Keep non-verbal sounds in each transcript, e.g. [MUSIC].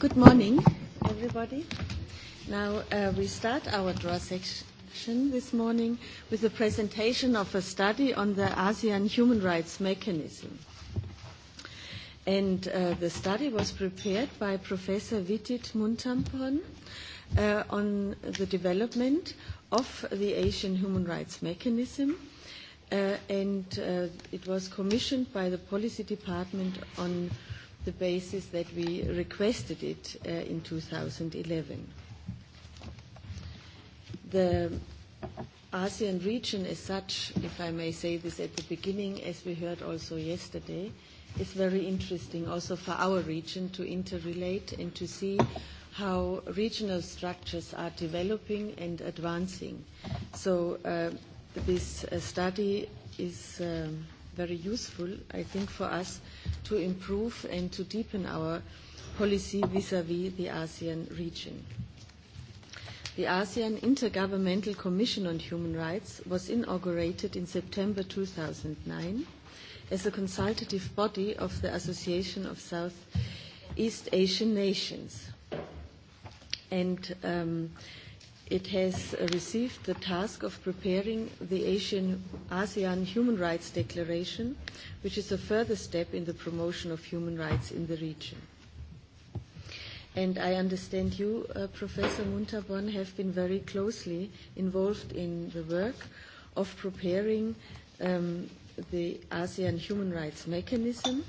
Good morning, everybody. Now, uh, we start our draw section this morning with a presentation of a study on the ASEAN human rights mechanism. And uh, the study was prepared by Professor Vitit Muntampon uh, on the development of the Asian human rights mechanism. Uh, and uh, it was commissioned by the Policy Department on the basis that we requested it uh, in 2011. The ASEAN region as such, if I may say this at the beginning, as we heard also yesterday, is very interesting also for our region to interrelate and to see how regional structures are developing and advancing. So uh, this uh, study is um, very useful, I think, for us to improve and to deepen our policy vis-à-vis -vis the ASEAN region. The ASEAN Intergovernmental Commission on Human Rights was inaugurated in September 2009 as a consultative body of the Association of Southeast Asian Nations. And um, It has received the task of preparing the Asian ASEAN Human Rights Declaration, which is a further step in the promotion of human rights in the region. And I understand you, uh, Professor Munterborn, have been very closely involved in the work of preparing um, the ASEAN human rights mechanism.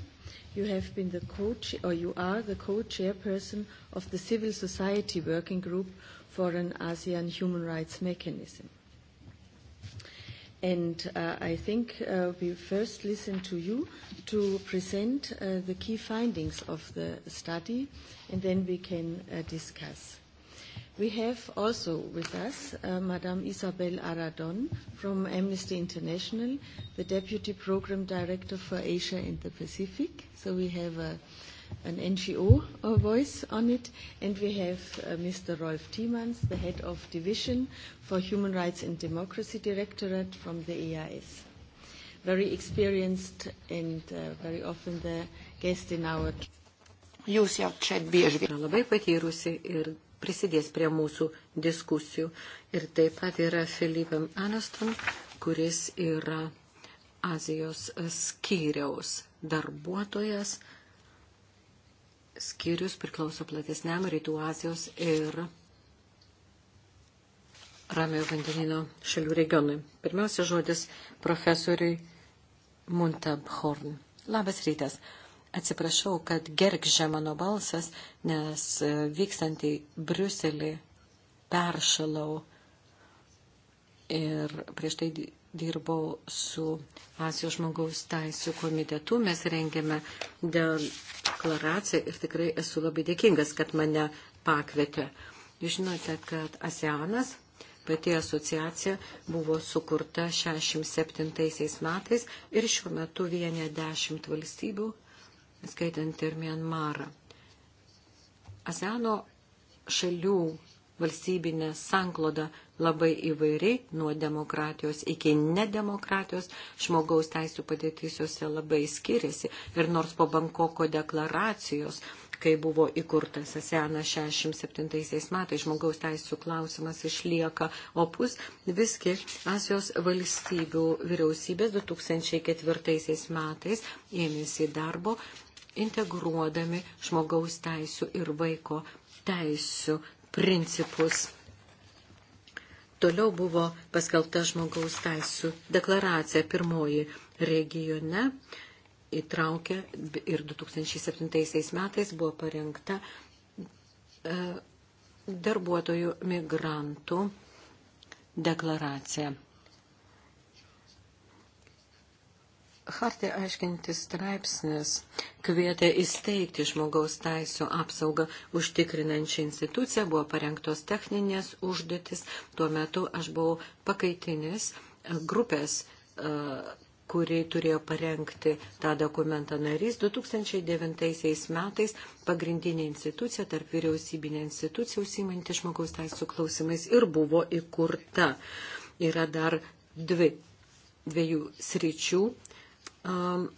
You have been the co or you are the co-chairperson of the civil society working group for an ASEAN human rights mechanism. And uh, I think uh, we first listen to you to present uh, the key findings of the study, and then we can uh, discuss. We have also with us uh, Madame Isabel Aradon from Amnesty International, the Deputy Program Director for Asia and the Pacific. So we have a an NGO uh, voice on it, and we have uh, Mr. Rolf Tiemans, the head of division for Human Rights and Democracy Directorate from the EIS. Very experienced and uh, very often the guest in our. Jūs jau čia bieži yra labai patyrusi ir prisidės prie mūsų diskusijų. Ir taip pat yra Filipem Anaston, kuris yra Azijos skyriaus darbuotojas skyrius priklauso platesniam Rytų Azijos ir Ramiojo vandenino šalių regionui. Pirmiausia žodis profesoriui Muntabhorn. Labas rytas. Atsiprašau, kad gergžė mano balsas, nes e, vykstant į Briuselį peršalau ir prieš tai dirbau su Azijos žmogaus teisų komitetu. Mes rengėme dėl deklaraciją ir tikrai esu labai dėkingas, kad mane pakvietė. Jūs žinote, kad ASEANas pati asociacija buvo sukurta 67 metais ir šiuo metu vienė 10 valstybių, skaitant ir Mianmarą. ASEANO šalių valstybinę sanklodą labai įvairiai, nuo demokratijos iki nedemokratijos, žmogaus teisų padėtis juose labai skiriasi. Ir nors po Bankoko deklaracijos, kai buvo įkurtas ASEANA 67 metais, žmogaus teisų klausimas išlieka opus, visgi Azijos valstybių vyriausybės 2004 metais ėmėsi darbo integruodami žmogaus teisų ir vaiko teisų principus. Toliau buvo paskelbta žmogaus teisų deklaracija pirmoji regione įtraukė ir 2007 metais buvo parengta e, darbuotojų migrantų deklaracija. Hartė aiškintis straipsnis kvietė įsteigti žmogaus teisų apsaugą užtikrinančią instituciją, buvo parengtos techninės užduotis. Tuo metu aš buvau pakaitinis grupės e, kuri turėjo parengti tą dokumentą narys. 2009 metais pagrindinė institucija, tarp vyriausybinė institucija, užsimanti žmogaus teisų klausimais ir buvo įkurta. Yra dar dvi, dviejų sričių um,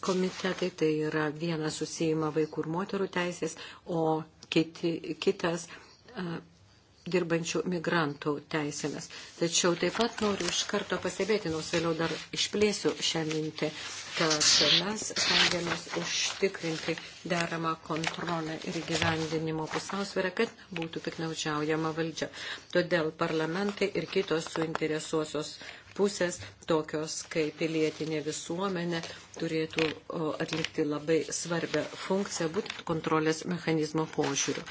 komitetai, tai yra vienas susijima vaikų ir moterų teisės, o kiti, kitas uh, dirbančių migrantų teisėmis. Tačiau taip pat noriu iš karto pastebėti, nors vėliau dar išplėsiu šią mintį, kad mes stengiamės užtikrinti deramą kontrolę ir gyvendinimo pusiausvyrą, kad būtų piknaudžiaujama valdžia. Todėl parlamentai ir kitos suinteresuosios pusės, tokios kaip pilietinė visuomenė, turėtų atlikti labai svarbę funkciją, būtent kontrolės mechanizmo požiūriu.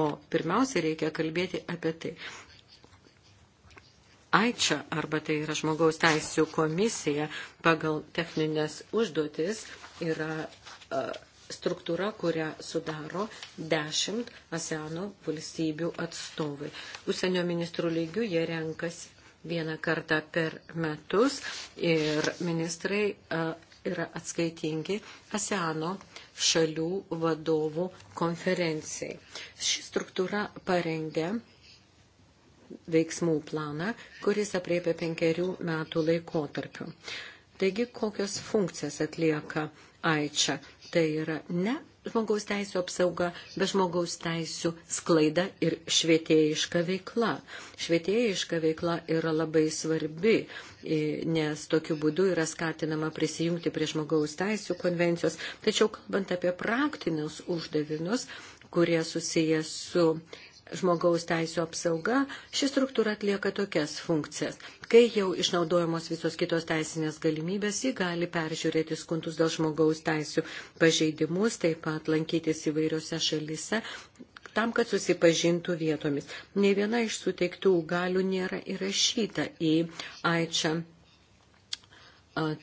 O pirmiausia, reikia kalbėti apie tai. AIČA, arba tai yra žmogaus teisų komisija, pagal techninės užduotis yra struktūra, kurią sudaro dešimt ASEANO valstybių atstovai. Užsienio ministrų lygių jie renkasi vieną kartą per metus ir ministrai yra atskaitingi ASEANO šalių vadovų konferencijai. Ši struktūra parengė veiksmų planą, kuris apriepia penkerių metų laikotarpių. Taigi, kokios funkcijas atlieka AIČA? Tai yra ne žmogaus teisų apsauga, be žmogaus teisų sklaida ir švietėjiška veikla. Švietėjiška veikla yra labai svarbi, nes tokiu būdu yra skatinama prisijungti prie žmogaus teisų konvencijos. Tačiau kalbant apie praktinius uždavinius, kurie susijęs su žmogaus teisų apsauga, ši struktūra atlieka tokias funkcijas. Kai jau išnaudojamos visos kitos teisinės galimybės, ji gali peržiūrėti skundus dėl žmogaus teisų pažeidimus, taip pat lankytis įvairiose šalise tam, kad susipažintų vietomis. Ne viena iš suteiktų galių nėra įrašyta į AIČA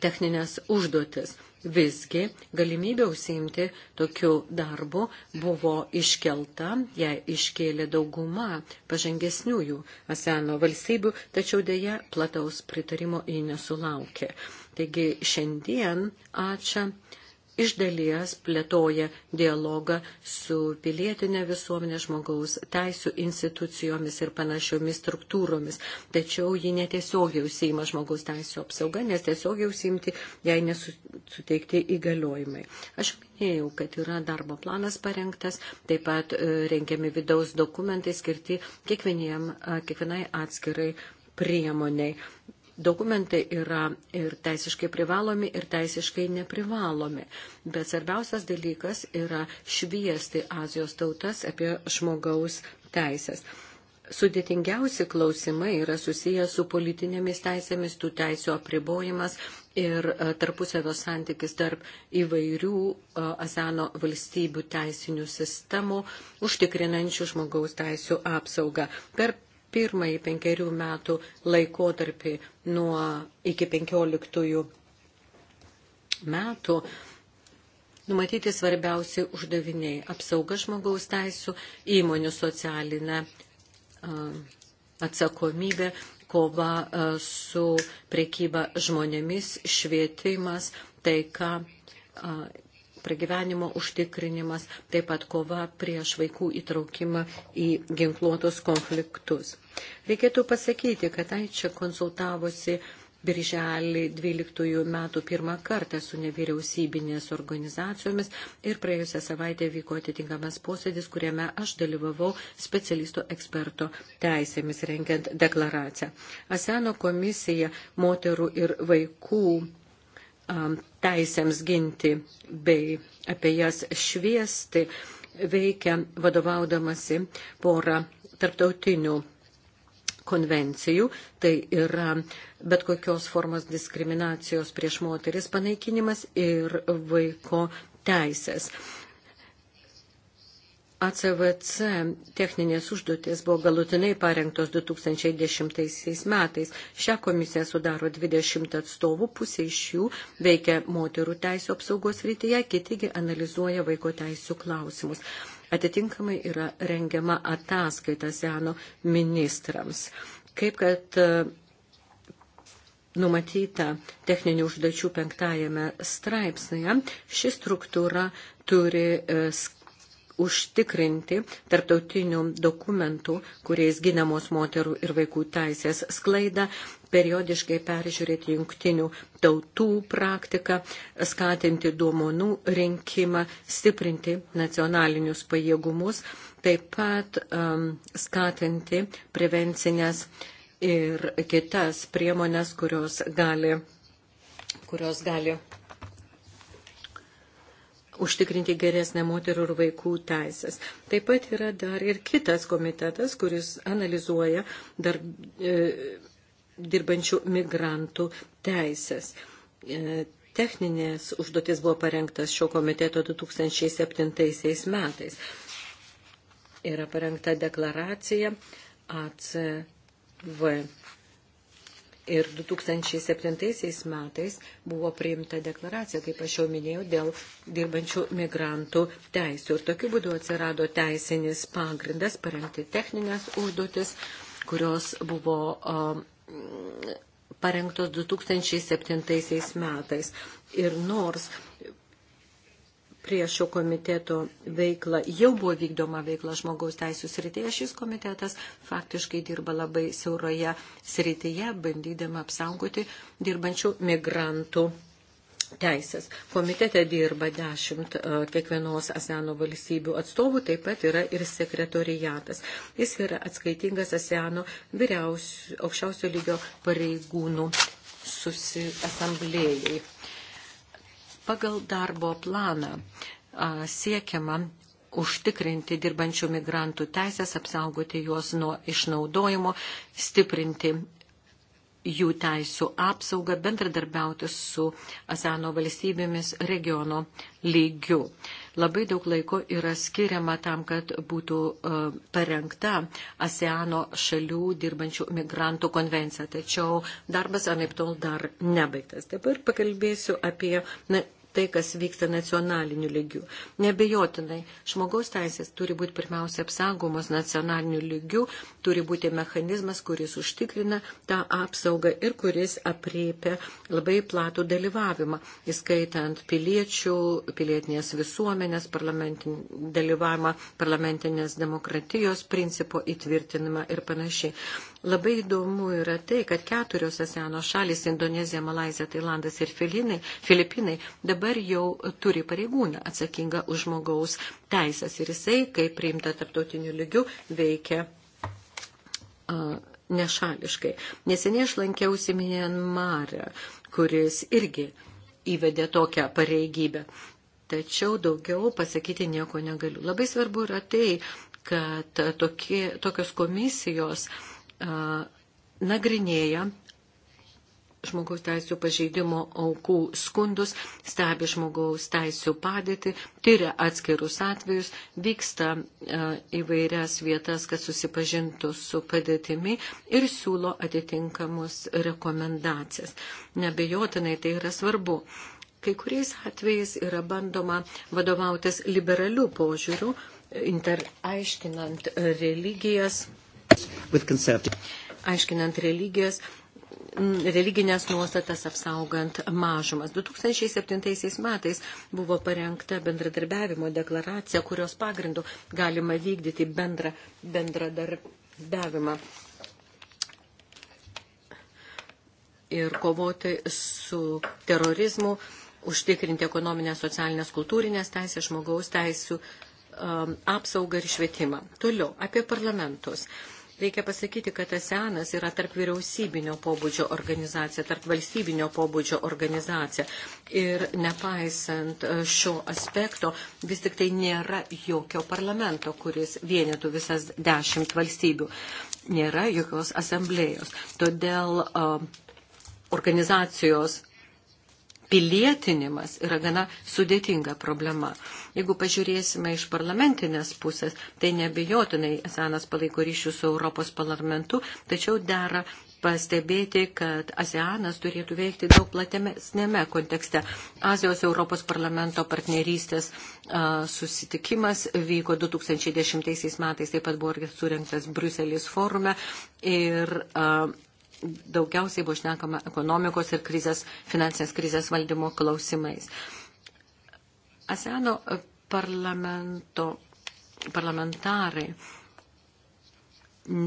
techninės užduotis. Visgi galimybė užsiimti tokiu darbu buvo iškelta, ją iškėlė dauguma pažengesniųjų aseno valstybių, tačiau dėja plataus pritarimo jį nesulaukė. Taigi šiandien ačiū iš dalies plėtoja dialogą su pilietinė visuomenė žmogaus teisų institucijomis ir panašiomis struktūromis. Tačiau ji netiesiogiai užsima žmogaus teisų apsauga, nes tiesiogiai užsimti jai nesuteikti įgaliojimai. Aš minėjau, kad yra darbo planas parengtas, taip pat e, rengiami vidaus dokumentai skirti e, kiekvienai atskirai priemoniai dokumentai yra ir teisiškai privalomi, ir teisiškai neprivalomi. Bet svarbiausias dalykas yra šviesti Azijos tautas apie žmogaus teisės. Sudėtingiausi klausimai yra susiję su politinėmis teisėmis, tų teisų apribojimas ir e, tarpusavio santykis tarp įvairių e, ASEANO valstybių teisinių sistemų, užtikrinančių žmogaus teisų apsaugą. Per pirmąjį penkerių metų laikotarpį nuo iki penkioliktųjų metų numatyti svarbiausi uždaviniai – apsauga žmogaus teisų, įmonių socialinė atsakomybė, kova su prekyba žmonėmis, švietimas, taika pragyvenimo užtikrinimas, taip pat kova prieš vaikų įtraukimą į ginkluotus konfliktus. Reikėtų pasakyti, kad tai čia konsultavosi Birželį 12 metų pirmą kartą su nevyriausybinės organizacijomis ir praėjusią savaitę vyko atitinkamas posėdis, kuriame aš dalyvavau specialisto eksperto teisėmis rengiant deklaraciją. Aseno komisija moterų ir vaikų Um, teisėms ginti bei apie jas šviesti, veikia vadovaudamasi porą tarptautinių konvencijų, tai yra bet kokios formos diskriminacijos prieš moteris panaikinimas ir vaiko teisės. ACVC techninės užduotis buvo galutinai parengtos 2010 metais. Šią komisiją sudaro 20 atstovų, pusė iš jų veikia moterų teisų apsaugos rytyje, kitigi analizuoja vaiko teisų klausimus. Atitinkamai yra rengiama ataskaita seno ministrams. Kaip kad e, numatyta techninių užduočių penktajame straipsnėje, ši struktūra turi skirti e, užtikrinti tarptautinių dokumentų, kuriais ginamos moterų ir vaikų teisės sklaidą, periodiškai peržiūrėti jungtinių tautų praktiką, skatinti duomenų rinkimą, stiprinti nacionalinius pajėgumus, taip pat um, skatinti prevencinės ir kitas priemonės, kurios gali, kurios gali užtikrinti geresnę moterų ir vaikų teisės. Taip pat yra dar ir kitas komitetas, kuris analizuoja dar, e, dirbančių migrantų teisės. E, techninės užduotis buvo parengtas šio komiteto 2007 metais. Yra parengta deklaracija ACV Ir 2007 metais buvo priimta deklaracija, kaip aš jau minėjau, dėl dirbančių migrantų teisų. Ir tokiu būdu atsirado teisinis pagrindas paremti techninės užduotis, kurios buvo um, parengtos 2007 metais. Ir nors prie šio komiteto veiklą. Jau buvo vykdoma veikla žmogaus teisų srityje. Šis komitetas faktiškai dirba labai siauroje srityje, bandydama apsaugoti dirbančių migrantų. Teisės. Komitete dirba dešimt e, kiekvienos ASEANO valstybių atstovų, taip pat yra ir sekretorijatas. Jis yra atskaitingas ASEANO aukščiausio lygio pareigūnų asamblėjai. Pagal darbo planą siekiama užtikrinti dirbančių migrantų teisės, apsaugoti juos nuo išnaudojimo, stiprinti jų teisų apsaugą, bendradarbiauti su Azano valstybėmis regiono lygiu. Labai daug laiko yra skiriama tam, kad būtų e, parengta ASEANO šalių dirbančių migrantų konvencija. Tačiau darbas anaip tol dar nebaigtas. Dabar pakalbėsiu apie na, tai, kas vyksta nacionaliniu lygiu. Nebejotinai, žmogaus teisės turi būti pirmiausia apsaugomos nacionaliniu lygiu, turi būti mechanizmas, kuris užtikrina tą apsaugą ir kuris apriepia labai platų dalyvavimą, įskaitant piliečių, pilietinės visuomenės, parlamentin, dalyvavimą parlamentinės demokratijos principo įtvirtinimą ir panašiai. Labai įdomu yra tai, kad keturios ASEANO šalis - Indonezija, Malazija, Tailandas ir Filinai, Filipinai - dabar jau turi pareigūną atsakingą už žmogaus teisės ir jisai, kaip priimta tarptautiniu lygiu, veikia. Uh, Nešališkai. Neseniai aš lankiausi Mienmarę, kuris irgi įvedė tokią pareigybę. Tačiau daugiau pasakyti nieko negaliu. Labai svarbu yra tai, kad tokie, tokios komisijos uh, nagrinėja žmogaus teisų pažeidimo aukų skundus, stebi žmogaus teisų padėtį, tyria atskirus atvejus, vyksta įvairias vietas, kad susipažintų su padėtimi ir siūlo atitinkamus rekomendacijas. Nebejotinai tai yra svarbu. Kai kuriais atvejais yra bandoma vadovautis liberalių požiūrių, interaiškinant religijas Aiškinant religijas, religinės nuostatas apsaugant mažumas. 2007 metais buvo parengta bendradarbiavimo deklaracija, kurios pagrindu galima vykdyti bendra, bendradarbiavimą ir kovoti su terorizmu, užtikrinti ekonominės, socialinės, kultūrinės teisės, žmogaus teisų um, apsaugą ir švietimą. Toliau, apie parlamentus. Uh, Reikia pasakyti, kad ASEANas yra tarp vyriausybinio pobūdžio organizacija, tarp valstybinio pobūdžio organizacija. Ir nepaisant e, šio aspekto, vis tik tai nėra jokio parlamento, kuris vienėtų visas dešimt valstybių. Nėra jokios asamblėjos. Todėl e, organizacijos pilietinimas yra gana sudėtinga problema. Jeigu pažiūrėsime iš parlamentinės pusės, tai nebejotinai Aseanas palaiko ryšių su Europos parlamentu, tačiau dera pastebėti, kad ASEANas turėtų veikti daug platesnėme kontekste. Azijos Europos parlamento partnerystės a, susitikimas vyko 2010 metais, taip pat buvo surinktas Bruselis forume ir a, daugiausiai buvo šnekama ekonomikos ir krizės, finansinės krizės valdymo klausimais. ASEANO parlamento, parlamentarai,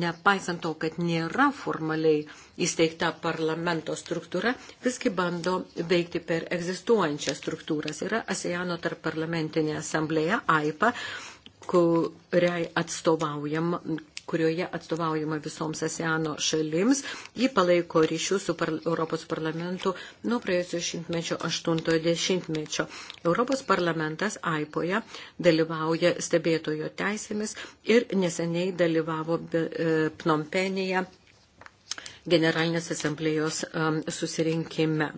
nepaisant to, kad nėra formaliai įsteigta parlamento struktūra, visgi bando veikti per egzistuojančias struktūras. Yra ASEANO tarp parlamentinė asamblėja, AIPA, kuriai atstovaujam, kurioje atstovaujama visoms ASEANO šalims. Ji palaiko ryšių su par Europos parlamentu nuo praėjusio šimtmečio 80-mečio. Europos parlamentas AIPOje dalyvauja stebėtojo teisėmis ir neseniai dalyvavo e, Pnompenėje generalinės asamblėjos e, susirinkime.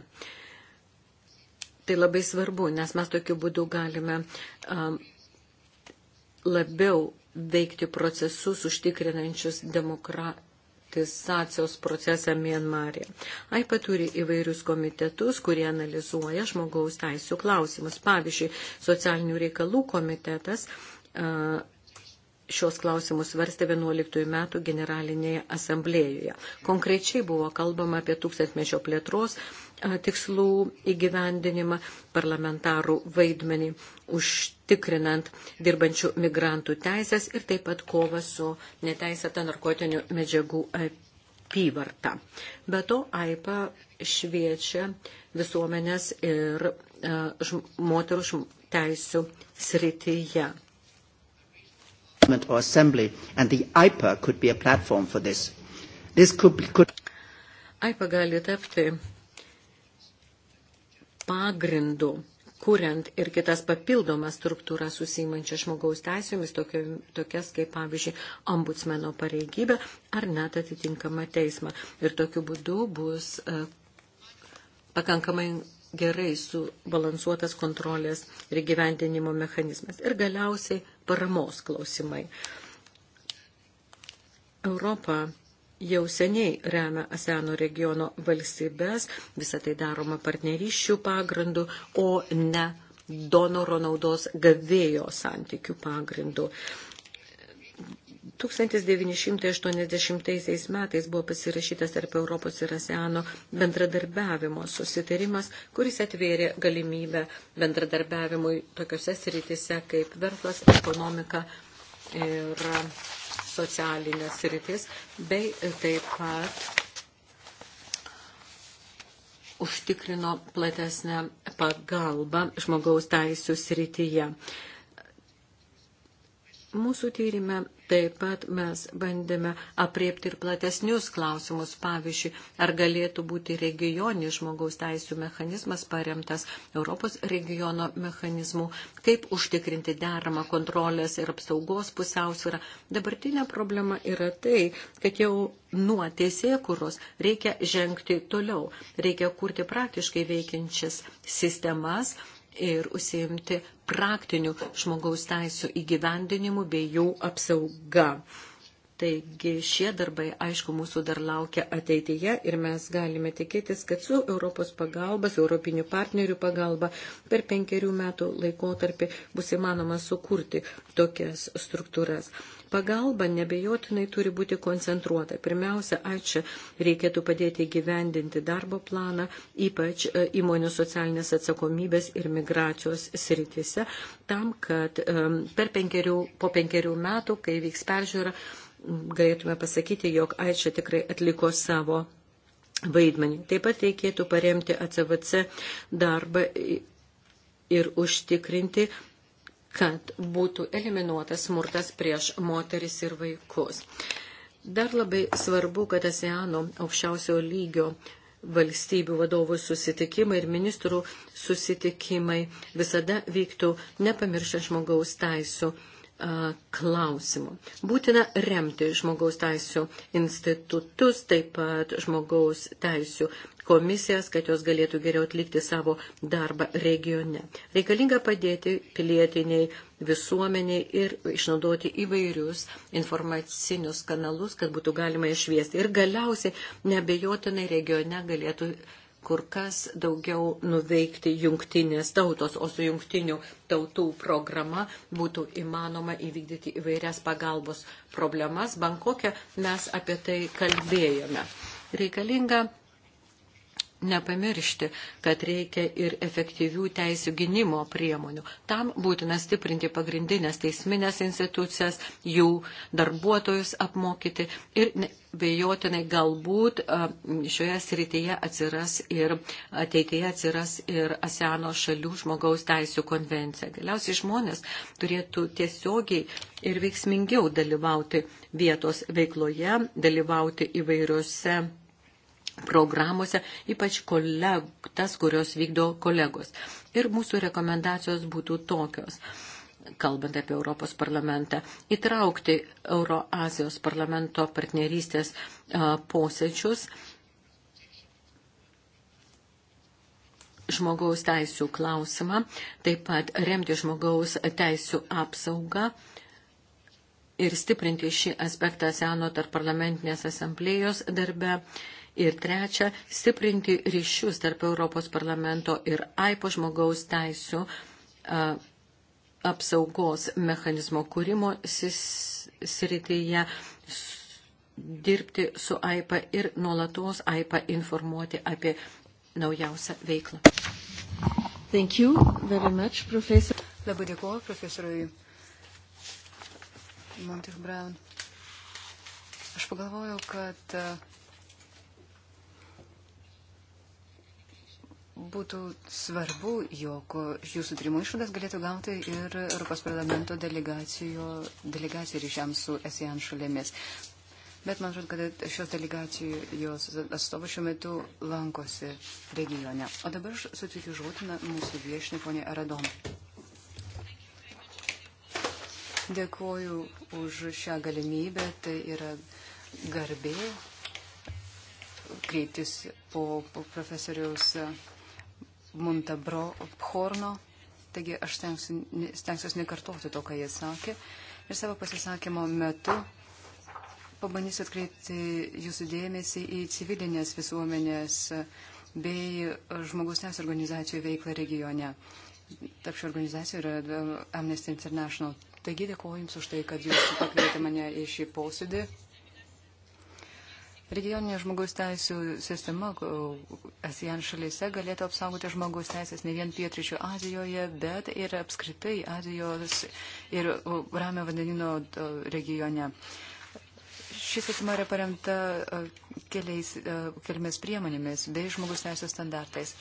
Tai labai svarbu, nes mes tokiu būdu galime e, labiau veikti procesus užtikrinančius demokratizacijos procesą Mienmarė. AIPA turi įvairius komitetus, kurie analizuoja žmogaus teisų klausimus. Pavyzdžiui, socialinių reikalų komitetas. Uh, šios klausimus varstė 11 metų generalinėje asamblėjoje. Konkrečiai buvo kalbama apie tūkstantmečio plėtros tikslų įgyvendinimą, parlamentarų vaidmenį, užtikrinant dirbančių migrantų teisės ir taip pat kovą su neteisėta narkotinių medžiagų apyvarta. Be to, AIPA šviečia visuomenės ir uh, moterų teisų srityje. Parliament or Assembly, and the IPA could be a platform for this. This could, be, could IPA gali tapti pagrindu, kuriant ir kitas papildomas struktūras susimančias žmogaus teisėmis, tokio, tokias kaip, pavyzdžiui, ombudsmeno pareigybę ar net atitinkamą teismą. Ir tokiu būdu bus e, pakankamai gerai subalansuotas kontrolės ir gyventinimo mechanizmas. Ir galiausiai paramos klausimai. Europa jau seniai remia ASEANO regiono valstybės, visą tai daroma partnerysčių pagrindu, o ne donoro naudos gavėjo santykių pagrindu. 1980 metais buvo pasirašytas tarp Europos ir ASEANO bendradarbiavimo susitarimas, kuris atvėrė galimybę bendradarbiavimui tokiuose sritise kaip verslas, ekonomika ir socialinės sritis, bei taip pat užtikrino platesnę pagalbą žmogaus teisų srityje. Mūsų tyrimė Taip pat mes bandėme apriepti ir platesnius klausimus. Pavyzdžiui, ar galėtų būti regioninis žmogaus teisų mechanizmas paremtas Europos regiono mechanizmu, kaip užtikrinti deramą kontrolės ir apsaugos pusiausvyrą. Dabartinė problema yra tai, kad jau nuo teisėkuros reikia žengti toliau. Reikia kurti praktiškai veikiančias sistemas ir užsiimti praktiniu žmogaus teisų įgyvendinimu bei jų apsauga. Taigi šie darbai, aišku, mūsų dar laukia ateityje ir mes galime tikėtis, kad su Europos pagalba, su Europinių partnerių pagalba per penkerių metų laikotarpį bus įmanoma sukurti tokias struktūras. Pagalba nebejotinai turi būti koncentruota. Pirmiausia, ačiū reikėtų padėti gyvendinti darbo planą, ypač e, įmonių socialinės atsakomybės ir migracijos sritise, tam, kad e, per penkerių, po penkerių metų, kai vyks peržiūra, galėtume pasakyti, jog Aičia tikrai atliko savo vaidmenį. Taip pat reikėtų paremti ACVC darbą ir užtikrinti, kad būtų eliminuotas smurtas prieš moteris ir vaikus. Dar labai svarbu, kad ASEANO aukščiausio lygio valstybių vadovų susitikimai ir ministrų susitikimai visada vyktų nepamiršę žmogaus taisų klausimų. Būtina remti žmogaus taisų institutus, taip pat žmogaus taisų komisijas, kad jos galėtų geriau atlikti savo darbą regione. Reikalinga padėti pilietiniai visuomeniai ir išnaudoti įvairius informacinius kanalus, kad būtų galima išviesti. Ir galiausiai nebejotinai regione galėtų kur kas daugiau nuveikti jungtinės tautos, o su jungtinių tautų programa būtų įmanoma įvykdyti įvairias pagalbos problemas. Bankokė mes apie tai kalbėjome. Reikalinga nepamiršti, kad reikia ir efektyvių teisų gynimo priemonių. Tam būtina stiprinti pagrindinės teisminės institucijas, jų darbuotojus apmokyti ir bejotinai galbūt šioje srityje atsiras ir ateityje atsiras ir ASEANO šalių žmogaus teisų konvencija. Galiausiai žmonės turėtų tiesiogiai ir veiksmingiau dalyvauti vietos veikloje, dalyvauti įvairiuose programuose, ypač koleg, tas, kurios vykdo kolegos. Ir mūsų rekomendacijos būtų tokios kalbant apie Europos parlamentą, įtraukti Euroazijos parlamento partnerystės posėdžius žmogaus teisų klausimą, taip pat remti žmogaus teisų apsaugą ir stiprinti šį aspektą seno tarp parlamentinės asamblėjos darbe Ir trečia, stiprinti ryšius tarp Europos parlamento ir AIPO žmogaus teisų apsaugos mechanizmo kūrimo srityje dirbti su AIPA ir nuolatos AIPA informuoti apie naujausią veiklą. Thank you very much, professor. Labai dėkuoju profesoriui Montich Brown. Aš pagalvojau, kad uh, būtų svarbu, jog jūsų tyrimo išvadas galėtų gauti ir Europos parlamento delegacija ryšiams su ASEAN šalėmis. Bet man atrodo, kad šios delegacijos atstovas šiuo metu lankosi regione. O dabar aš sutikiu žodžiną mūsų viešinį ponį Aradoną. Dėkuoju už šią galimybę. Tai yra garbė kreiptis po, po profesoriaus Muntabro Horno. Taigi aš stengsiuosi nekartoti to, ką jie sakė. Ir savo pasisakymo metu pabandysiu atkreipti jūsų dėmesį į civilinės visuomenės bei žmogus teisų organizacijų veiklą regione. Tarp šių organizacijų yra um, Amnesty International. Taigi dėkuoju Jums už tai, kad Jūs pakvietėte mane į šį posėdį. Regioninė žmogaus teisų sistema ASEAN šalyse galėtų apsaugoti žmogaus teisės ne vien pietričių Azijoje, bet ir apskritai Azijos ir Ramio vandenino regione. Ši sistema yra paremta keliais, keliomis priemonėmis bei žmogus teisės standartais.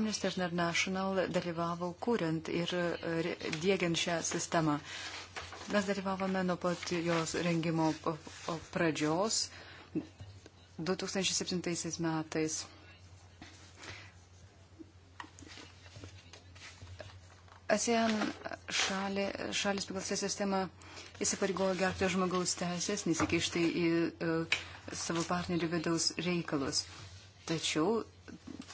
Amnesty International dalyvavo kūrent ir dėgiant šią sistemą. Mes dalyvavome nuo pat jos rengimo pradžios. 2007 metais. ASEAN šalė, šalis pagal šią sistemą įsipareigojo gerbti žmogaus teisės, nesikišti į uh, savo partnerių vidaus reikalus. Tačiau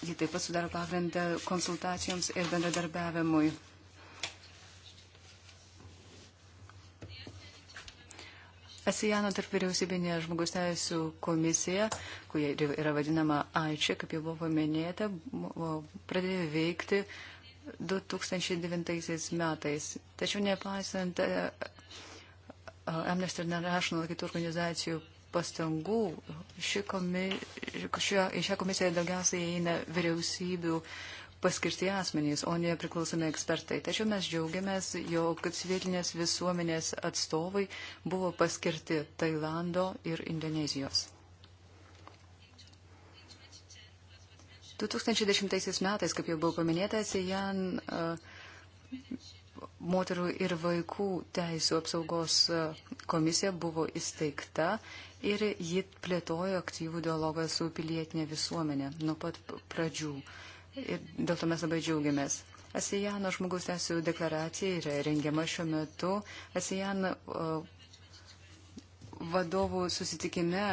ji taip pat sudaro pagrindą konsultacijoms ir bendradarbiavimui. ASEANO tarp vyriausybinė žmogus teisų komisija, kuri yra vadinama AIČE, kaip jau buvo paminėta, pradėjo veikti 2009 metais. Tačiau nepaisant e, e, Amnesty International ir kitų organizacijų pastangų, ši komi, šio, į šią komisiją daugiausiai įeina vyriausybių paskirti asmenys, o ne priklausomi ekspertai. Tačiau mes džiaugiamės, jog civilinės visuomenės atstovai buvo paskirti Tailando ir Indonezijos. 2010 metais, kaip jau buvo paminėta, Sijan e, moterų ir vaikų teisų apsaugos e, komisija buvo įsteigta ir ji plėtojo aktyvų dialogą su pilietinė visuomenė nuo pat pradžių. Ir dėl to mes labai džiaugiamės. ASEANO žmogaus teisų deklaracija yra rengiama šiuo metu. ASEAN uh, vadovų susitikime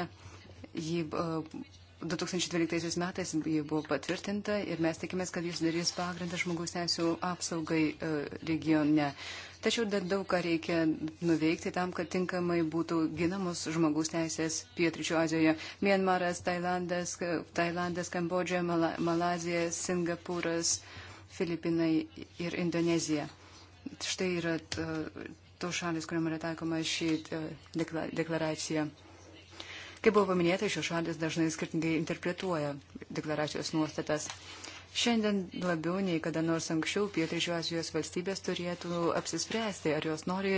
jį uh, 2012 metais ji buvo patvirtinta ir mes tikimės, kad jis darys pagrindą žmogaus teisų apsaugai e, regione. Tačiau dar daug ką reikia nuveikti tam, kad tinkamai būtų ginamos žmogaus teisės Pietričio Azijoje. Mienmaras, Tailandas, Tailandas Kambodžia, Mala, Malazija, Singapūras, Filipinai ir Indonezija. Štai yra e, to šalis, kuriam yra taikoma šį e, deklaraciją. Kaip buvo paminėta, šios šalis dažnai skirtingai interpretuoja deklaracijos nuostatas. Šiandien labiau nei kada nors anksčiau pietryčių Azijos valstybės turėtų apsispręsti, ar jos nori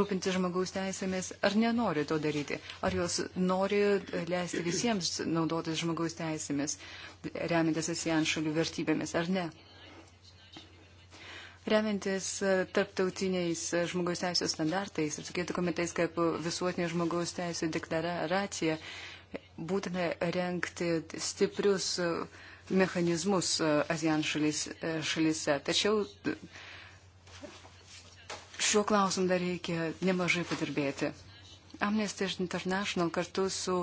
rūpinti žmogaus teisėmis, ar nenori to daryti, ar jos nori leisti visiems naudotis žmogaus teisėmis, remintis ASEAN šalių vertybėmis, ar ne. Remiantis e, tarptautiniais e, žmogaus teisų standartais, atsakėtų komitais kaip visuotinė žmogaus teisų deklaracija, būtina renkti stiprius e, mechanizmus ASEAN šalis, šalise. Tačiau šiuo klausimu dar reikia nemažai padirbėti. Amnesty International kartu su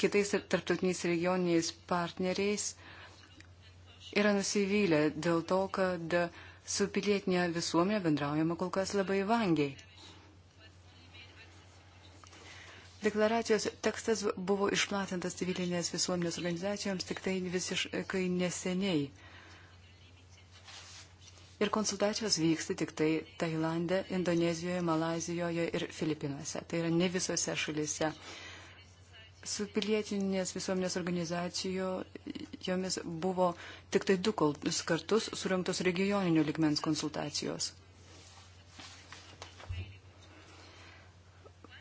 kitais tarptautiniais regioniniais partneriais yra nusivylę dėl to, kad su pilietinė visuomenė bendraujama kol kas labai vangiai. Deklaracijos tekstas buvo išplatintas civilinės visuomenės organizacijoms tik tai visiškai neseniai. Ir konsultacijos vyksta tik tai Tailande, Indonezijoje, Malazijoje ir Filipinuose. Tai yra ne visose šalise. Uh, Su pilietinės visuomenės organizacijomis buvo tik tai du kartus surinktos regioninio ligmens konsultacijos.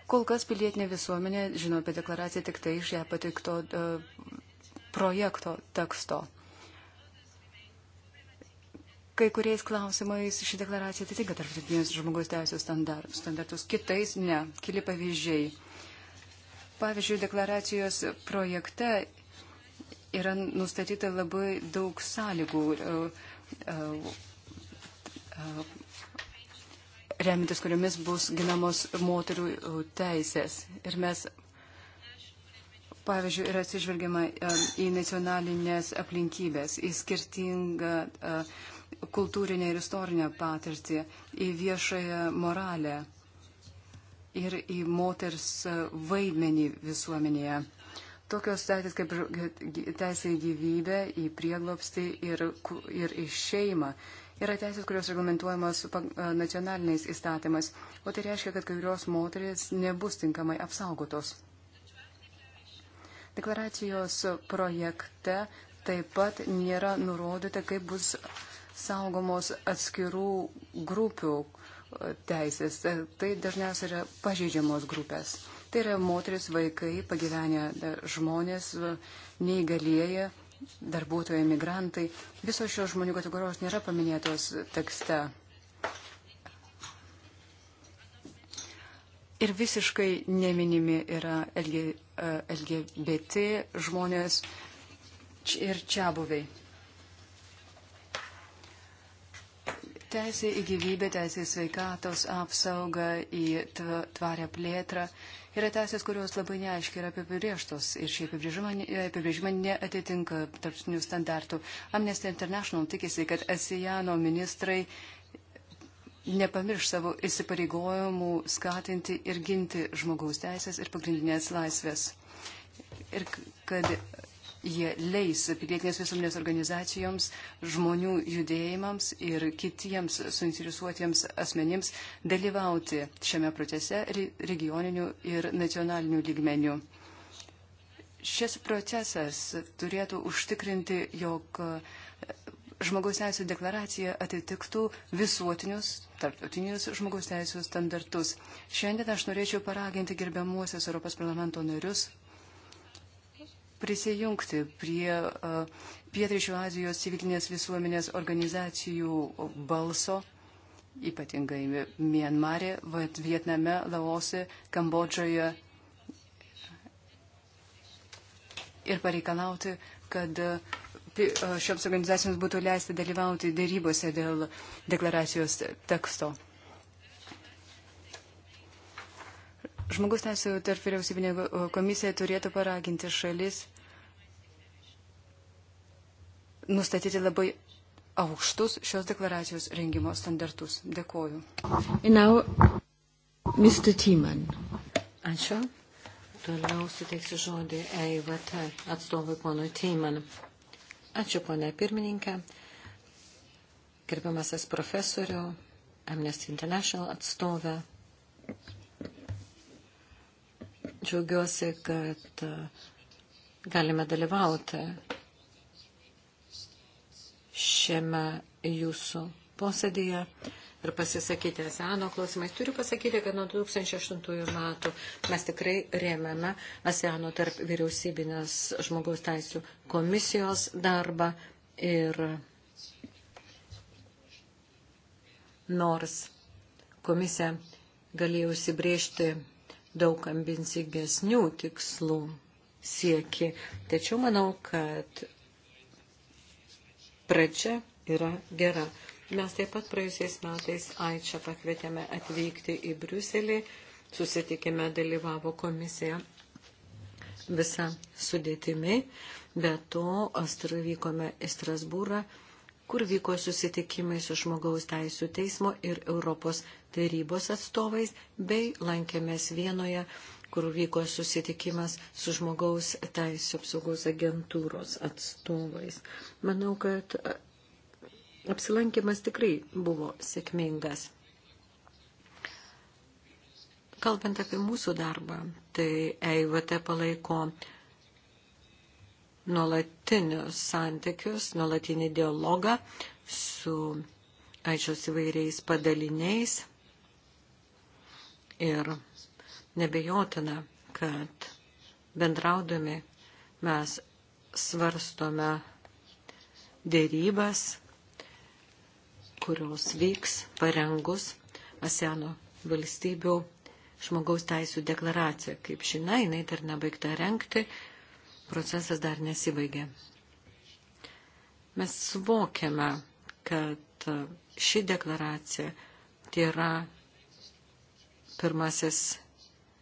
Kol kas pilietinė visuomenė žino apie deklaraciją tik tai iš ją patikto e, projekto teksto. Kai kuriais klausimais ši deklaracija atitinka tarptautinės žmogaus teisės standartus, kitais ne, keli pavyzdžiai. Pavyzdžiui, deklaracijos projekte yra nustatyta labai daug sąlygų, e, e, e, remintis kuriomis bus ginamos moterų teisės. Ir mes, pavyzdžiui, yra atsižvelgiama į nacionalinės aplinkybės, į skirtingą kultūrinę ir istorinę patirtį, į viešąją moralę ir į moters vaidmenį visuomenėje. Tokios teisės kaip teisė į gyvybę, į prieglopstį ir, ir į šeimą yra teisės, kurios reglamentuojamos nacionaliniais įstatymais, o tai reiškia, kad kai kurios moteris nebus tinkamai apsaugotos. Deklaracijos projekte taip pat nėra nurodyta, kaip bus saugomos atskirų grupių, teisės. Tai dažniausiai yra pažeidžiamos grupės. Tai yra moteris, vaikai, pagyvenę e, žmonės, e, neįgalėję, darbuotojai, migrantai. Visos šios žmonių kategorijos nėra paminėtos tekste. Ir visiškai neminimi yra LGBT e, žmonės ir čia buviai. Teisė į gyvybę, teisė į sveikatos apsaugą, į tvarę plėtrą yra teisės, kurios labai neaiškiai yra apibrieštos ir šie apibrėžimai neatitinka tarptautinių standartų. Amnesty International tikisi, kad ASEANO ministrai nepamirš savo įsipareigojimų skatinti ir ginti žmogaus teisės ir pagrindinės laisvės. Ir kad Jie leis pilietinės visuomenės organizacijoms, žmonių judėjimams ir kitiems suinteresuotiems asmenims dalyvauti šiame procese regioniniu ir nacionaliniu lygmeniu. Šis procesas turėtų užtikrinti, jog e, žmogaus teisų deklaracija atitiktų visuotinius, tarptautinius žmogaus teisų standartus. Šiandien aš norėčiau paraginti gerbiamuosius Europos parlamento narius prisijungti prie Pietričių Azijos civilinės visuomenės organizacijų balso, ypatingai Mienmarė, Vietname, Laose, Kambodžoje ir pareikalauti, kad šioms organizacijoms būtų leisti dalyvauti dėrybose dėl deklaracijos teksto. Žmogus teisų tarp vyriausybinė komisija turėtų paraginti šalis nustatyti labai aukštus šios deklaracijos rengimo standartus. Dėkoju. And now, Mr. Timan. Ačiū. Toliau suteiksiu žodį EIVT atstovui ponui Timan. Ačiū, ponė pirmininkė. Gerbiamasis profesorių, Amnesty International atstovė. Džiaugiuosi, kad galime dalyvauti šiame jūsų posėdėje ir pasisakyti ASEANO klausimais. Turiu pasakyti, kad nuo 2008 metų mes tikrai rėmėme ASEANO tarp vyriausybinės žmogaus teisų komisijos darbą ir nors komisija galėjo užsibriežti daug ambicingesnių tikslų sieki. Tačiau manau, kad pradžia yra gera. Mes taip pat praėjusiais metais Aičia pakvietėme atvykti į Briuselį, susitikime dalyvavo komisija visa sudėtimi, bet to astru vykome į Strasbūrą, kur vyko susitikimai su žmogaus teisų teismo ir Europos tarybos atstovais, bei lankėmės vienoje kur vyko susitikimas su žmogaus teisų apsaugos agentūros atstovais. Manau, kad e, apsilankimas tikrai buvo sėkmingas. Kalbant apie mūsų darbą, tai EIVT palaiko nuolatinius santykius, nuolatinį dialogą su aičios įvairiais padaliniais ir Nebejotina, kad bendraudami mes svarstome dėrybas, kurios vyks parengus ASEANO valstybių žmogaus teisų deklaraciją. Kaip žinia, jinai dar nebaigta renkti, procesas dar nesibaigė. Mes suvokiame, kad ši deklaracija tai yra pirmasis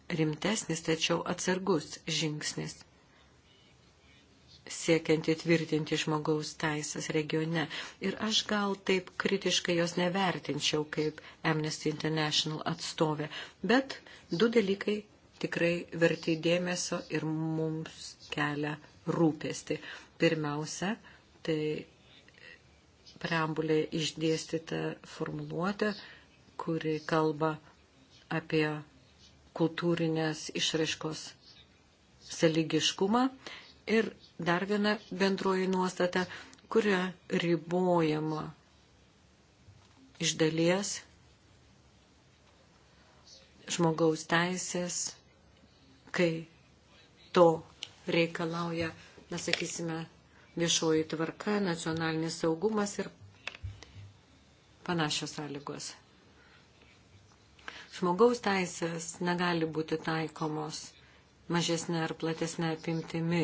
rimtesnis, tačiau atsargus žingsnis siekiant įtvirtinti žmogaus teisės regione. Ir aš gal taip kritiškai jos nevertinčiau kaip Amnesty International atstovė, bet du dalykai tikrai verti dėmesio ir mums kelia rūpesti. Pirmiausia, tai preambulė išdėstyta formuluotė, kuri kalba apie kultūrinės išraiškos saligiškumą ir dar viena bendroji nuostata, kuria ribojama iš dalies žmogaus teisės, kai to reikalauja, mes sakysime, viešoji tvarka, nacionalinis saugumas ir panašios sąlygos. Žmogaus teisės negali būti taikomos mažesnė ar platesnė apimtimi.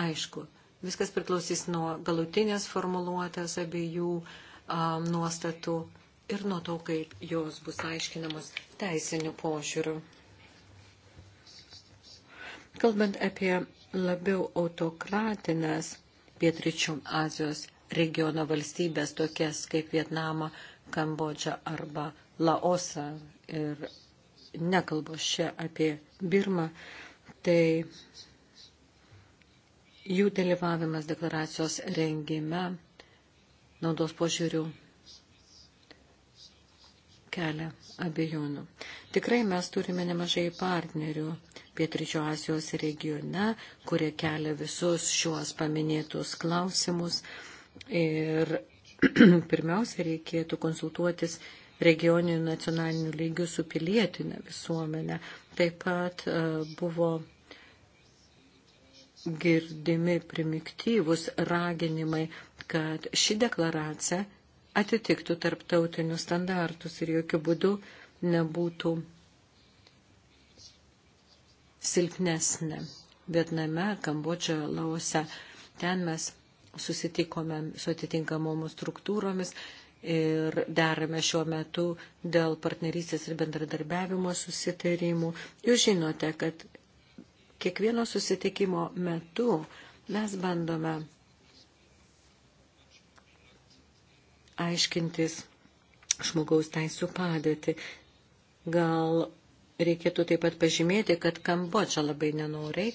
Aišku, viskas priklausys nuo galutinės formuluotės abiejų um, nuostatų ir nuo to, kaip jos bus aiškinamos teisiniu požiūriu. Kalbant apie labiau autokratinės pietričių Azijos regiono valstybės, tokias kaip Vietnamą, Kambodžą arba Laosą ir nekalbu čia apie Birmą, tai jų dalyvavimas deklaracijos rengime naudos požiūrių kelia abejonių. Tikrai mes turime nemažai partnerių Pietričio Azijos regione, kurie kelia visus šiuos paminėtus klausimus ir [CLEARS THROAT] pirmiausia, reikėtų konsultuotis regioninių nacionalinių lygių su pilietinė visuomenė. Taip pat e, buvo girdimi primiktyvus raginimai, kad ši deklaracija atitiktų tarptautinius standartus ir jokių būdų nebūtų silpnesnė. Vietname, Kambodžoje, Laose. Ten mes susitikome su atitinkamomis struktūromis ir derame šiuo metu dėl partnerystės ir bendradarbiavimo susitarimų. Jūs žinote, kad kiekvieno susitikimo metu mes bandome aiškintis žmogaus teisų padėtį. Gal reikėtų taip pat pažymėti, kad Kambodža labai nenoriai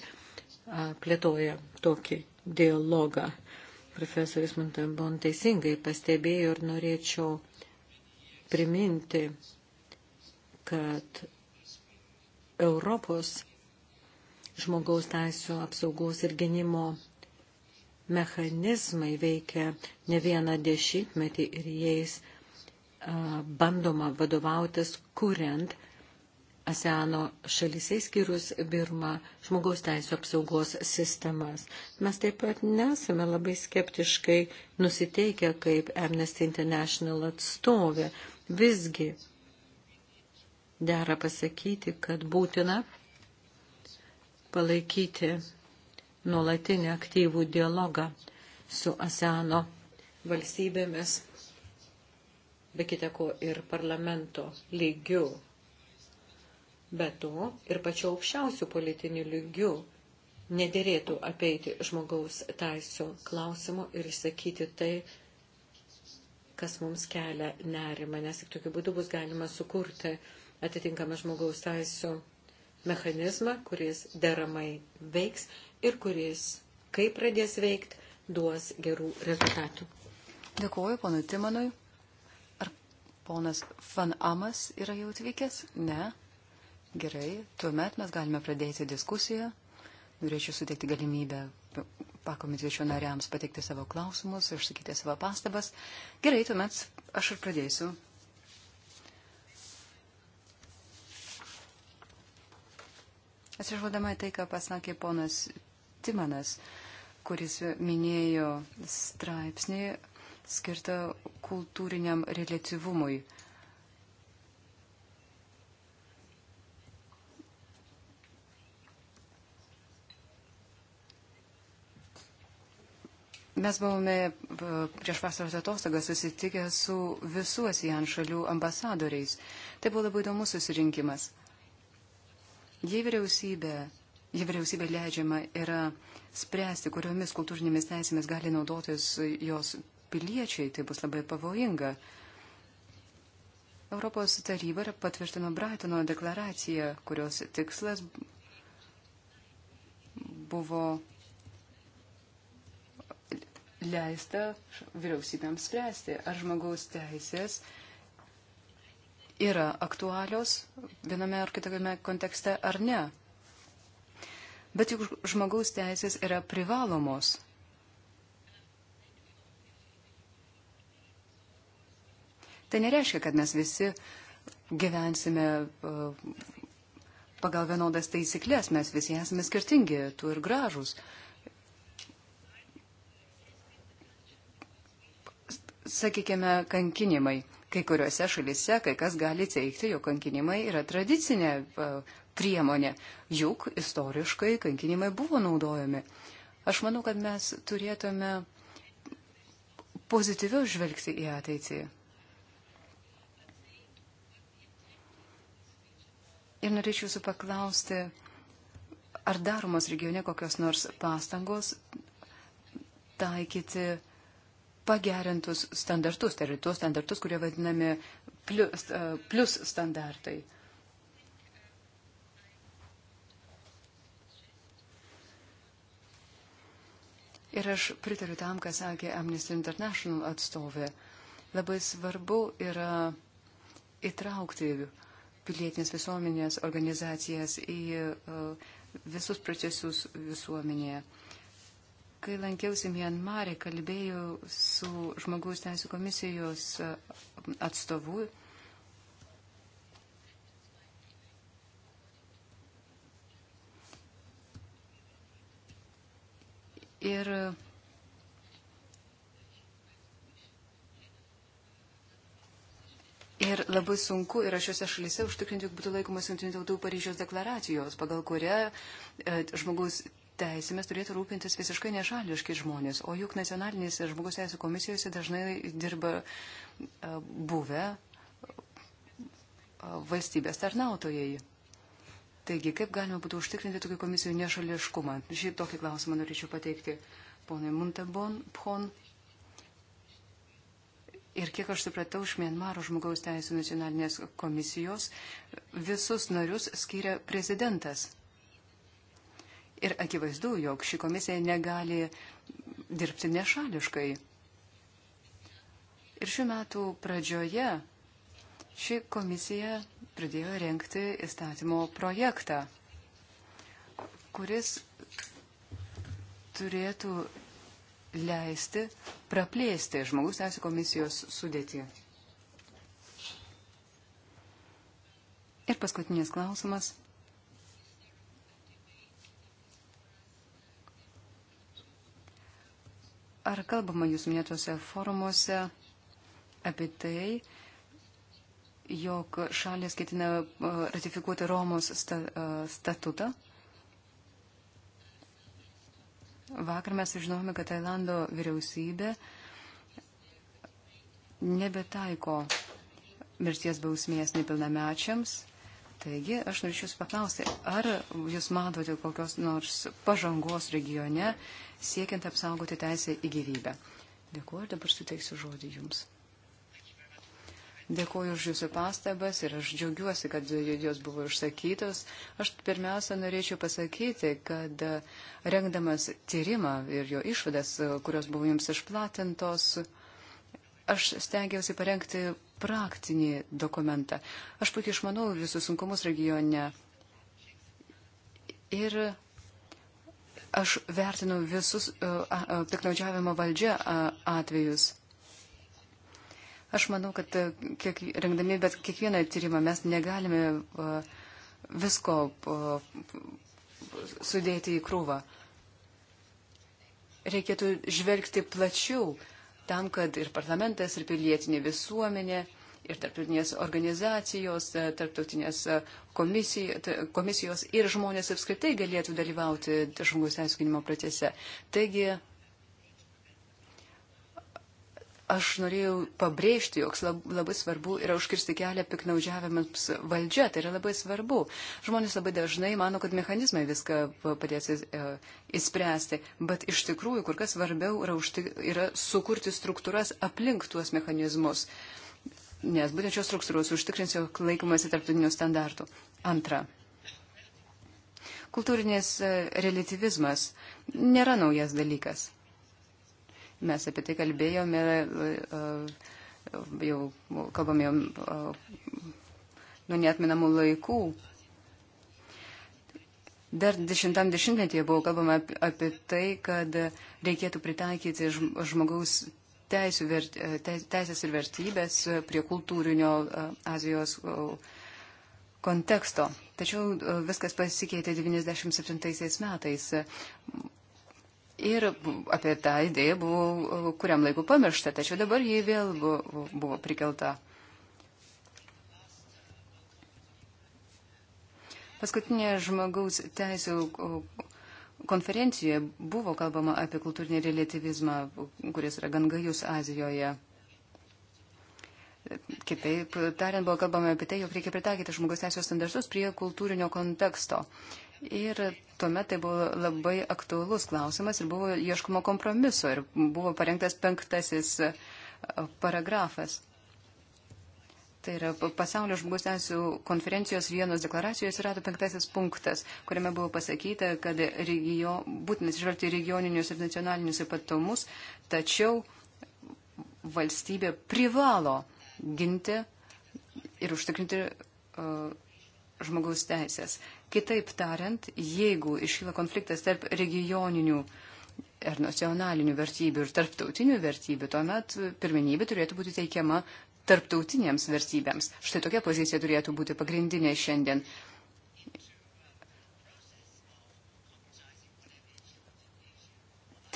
plėtoja tokį dialogą profesorius Montabon teisingai pastebėjo ir norėčiau priminti, kad Europos žmogaus teisų apsaugos ir gynimo mechanizmai veikia ne vieną dešimtmetį ir jais bandoma vadovautis, kuriant ASEANO šalise, skyrus Birma, žmogaus teisų apsaugos sistemas. Mes taip pat nesame labai skeptiškai nusiteikę kaip Amnesty International atstovė. Visgi dera pasakyti, kad būtina palaikyti nuolatinį aktyvų dialogą su ASEANO valstybėmis, be kitako ir parlamento lygių Be to ir pačiu aukščiausių politinių lygių nedėrėtų apeiti žmogaus taisų klausimo ir išsakyti tai, kas mums kelia nerimą, nes tik tokiu būdu bus galima sukurti atitinkamą žmogaus taisų mechanizmą, kuris deramai veiks ir kuris, kai pradės veikti, duos gerų rezultatų. Dėkuoju ponui Timonui. Ar ponas Van Amas yra jau atvykęs? Ne. Gerai, tuomet mes galime pradėti diskusiją. Norėčiau suteikti galimybę pakomitečio nariams pateikti savo klausimus, išsakyti savo pastabas. Gerai, tuomet aš ir pradėsiu. Atsižvodama į tai, ką pasakė ponas Timanas, kuris minėjo straipsnį skirtą kultūriniam relativumui Mes buvome e, prieš vasaros atostogas susitikę su visų ASEAN šalių ambasadoriais. Tai buvo labai įdomus susirinkimas. Jei vyriausybė, jei vyriausybė leidžiama yra spręsti, kuriomis kultūrinėmis teisėmis gali naudotis jos piliečiai, tai bus labai pavojinga. Europos taryba patvirtino Braitono deklaraciją, kurios tikslas buvo leista vyriausybėms spręsti, ar žmogaus teisės yra aktualios viename ar kitame kontekste ar ne. Bet juk žmogaus teisės yra privalomos. Tai nereiškia, kad mes visi gyvensime uh, pagal vienodas taisyklės, mes visi esame skirtingi, tu ir gražus. sakykime, kankinimai. Kai kuriuose šalise kai kas gali teikti, jog kankinimai yra tradicinė e, priemonė, juk istoriškai kankinimai buvo naudojami. Aš manau, kad mes turėtume pozityviau žvelgti į ateitį. Ir norėčiau jūsų paklausti, ar daromos regione kokios nors pastangos taikyti pagerintus standartus, tai yra tuos standartus, kurie vadinami plus, e, plus standartai. Ir aš pritariu tam, ką sakė Amnesty International atstovė. Labai svarbu yra įtraukti pilietinės visuomenės organizacijas į e, visus procesus visuomenėje. Kai lankiausi Mianmarė, kalbėjau su žmogaus teisų komisijos e, atstovu. Ir Ir labai sunku yra šiuose šalyse užtikrinti, jog būtų laikomas Junktinių tautų Paryžiaus deklaracijos, pagal kurią e, žmogus teisėmis turėtų rūpintis visiškai nešališki žmonės, o juk nacionalinėse žmogus teisų komisijose dažnai dirba e, buvę e, valstybės tarnautojai. Taigi, kaip galima būtų užtikrinti tokių komisijų nešališkumą? Šį tokį klausimą norėčiau pateikti ponui Muntabon, Pon. Ir kiek aš supratau, iš Mienmaro žmogaus teisų nacionalinės komisijos visus narius skiria prezidentas. Ir akivaizdu, jog ši komisija negali dirbti nešališkai. Ir šių metų pradžioje ši komisija pradėjo renkti įstatymo projektą, kuris turėtų leisti praplėsti žmogus teisų komisijos sudėtį. Ir paskutinis klausimas. Ar kalbama jūs minėtose forumuose apie tai, jog šalės ketina e, ratifikuoti Romos sta, e, statutą? Vakar mes sužinojome, kad Tailando vyriausybė nebetaiko mirties bausmės nepilnamečiams Taigi aš norėčiau Jūs paklausti, ar Jūs matote kokios nors pažangos regione siekiant apsaugoti teisę į gyvybę? Dėkuoju ir dabar suteiksiu žodį Jums. Dėkuoju už Jūsų pastabas ir aš džiaugiuosi, kad jos buvo išsakytos. Aš pirmiausia norėčiau pasakyti, kad e, rengdamas tyrimą ir jo išvadas, e, kurios buvo Jums išplatintos, aš stengiausi parengti praktinį dokumentą. Aš puikiai išmanau visus sunkumus regione. Ir aš vertinu visus uh, uh, piknaudžiavimo valdžia uh, atvejus. Aš manau, kad e, kiek, rengdami bet kiekvieną tyrimą mes negalime e, visko sudėti į krūvą. Reikėtų žvelgti plačiau tam, kad ir parlamentas, ir pilietinė visuomenė, ir tarptautinės organizacijos, e, tarptautinės e, komisijos, komisijos ir žmonės apskritai galėtų dalyvauti žmogaus teisų gynimo procese. Taigi aš norėjau pabrėžti, jog labai svarbu yra užkirsti kelią piknaudžiavimams valdžia. Tai yra labai svarbu. Žmonės labai dažnai mano, kad mechanizmai viską padės e, įspręsti, bet iš tikrųjų kur kas svarbiau yra, užtik, yra sukurti struktūras aplink tuos mechanizmus. Nes būtent šios struktūros užtikrins, jog laikomasi tarptautinių standartų. Antra. Kultūrinės e, relativizmas nėra naujas dalykas. Mes apie tai kalbėjome, e, e, jau kalbame e, nuo neatminamų laikų. Dar dešimtam dešimtmetyje buvo kalbama apie tai, kad reikėtų pritaikyti žmogaus vert, teisės ir vertybės prie kultūrinio Azijos konteksto. Tačiau viskas pasikeitė 97 metais. Ir apie tą idėją buvo kuriam laiku pamiršta, tačiau dabar jį vėl buvo, buvo prikelta. Paskutinė žmogaus teisų konferencijoje buvo kalbama apie kultūrinį relativizmą, kuris yra gan gajus Azijoje. Kitaip tariant, buvo kalbama apie tai, jog reikia pritaikyti žmogaus teisės standartus prie kultūrinio konteksto. Ir tuomet tai buvo labai aktuolus klausimas ir buvo ieškoma kompromiso ir buvo parengtas penktasis e, paragrafas. Tai yra pasaulio žmogus teisų konferencijos vienos deklaracijos yra penktasis punktas, kuriame buvo pasakyta, kad regio, būtina atsižvelgti regioninius ir nacionalinius ypatumus, tačiau valstybė privalo ginti ir užtikrinti uh, žmogaus teisės. Kitaip tariant, jeigu iškyla konfliktas tarp regioninių ar nacionalinių vertybių ir tarptautinių vertybių, tuomet pirmenybė turėtų būti teikiama tarptautinėms vertybėms. Štai tokia pozicija turėtų būti pagrindinė šiandien.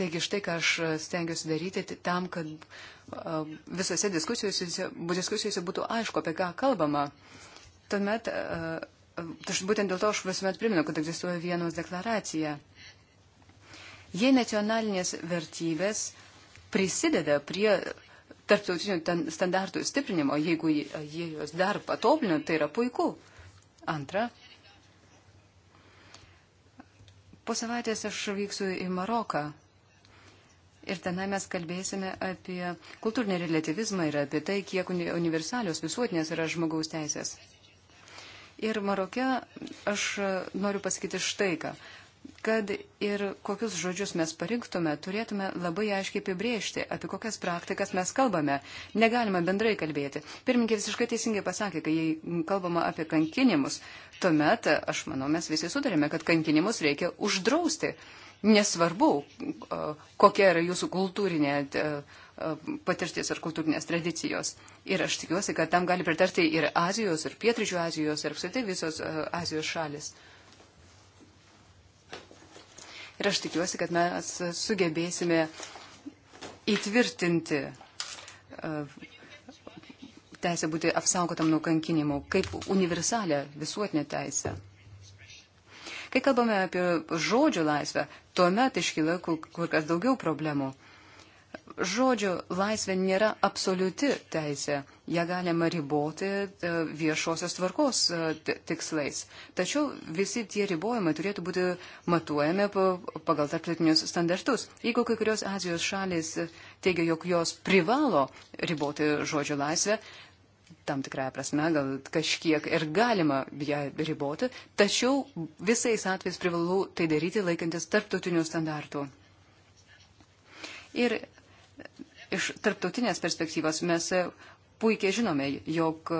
Taigi štai ką aš stengiuosi daryti tai tam, kad visose diskusijose, diskusijose būtų aišku, apie ką kalbama. Tuomet būtent dėl to aš visuomet primenu, kad egzistuoja vienos deklaracija. Jei nacionalinės vertybės prisideda prie tarptautinių standartų stiprinimo, jeigu jie juos dar patobulina, tai yra puiku. Antra, po savaitės aš vyksiu į Maroką. Ir tenai mes kalbėsime apie kultūrinį relativizmą ir apie tai, kiek universalios visuotinės yra žmogaus teisės. Ir Marokė aš noriu pasakyti štai ką kad ir kokius žodžius mes parinktume, turėtume labai aiškiai apibriežti, apie kokias praktikas mes kalbame. Negalima bendrai kalbėti. Pirmininkė visiškai teisingai pasakė, kai kalbama apie kankinimus, tuomet, aš manau, mes visi sutarėme, kad kankinimus reikia uždrausti. Nesvarbu, kokia yra jūsų kultūrinė. Uh, patirtis ir kultūrinės tradicijos. Ir aš tikiuosi, kad tam gali pritarti ir Azijos, ir Pietričių Azijos, ir apskritai visos e, Azijos šalis. Ir aš tikiuosi, kad mes sugebėsime įtvirtinti e, teisę būti apsaugotam nuo kankinimų kaip universalę visuotinę teisę. Kai kalbame apie žodžio laisvę, tuomet iškyla kur, kur kas daugiau problemų. Žodžio laisvė nėra absoliuti teisė, ją galima riboti e, viešosios tvarkos e, tikslais. Tačiau visi tie ribojimai turėtų būti matuojami pagal tarptautinius standartus. Jeigu kai kurios Azijos šalis e, teigia, jog jos privalo riboti žodžio laisvę, tam tikrąją prasme, gal kažkiek ir galima ją riboti, tačiau visais atvejais privalu tai daryti laikantis tarptautinių standartų. Ir iš tarptautinės perspektyvos mes puikiai žinome, jog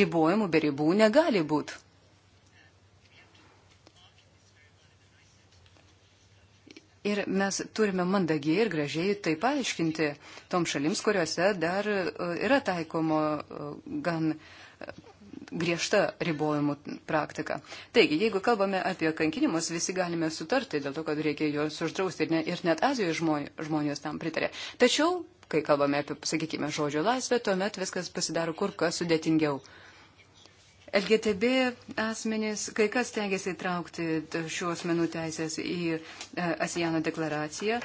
ribojimų be ribų negali būti. Ir mes turime mandagiai ir gražiai tai paaiškinti tom šalims, kuriuose dar e, yra taikomo e, gan griežta ribojimų praktika. Taigi, jeigu kalbame apie kankinimus, visi galime sutarti dėl to, kad reikia juos uždrausti ir, ne, ir net Azijoje žmonės tam pritarė. Tačiau, kai kalbame apie, sakykime, žodžio laisvę, tuomet viskas pasidaro kur kas sudėtingiau. LGTB asmenys, kai kas tengiasi įtraukti šių asmenų teisės į e, Asijano deklaraciją.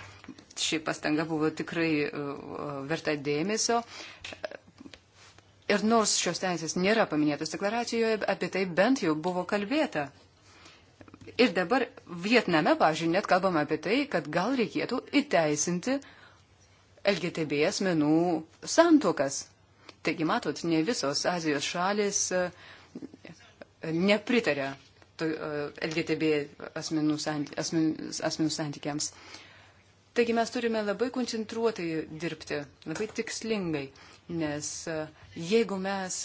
Ši pastanga buvo tikrai e, verta dėmesio. Ir nors šios teisės nėra paminėtos deklaracijoje, apie tai bent jau buvo kalbėta. Ir dabar Vietname, pažiūrėjau, net kalbama apie tai, kad gal reikėtų įteisinti LGTB asmenų santokas. Taigi, matot, ne visos Azijos šalis e, nepritarė e, LGTB asmenų, santy, asmen, asmenų santykiams. Asmenų Taigi mes turime labai koncentruotai dirbti, labai tikslingai. Nes e, jeigu mes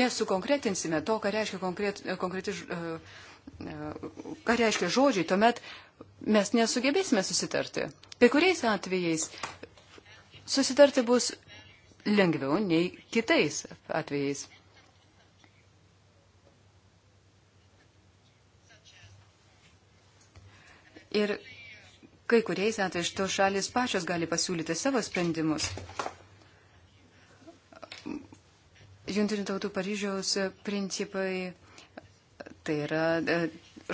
nesukonkretinsime to, ką reiškia, konkret, e, konkreti, e, ką reiškia žodžiai, tuomet mes nesugebėsime susitarti. Kai kuriais atvejais susitarti bus lengviau nei kitais atvejais. Ir kai kuriais atvejais tos šalis pačios gali pasiūlyti savo sprendimus. Juntinių tautų Paryžiaus principai, tai yra e,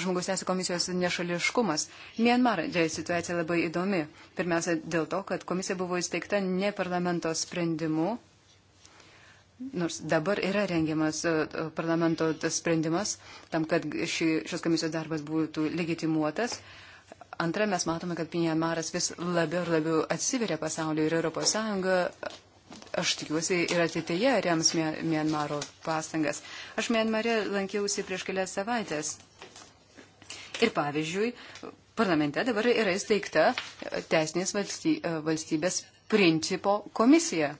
žmogus teisų komisijos nešališkumas. Mienmar situacija labai įdomi. Pirmiausia, dėl to, kad komisija buvo įsteigta ne parlamento sprendimu, Nors dabar yra rengiamas e, e, parlamento sprendimas tam, kad ši, šios komisijos darbas būtų legitimuotas, Antra, mes matome, kad Pinjamaras vis labiau ir labiau atsiveria pasauliu ir Europos Sąjunga, aš tikiuosi, ir ateityje rems Mienmaro pastangas. Aš Mienmare lankiausi prieš kelias savaitės. Ir pavyzdžiui, parlamente dabar yra įsteigta teisinės valstybės principo komisija.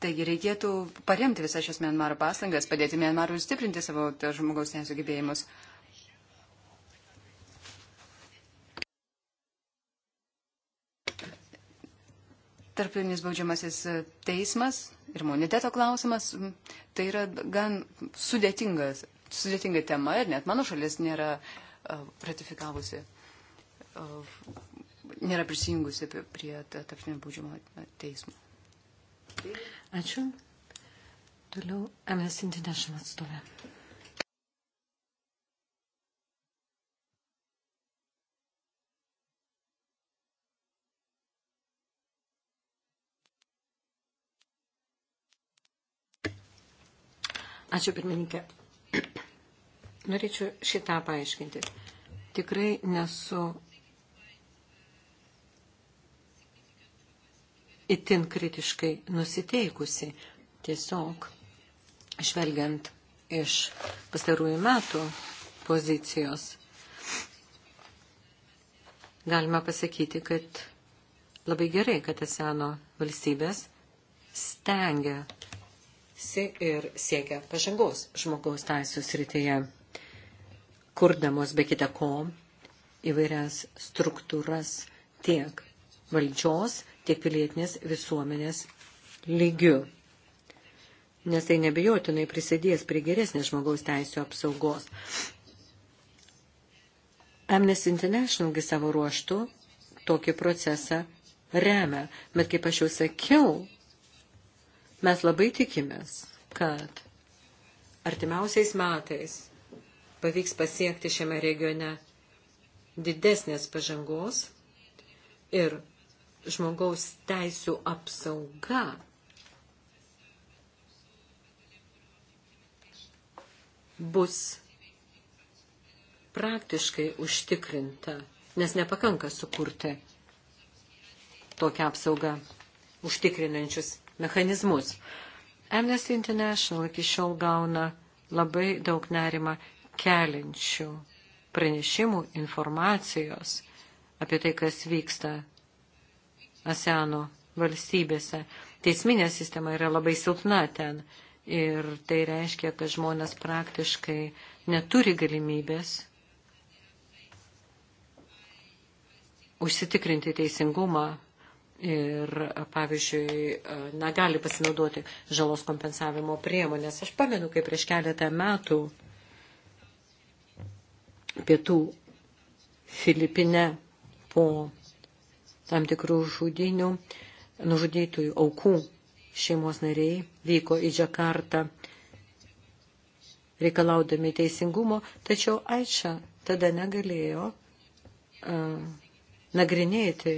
Taigi reikėtų paremti visas šias Mianmaro pastangas, padėti Mianmarui stiprinti savo žmogaus teisų gyvėjimus. Tarptautinis baudžiamasis teismas ir imuniteto klausimas tai yra gan sudėtingas, sudėtinga tema ir net mano šalis nėra ratifikavusi, nėra prisijungusi prie tarptautinio baudžiamo teismo. Ačiū. Toliau MS International atstovė. Ačiū pirmininkė. Norėčiau šitą paaiškinti. Tikrai nesu itin kritiškai nusiteikusi. Tiesiog, žvelgiant iš pastarųjų metų pozicijos, galima pasakyti, kad labai gerai, kad eseno valstybės stengia ir siekia pažangos žmogaus teisų srityje, kurdamos be kita ko įvairias struktūras tiek valdžios, tiek pilietinės visuomenės lygių. Nes tai nebejotinai prisidės prie geresnės žmogaus teisų apsaugos. Amnesty Internationalgi savo ruoštų tokį procesą remia. Bet kaip aš jau sakiau, mes labai tikimės, kad artimiausiais metais pavyks pasiekti šiame regione didesnės pažangos ir žmogaus teisų apsauga bus praktiškai užtikrinta, nes nepakanka sukurti tokią apsaugą užtikrinančius mechanizmus. Amnesty International iki šiol gauna labai daug nerima keliančių pranešimų, informacijos apie tai, kas vyksta ASEANO valstybėse. Teisminė sistema yra labai silpna ten ir tai reiškia, kad žmonės praktiškai neturi galimybės užsitikrinti teisingumą ir, pavyzdžiui, negali pasinaudoti žalos kompensavimo priemonės. Aš pamenu, kaip prieš keletą metų pietų Filipine po tam tikrų žudinių, nužudytųjų aukų šeimos nariai vyko į Džakartą reikalaudami teisingumo, tačiau Aičia tada negalėjo uh, nagrinėti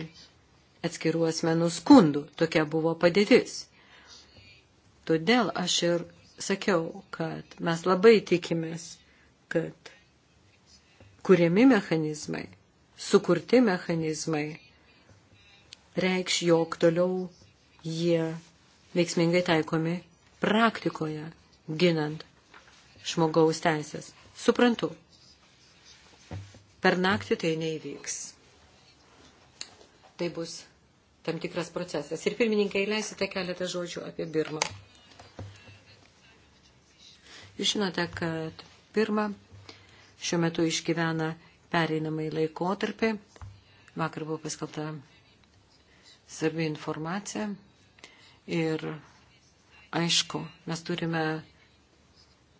atskirų asmenų skundų. Tokia buvo padėtis. Todėl aš ir sakiau, kad mes labai tikimės, kad kuriami mechanizmai, sukurti mechanizmai reikš, jog toliau jie veiksmingai taikomi praktikoje, ginant žmogaus teisės. Suprantu, per naktį tai neįvyks. Tai bus tam tikras procesas. Ir pirmininkai, leisite keletą žodžių apie Birmą. Jūs žinote, kad Birma šiuo metu išgyvena pereinamai laikotarpį. Vakar buvo paskalta svarbi informacija ir aišku, mes turime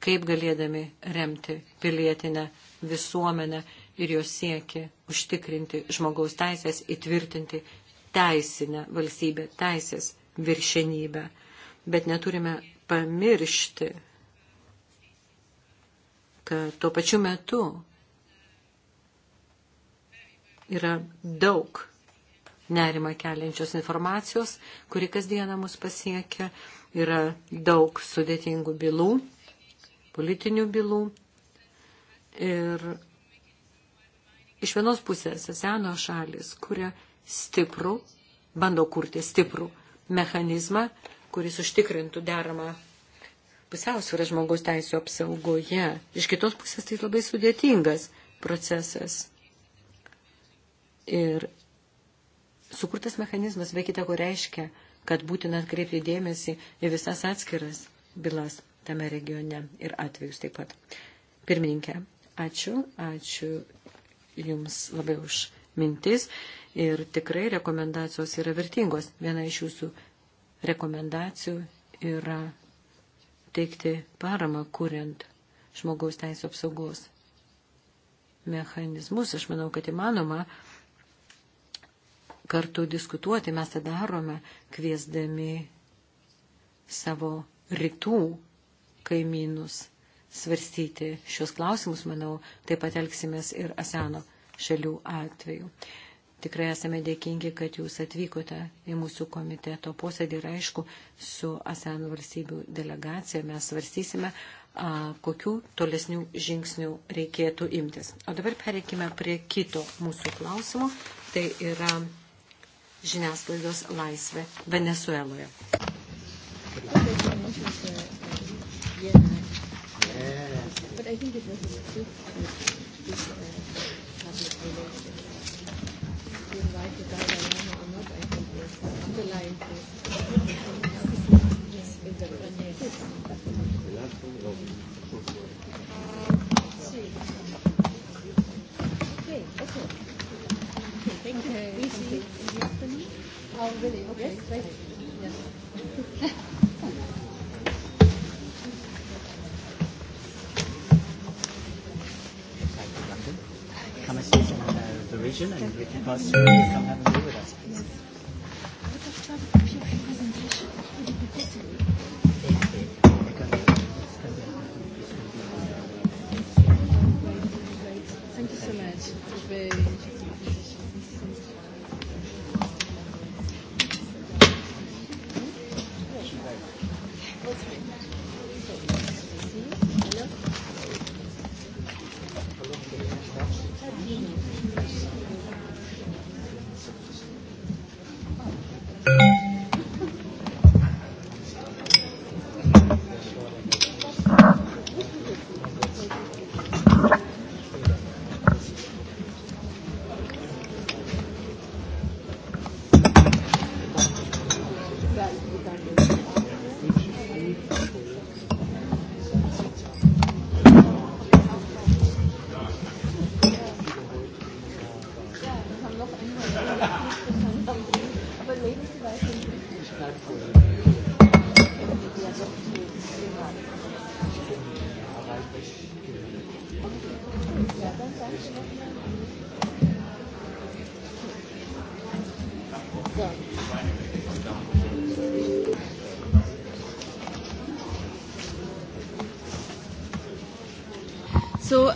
kaip galėdami remti pilietinę visuomenę ir jos sieki užtikrinti žmogaus teisės, įtvirtinti teisinę valstybę, teisės viršenybę. Bet neturime pamiršti, kad tuo pačiu metu yra daug nerimą keliančios informacijos, kuri kasdieną mus pasiekia. Yra daug sudėtingų bylų, politinių bylų. Ir iš vienos pusės seno šalis kuria stiprų, bando kurti stiprų mechanizmą, kuris užtikrintų deramą pusiausvyrą žmogaus teisų apsaugoje. Iš kitos pusės tai labai sudėtingas procesas. Ir Sukurtas mechanizmas, be kita ko reiškia, kad būtina atkreipti dėmesį į visas atskiras bylas tame regione ir atvejus taip pat. Pirmininkė, ačiū, ačiū Jums labai už mintis ir tikrai rekomendacijos yra vertingos. Viena iš Jūsų rekomendacijų yra teikti paramą, kuriant žmogaus teisų apsaugos mechanizmus. Aš manau, kad įmanoma. Tai kartu diskutuoti. Mes tą darome, kviesdami savo rytų kaimynus svarstyti šios klausimus, manau, taip pat elgsimės ir Aseno šalių atveju. Tikrai esame dėkingi, kad jūs atvykote į mūsų komiteto posėdį ir aišku, su ASEAN valstybių delegacija mes svarstysime, a, kokių tolesnių žingsnių reikėtų imtis. O dabar pereikime prie kito mūsų klausimo. Tai yra žiniasklaidos laisvę Venezueloje. Okay, okay. Thank you. Okay, we thank see you. in the afternoon. Oh, really? Okay. Yes. Great. Yes. Come and sit in uh, the region and you can pass through and come have a meal with us. Yes. I would have tried a few presentations. Would it be possible? Thank you so much. It was very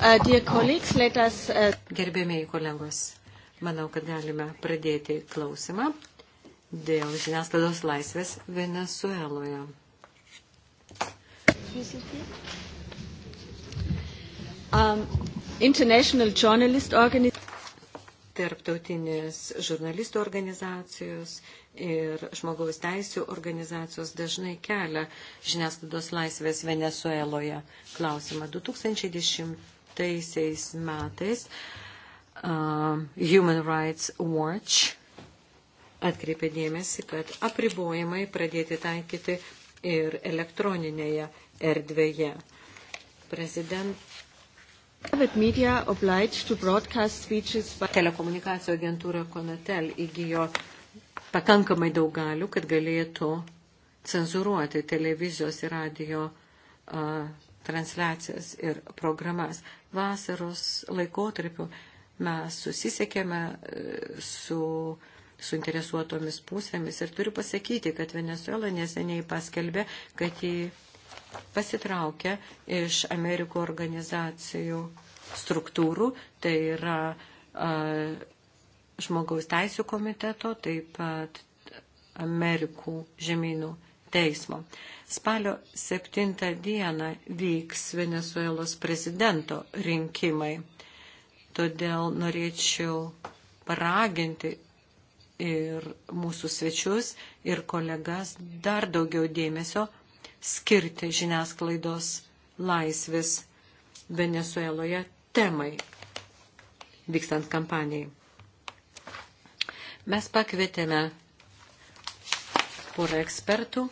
Uh, uh, Gerbėmiai kolegos, manau, kad galime pradėti klausimą dėl žiniasklaidos laisvės Venezueloje. Um, international Journalist Organization. Tarptautinės žurnalistų organizacijos ir žmogaus teisų organizacijos dažnai kelia žiniasklaidos laisvės Venezueloje klausimą. 2010 2012 metais uh, Human Rights Watch atkreipė dėmesį, kad apribojimai pradėti taikyti ir elektroninėje erdvėje. Prezident Telekomunikacijų agentūra Konatel įgyjo pakankamai daug galių, kad galėtų cenzuruoti televizijos ir radio uh, transliacijas ir programas. Vasaros laikotarpiu mes susisiekėme e, su suinteresuotomis pusėmis ir turiu pasakyti, kad Venezuela neseniai paskelbė, kad jį pasitraukia iš Amerikų organizacijų struktūrų, tai yra a, e, žmogaus teisų komiteto, taip pat Amerikų žemynų teismo. Spalio 7 dieną vyks Venezuelos prezidento rinkimai. Todėl norėčiau paraginti ir mūsų svečius, ir kolegas dar daugiau dėmesio skirti žiniasklaidos laisvės Venezueloje temai, vykstant kampanijai. Mes pakvietėme porą ekspertų,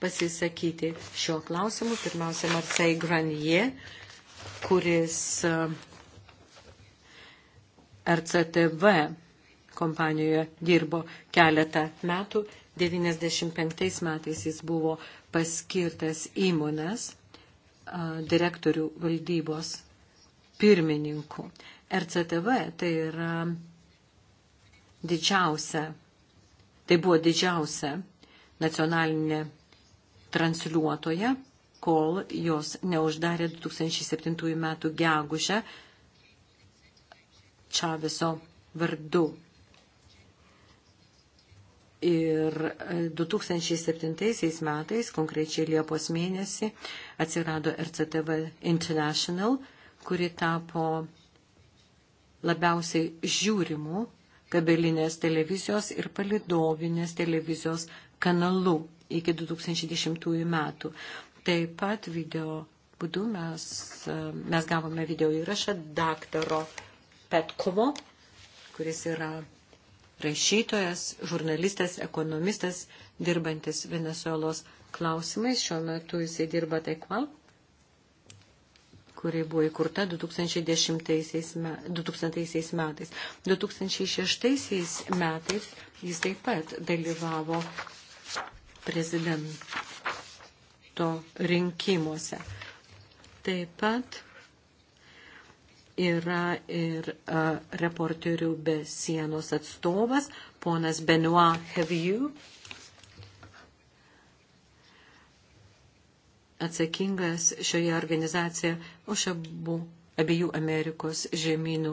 pasisakyti šio klausimu. Pirmiausia, Marcei Granie, kuris e, RCTV kompanijoje dirbo keletą metų. 95 metais jis buvo paskirtas įmonės e, direktorių valdybos pirmininku. RCTV tai yra didžiausia, tai buvo didžiausia nacionalinė transliuotoją, kol jos neuždarė 2007 metų gegužę Čaviso vardu. Ir 2007 e, metais, konkrečiai Liepos mėnesį, atsirado RCTV International, kuri tapo labiausiai žiūrimų kabelinės televizijos ir palidovinės televizijos kanalų iki 2010 metų. Taip pat video būdu mes, e, mes gavome video įrašą daktaro Petkovo, kuris yra rašytojas, žurnalistas, ekonomistas, dirbantis Venezuelos klausimais. Šiuo metu jisai dirba Taikval, kuri buvo įkurta 2010 metais. 2006 metais jis taip pat dalyvavo prezidento rinkimuose. Taip pat yra ir uh, reporterių be sienos atstovas, ponas Benoit Heviu, atsakingas šioje organizacijoje už abu, abiejų Amerikos žemynų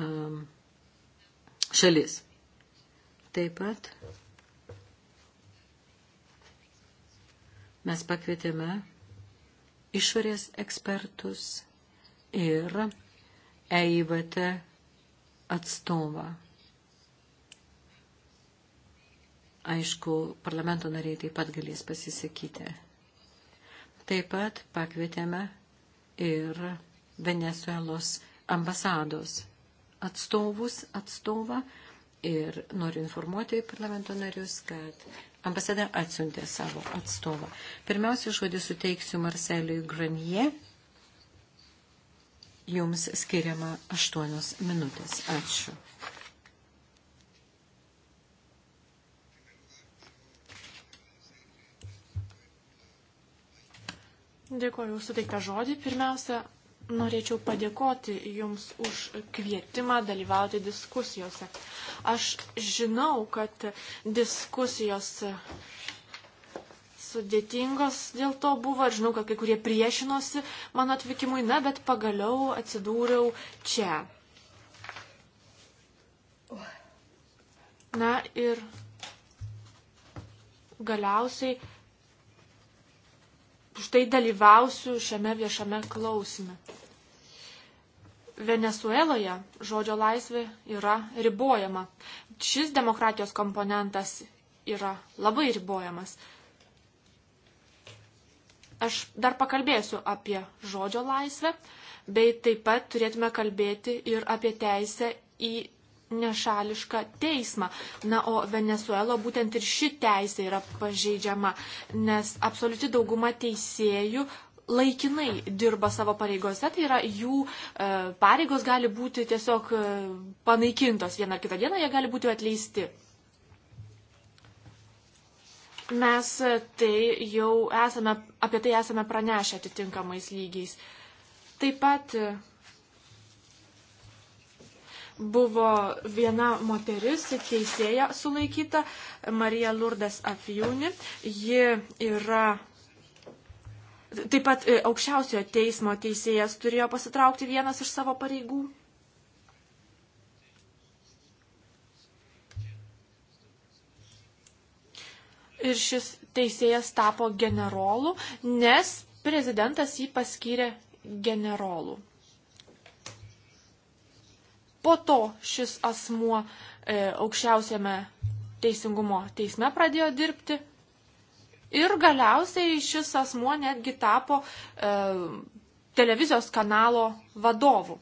um, šalis. Taip pat Mes pakvietėme išorės ekspertus ir EIVT atstovą. Aišku, parlamento nariai taip pat galės pasisakyti. Taip pat pakvietėme ir Venezuelos ambasados atstovus atstovą ir noriu informuoti parlamento narius, kad ambasada atsiuntė savo atstovą. Pirmiausia, žodį suteiksiu Marceliui Granie. Jums skiriama aštuonios minutės. Ačiū. Dėkuoju už suteiktą žodį. Pirmiausia, Norėčiau padėkoti Jums už kvietimą dalyvauti diskusijose. Aš žinau, kad diskusijos sudėtingos dėl to buvo ir žinau, kad kai kurie priešinosi mano atvykimui, na, bet pagaliau atsidūriau čia. Na ir galiausiai štai dalyvausiu šiame viešame klausime. Venezueloje žodžio laisvė yra ribojama. Šis demokratijos komponentas yra labai ribojamas. Aš dar pakalbėsiu apie žodžio laisvę, bei taip pat turėtume kalbėti ir apie teisę į nešališką teismą. Na, o Venezuela būtent ir ši teisė yra pažeidžiama, nes absoliuti dauguma teisėjų laikinai dirba savo pareigose, tai yra jų e, pareigos gali būti tiesiog e, panaikintos vieną ar kitą dieną, jie gali būti atleisti. Mes e, tai jau esame, apie tai esame pranešę atitinkamais lygiais. Taip pat e, buvo viena moteris teisėja sulaikyta, Marija Lurdas Afjūni. Ji yra. Taip pat e, aukščiausiojo teismo teisėjas turėjo pasitraukti vienas iš savo pareigų. Ir šis teisėjas tapo generolu, nes prezidentas jį paskyrė generolu. Po to šis asmuo e, aukščiausiame teisingumo teisme pradėjo dirbti. Ir galiausiai šis asmuo netgi tapo e, televizijos kanalo vadovu.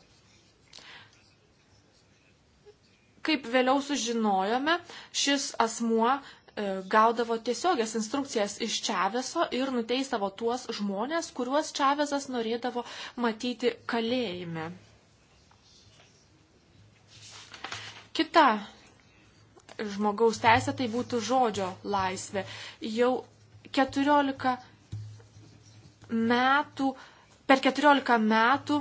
Kaip vėliau sužinojome, šis asmuo e, gaudavo tiesiogės instrukcijas iš Čaveso ir nuteisavo tuos žmonės, kuriuos Čavesas norėdavo matyti kalėjime. Kita žmogaus teisė tai būtų žodžio laisvė. Jau 14 metų, per 14 metų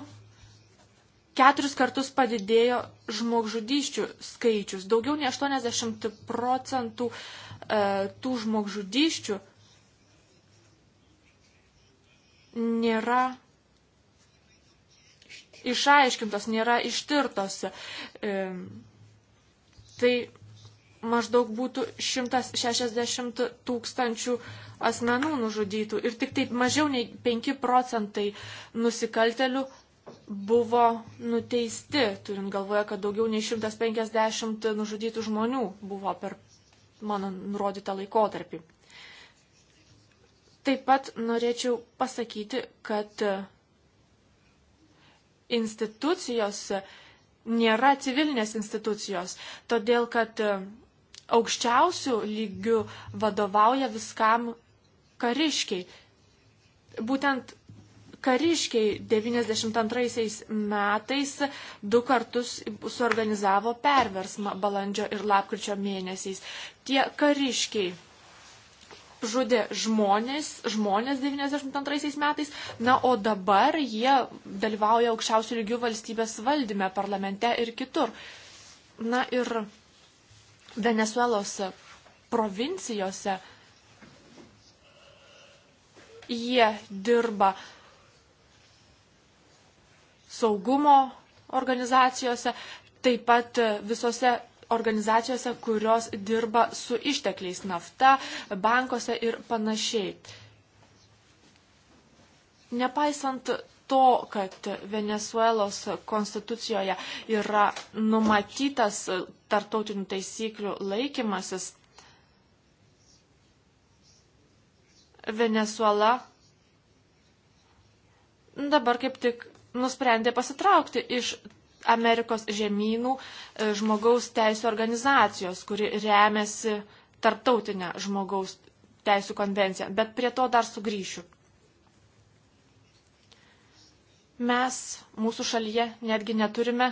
keturis kartus padidėjo žmogžudyščių skaičius. Daugiau nei 80 procentų e, tų žmogžudyščių nėra išaiškintos, nėra ištirtos. E, tai maždaug būtų 160 tūkstančių asmenų nužudytų ir tik taip mažiau nei 5 procentai nusikaltelių buvo nuteisti, turint galvoje, kad daugiau nei 150 nužudytų žmonių buvo per mano nurodytą laikotarpį. Taip pat norėčiau pasakyti, kad institucijos nėra civilinės institucijos, todėl kad e, aukščiausių lygių vadovauja viskam kariškiai. Būtent kariškiai 92 metais du kartus suorganizavo perversmą balandžio ir lapkričio mėnesiais. Tie kariškiai žudė žmonės, žmonės 92 metais, na, o dabar jie dalyvauja aukščiausių lygių valstybės valdyme, parlamente ir kitur. Na ir Venezuelos provincijose jie dirba saugumo organizacijose, taip pat visose organizacijose, kurios dirba su ištekliais nafta, bankose ir panašiai. Nepaisant to, kad Venezuelos konstitucijoje yra numatytas tartautinių taisyklių laikymasis, Venezuela dabar kaip tik nusprendė pasitraukti iš Amerikos žemynų e, žmogaus teisų organizacijos, kuri remiasi tarptautinę žmogaus teisų konvenciją. Bet prie to dar sugrįšiu. Mes mūsų šalyje netgi neturime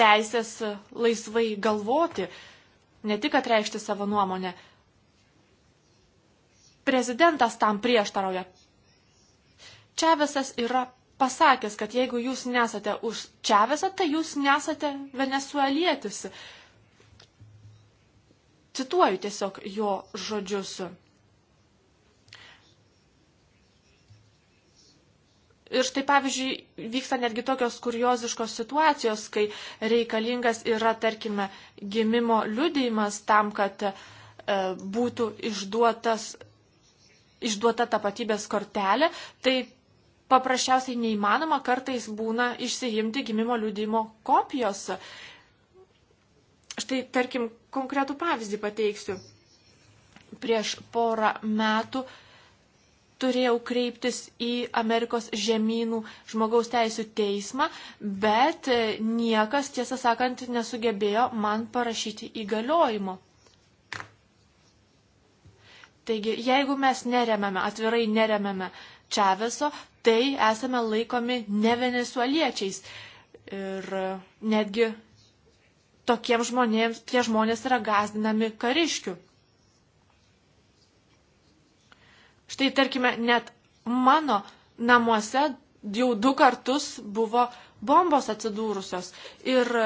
teisės laisvai galvoti, ne tik atreikšti savo nuomonę. Prezidentas tam prieštarauja. Čia visas yra pasakęs, kad jeigu jūs nesate už Čavesą, tai jūs nesate venezuelietis. Cituoju tiesiog jo žodžius. Ir štai pavyzdžiui, vyksta netgi tokios kurioziškos situacijos, kai reikalingas yra, tarkime, gimimo liudijimas tam, kad e, būtų išduotas, išduota tapatybės kortelė, tai paprasčiausiai neįmanoma kartais būna išsiimti gimimo liudimo kopijos. Štai, tarkim, konkretų pavyzdį pateiksiu. Prieš porą metų turėjau kreiptis į Amerikos žemynų žmogaus teisų teismą, bet niekas, tiesą sakant, nesugebėjo man parašyti įgaliojimo. Taigi, jeigu mes neremėme, atvirai neremėme Čaveso, tai esame laikomi ne venezueliečiais. Ir netgi tokiems žmonėms, tie žmonės yra gazdinami kariškių. Štai tarkime, net mano namuose jau du kartus buvo bombos atsidūrusios. Ir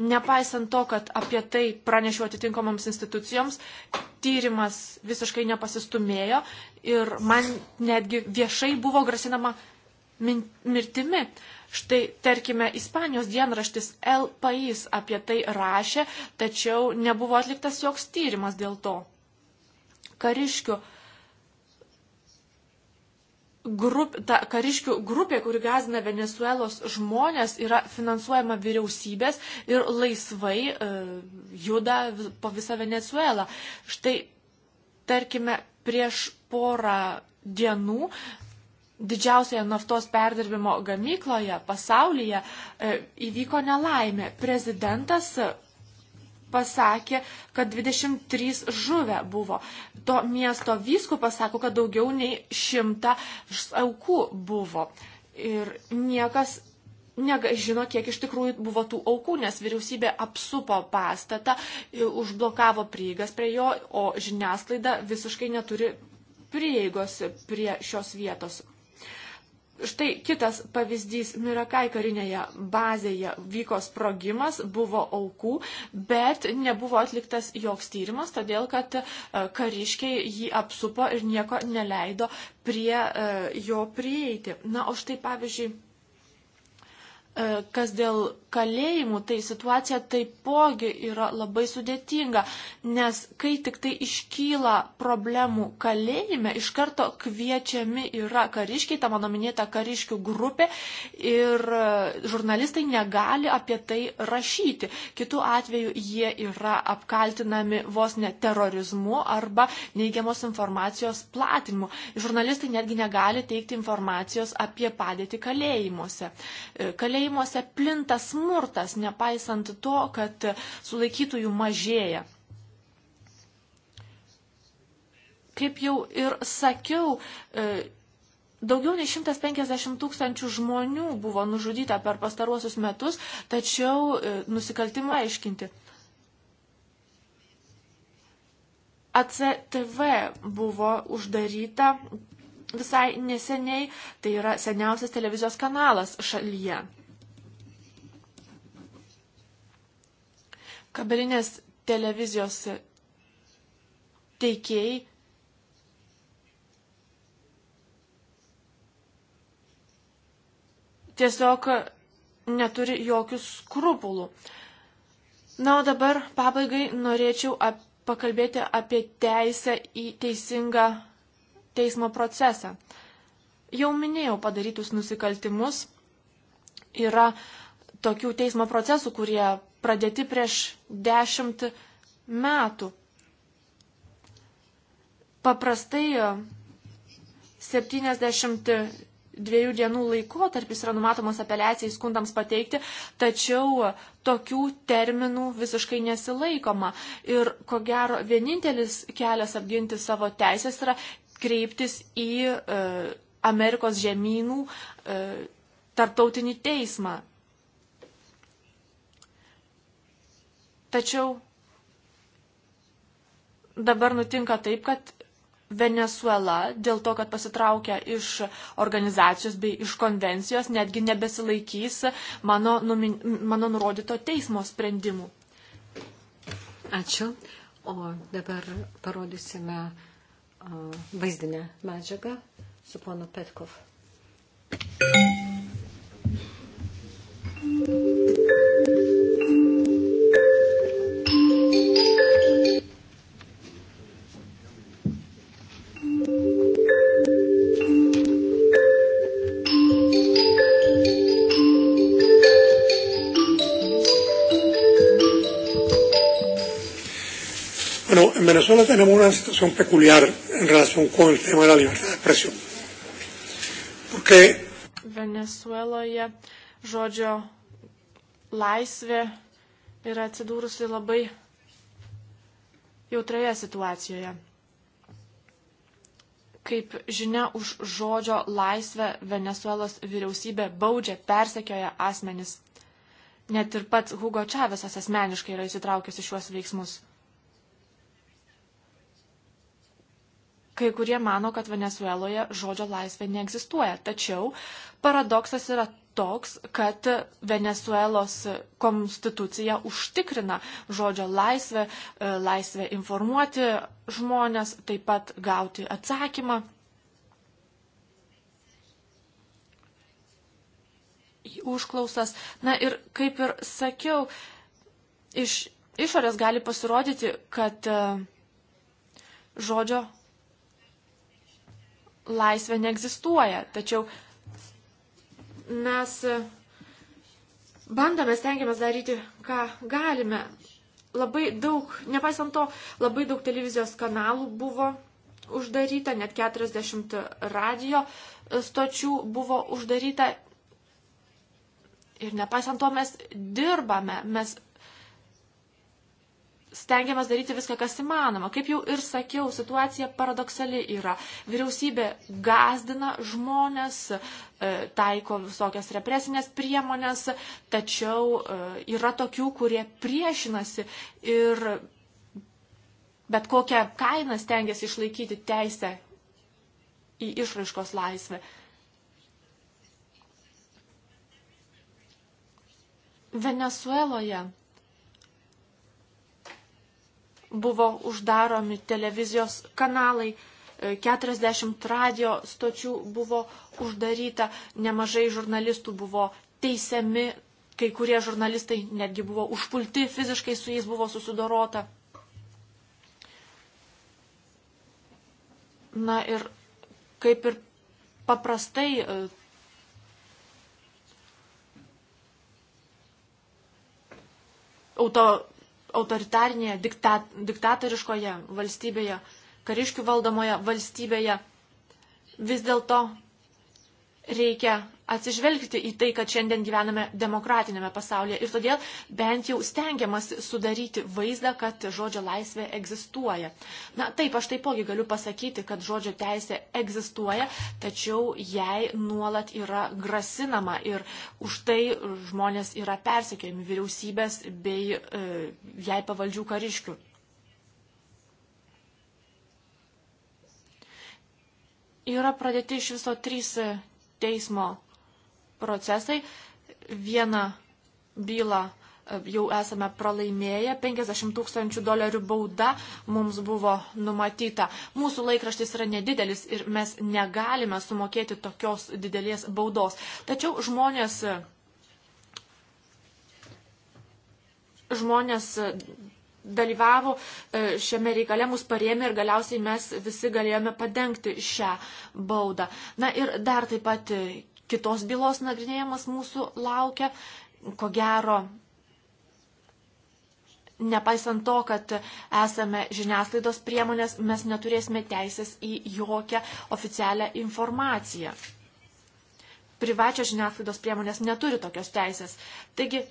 Nepaisant to, kad apie tai pranešiau atitinkamoms institucijoms, tyrimas visiškai nepasistumėjo ir man netgi viešai buvo grasinama mirtimi. Štai, tarkime, Ispanijos dienraštis El Pais apie tai rašė, tačiau nebuvo atliktas joks tyrimas dėl to. Kariškių uh, grup, ta kariškių grupė, kuri gazina Venezuelos žmonės, yra finansuojama vyriausybės ir laisvai e, juda po visą Venezuelą. Štai, tarkime, prieš porą dienų didžiausioje naftos perdirbimo gamykloje pasaulyje e, įvyko nelaimė. Prezidentas pasakė, kad 23 žuvę buvo. To miesto vyskupas sako, kad daugiau nei 100 aukų buvo. Ir niekas nežino, kiek iš tikrųjų buvo tų aukų, nes vyriausybė apsupo pastatą, užblokavo prieigas prie jo, o žiniasklaida visiškai neturi prieigos prie šios vietos. Štai kitas pavyzdys. Mirakai karinėje bazėje vyko sprogimas, buvo aukų, bet nebuvo atliktas joks tyrimas, todėl kad e, kariškiai jį apsupo ir nieko neleido prie e, jo prieiti. Na, o štai pavyzdžiui, e, kas dėl kalėjimų, tai situacija taipogi yra labai sudėtinga, nes kai tik tai iškyla problemų kalėjime, iš karto kviečiami yra kariškiai, ta mano minėta kariškių grupė ir e, žurnalistai negali apie tai rašyti. Kitu atveju jie yra apkaltinami vos ne terorizmu arba neigiamos informacijos platinimu. Žurnalistai netgi negali teikti informacijos apie padėtį kalėjimuose. E, kalėjimuose plintas smurtas, nepaisant to, kad sulaikytųjų mažėja. Kaip jau ir sakiau, e, Daugiau nei 150 tūkstančių žmonių buvo nužudyta per pastaruosius metus, tačiau e, nusikaltimą aiškinti. ACTV buvo uždaryta visai neseniai, tai yra seniausias televizijos kanalas šalyje. kabelinės televizijos teikėjai tiesiog neturi jokių skrupulų. Na, o dabar pabaigai norėčiau ap pakalbėti apie teisę į teisingą teismo procesą. Jau minėjau padarytus nusikaltimus. Yra tokių teismo procesų, kurie pradėti prieš dešimt metų. Paprastai 72 e, dienų laikotarpis yra numatomas apeliacijai skundams pateikti, tačiau e, tokių terminų visiškai nesilaikoma. Ir ko gero, vienintelis kelias apginti savo teisės yra kreiptis į e, Amerikos žemynų e, tarptautinį teismą. Tačiau dabar nutinka taip, kad Venezuela dėl to, kad pasitraukia iš organizacijos bei iš konvencijos, netgi nebesilaikys mano, numin, mano nurodyto teismo sprendimų. Ačiū. O dabar parodysime uh, vaizdinę medžiagą su ponu Petkov. Thank you. Venezuela tenemos una situación peculiar en relación con el tema de la libertad de expresión. Porque Venezueloje žodžio laisvė yra atsidūrusi labai jautrioje situacijoje. Kaip žinia, už žodžio laisvę Venezuelos vyriausybė baudžia, persekioja asmenis. Net ir pats Hugo Čavesas asmeniškai yra įsitraukęs į šiuos veiksmus. kai kurie mano, kad Venezueloje žodžio laisvė neegzistuoja. Tačiau paradoksas yra toks, kad Venezuelos konstitucija užtikrina žodžio laisvę, e, laisvę informuoti žmonės, taip pat gauti atsakymą. Užklausas. Na ir kaip ir sakiau, iš išorės gali pasirodyti, kad e, žodžio laisvė neegzistuoja. Tačiau mes e, bandome, stengiamės daryti, ką galime. Labai daug, nepaisant to, labai daug televizijos kanalų buvo uždaryta, net 40 radio e, stočių buvo uždaryta. Ir nepaisant to mes dirbame, mes stengiamės daryti viską, kas įmanoma. Kaip jau ir sakiau, situacija paradoksali yra. Vyriausybė gazdina žmonės, e, taiko visokias represinės priemonės, tačiau e, yra tokių, kurie priešinasi ir bet kokią kainą stengiasi išlaikyti teisę į išraiškos laisvę. Venezueloje buvo uždaromi televizijos kanalai, 40 e, radio stočių buvo uždaryta, nemažai žurnalistų buvo teisiami, kai kurie žurnalistai netgi buvo užpulti, fiziškai su jais buvo susidorota. Na ir kaip ir paprastai e, auto autoritarnėje, diktat, diktatoriškoje valstybėje, kariškių valdomoje valstybėje vis dėlto reikia atsižvelgti į tai, kad šiandien gyvename demokratinėme pasaulyje ir todėl bent jau stengiamas sudaryti vaizdą, kad žodžio laisvė egzistuoja. Na taip, aš taipogi galiu pasakyti, kad žodžio teisė egzistuoja, tačiau jai nuolat yra grasinama ir už tai žmonės yra persekiojami vyriausybės bei e, jai pavaldžių kariškių. Yra pradėti iš viso trys teismo procesai. Vieną bylą e, jau esame pralaimėję, 50 tūkstančių dolerių bauda mums buvo numatyta. Mūsų laikraštis yra nedidelis ir mes negalime sumokėti tokios didelės baudos. Tačiau žmonės, žmonės dalyvavo e, šiame reikale, mus parėmė ir galiausiai mes visi galėjome padengti šią baudą. Na ir dar taip pat kitos bylos nagrinėjimas mūsų laukia. Ko gero, nepaisant to, kad esame žiniasklaidos priemonės, mes neturėsime teisės į jokią oficialią informaciją. Privačios žiniasklaidos priemonės neturi tokios teisės. Taigi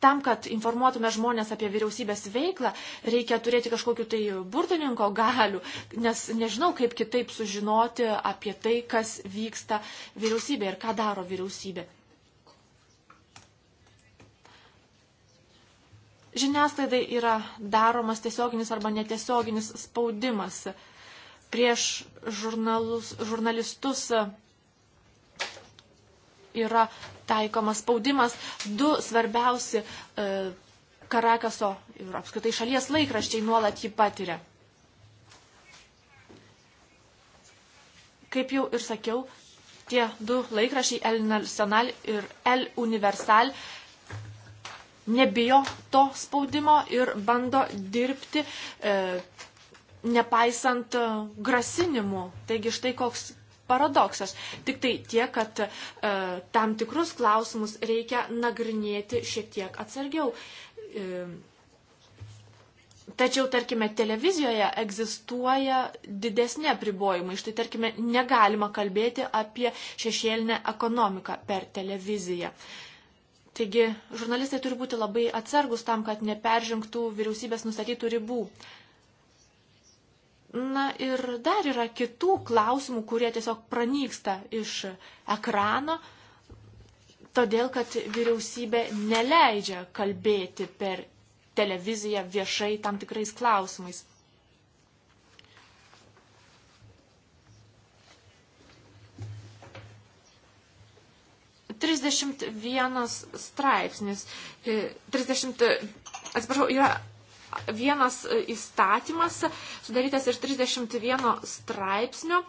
tam, kad informuotume žmonės apie vyriausybės veiklą, reikia turėti kažkokiu tai burtininko galių, nes nežinau, kaip kitaip sužinoti apie tai, kas vyksta vyriausybė ir ką daro vyriausybė. Žiniasklaidai yra daromas tiesioginis arba netiesioginis spaudimas prieš žurnalus, žurnalistus. žurnalistus yra taikomas spaudimas. Du svarbiausi e, Karakaso ir apskritai šalies laikraščiai nuolat jį patiria. Kaip jau ir sakiau, tie du laikrašiai El Nacional ir El Universal nebijo to spaudimo ir bando dirbti e, nepaisant e, grasinimų. Taigi štai koks paradoksas. Tik tai tiek, kad e, tam tikrus klausimus reikia nagrinėti šiek tiek atsargiau. E, Tačiau, tarkime, televizijoje egzistuoja didesnė pribojimai. Štai, tarkime, negalima kalbėti apie šešėlinę ekonomiką per televiziją. Taigi, žurnalistai turi būti labai atsargus tam, kad neperžengtų vyriausybės nustatytų ribų. Uh, Na ir dar yra kitų klausimų, kurie tiesiog pranyksta iš ekrano, todėl kad vyriausybė neleidžia kalbėti per televiziją viešai tam tikrais klausimais. Trisdešimt vienas straipsnis, e, trisdešimt, atsiprašau, yra vienas įstatymas, sudarytas iš 31 straipsnio,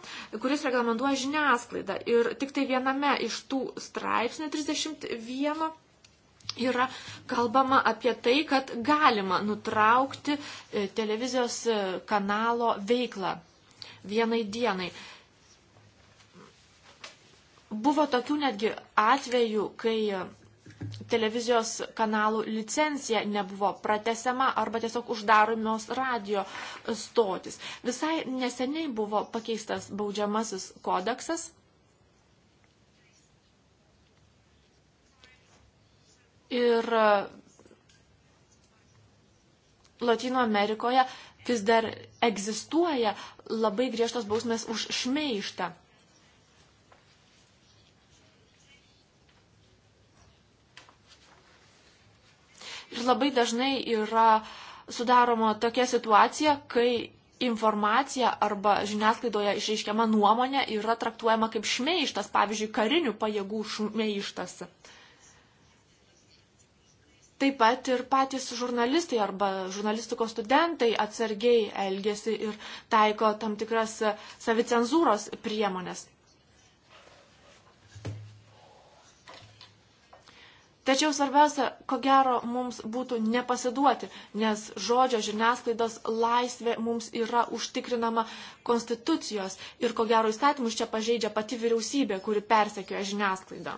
kuris reglamentuoja žiniasklaidą. Ir tik tai viename iš tų straipsnių 31 yra kalbama apie tai, kad galima nutraukti e, televizijos e, kanalo veiklą vienai dienai. Buvo tokių netgi atvejų, kai e, televizijos kanalų licencija nebuvo pratesiama arba tiesiog uždaromos radio stotis. Visai neseniai buvo pakeistas baudžiamasis kodeksas. Ir e, Latino Amerikoje vis dar egzistuoja labai griežtos bausmės už šmeištą. Ir labai dažnai yra sudaroma tokia situacija, kai informacija arba žiniasklaidoje išreiškiama nuomonė yra traktuojama kaip šmeištas, pavyzdžiui, karinių pajėgų šmeištas. Taip pat ir patys žurnalistai arba žurnalistikos studentai atsargiai elgesi ir taiko tam tikras savicenzūros priemonės. Tačiau svarbiausia, ko gero, mums būtų nepasiduoti, nes žodžio žiniasklaidos laisvė mums yra užtikrinama konstitucijos ir ko gero įstatymus čia pažeidžia pati vyriausybė, kuri persekioja žiniasklaidą.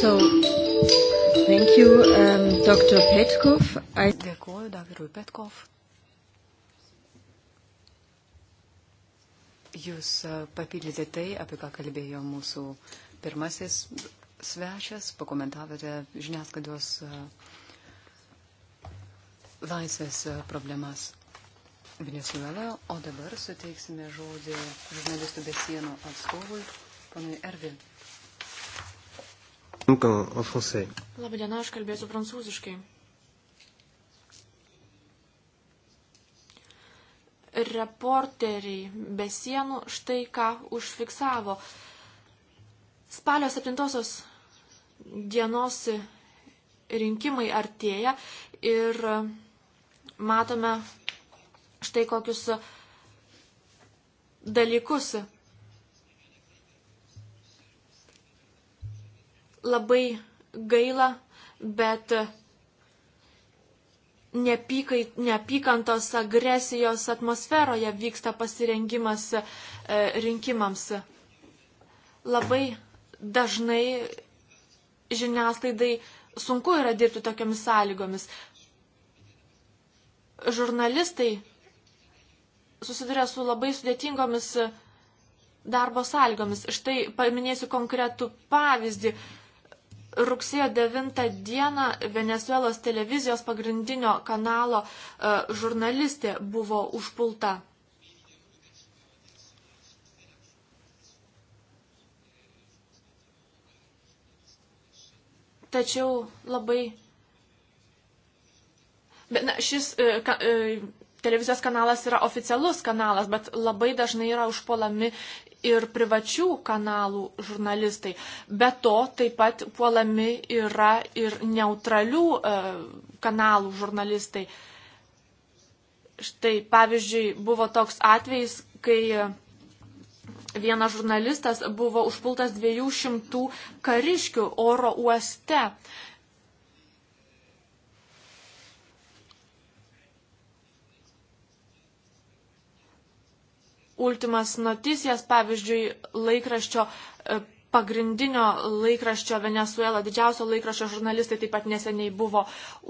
So, thank you, um, Dr. Petkov. I... Dėkuoju, daktarui Petkov. Jūs uh, papildėte tai, apie ką kalbėjo mūsų pirmasis svečias, pakomentavote žiniasklaidos e, laisvės e, problemas Venezuela, o dabar suteiksime žodį žurnalistų be sienų atstovui, panui Ervil. Labadiena, aš kalbėsiu prancūziškai. reporteriai be sienų štai ką užfiksavo. Spalio 7 dienos rinkimai artėja ir matome štai kokius dalykus. Labai gaila, bet neapykai, neapykantos agresijos atmosferoje vyksta pasirengimas e, rinkimams. Labai dažnai žiniasklaidai sunku yra dirbti tokiamis sąlygomis. Žurnalistai susiduria su labai sudėtingomis darbo sąlygomis. Štai paminėsiu konkretų pavyzdį. Rugsėjo 9 dieną Venezuelos televizijos pagrindinio kanalo e, žurnalistė buvo užpulta. Tačiau labai. Bet na, šis e, ka, e, televizijos kanalas yra oficialus kanalas, bet labai dažnai yra užpuolami ir privačių kanalų žurnalistai. Be to, taip pat puolami yra ir neutralių e, kanalų žurnalistai. Štai, pavyzdžiui, buvo toks atvejis, kai vienas žurnalistas buvo užpultas 200 kariškių oro uoste. Ultimas noticijas, pavyzdžiui, laikraščio e, pagrindinio laikraščio Venezuela, didžiausio laikraščio žurnalistai taip pat neseniai buvo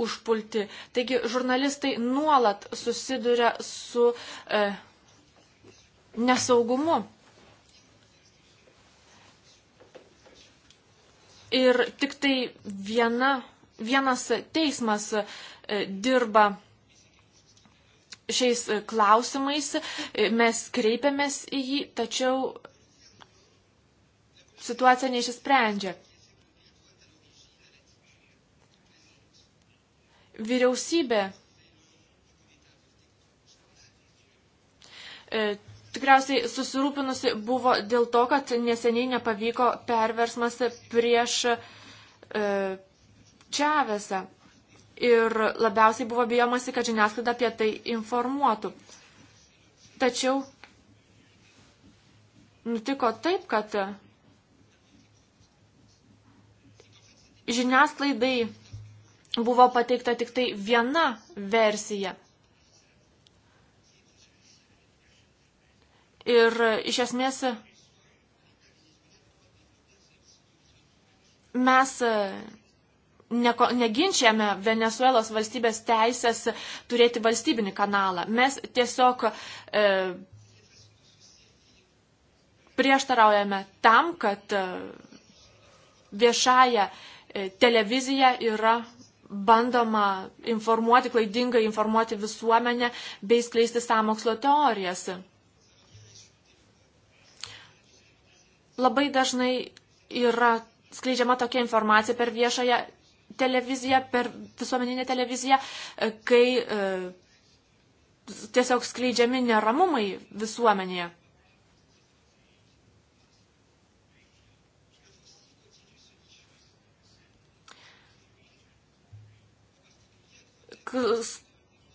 užpulti. Taigi žurnalistai nuolat susiduria su e, nesaugumu. ir tik tai viena, vienas teismas e, dirba šiais klausimais. E, mes kreipiamės į jį, tačiau situacija neišsprendžia. Vyriausybė e, tikriausiai susirūpinusi buvo dėl to, kad neseniai nepavyko perversmas prieš e, Čiavesą. Ir labiausiai buvo bijomasi, kad žiniasklaida apie tai informuotų. Tačiau nutiko taip, kad žiniasklaidai buvo pateikta tik tai viena versija. Ir iš esmės mes e, neko, neginčiame Venezuelos valstybės teisės turėti valstybinį kanalą. Mes tiesiog e, prieštaraujame tam, kad e, viešąją e, televiziją yra bandoma informuoti, klaidingai informuoti visuomenę bei skleisti samokslo teorijas. Labai dažnai yra skleidžiama tokia informacija per viešąją televiziją, per visuomeninę televiziją, e, kai e, tiesiog skleidžiami neramumai visuomenėje.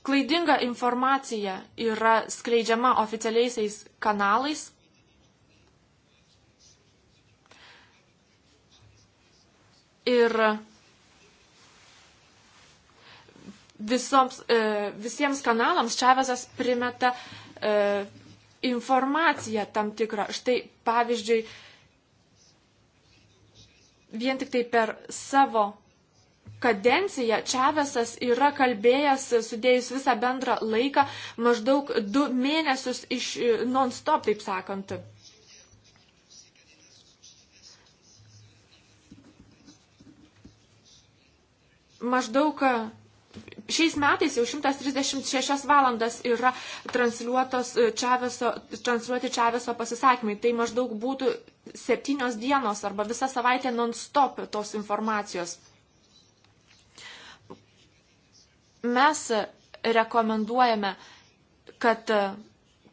Klaidinga informacija yra skleidžiama oficialiaisiais kanalais, ir visoms, e, visiems kanalams Čavesas primeta e, informaciją tam tikrą. Štai pavyzdžiui, vien tik tai per savo kadenciją Čavesas yra kalbėjęs, sudėjus visą bendrą laiką, maždaug du mėnesius iš e, non-stop, taip sakant. maždaug e, šiais metais jau 136 valandas yra transliuotos e, Čaveso, transliuoti Čaveso pasisakymai. Tai maždaug būtų septynios dienos arba visa savaitė non-stop tos informacijos. Mes rekomenduojame, kad e,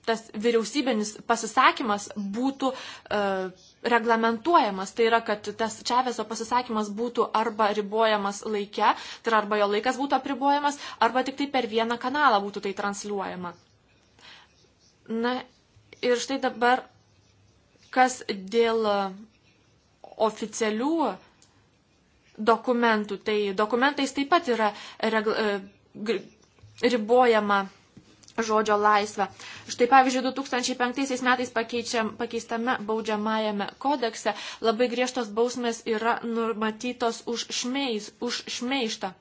tas vyriausybinis pasisakymas būtų uh, reglamentuojamas. Tai yra, kad tas Čaveso pasisakymas būtų arba ribojamas laike, tai yra arba jo laikas būtų apribojamas, arba tik tai per vieną kanalą būtų tai transliuojama. Na ir štai dabar, kas dėl oficialių dokumentų, tai dokumentais taip pat yra regla, e, ribojama žodžio laisvę. Štai pavyzdžiui, 2005 metais pakeistame baudžiamajame kodekse labai griežtos bausmės yra numatytos už, šmeiz, už šmeištą.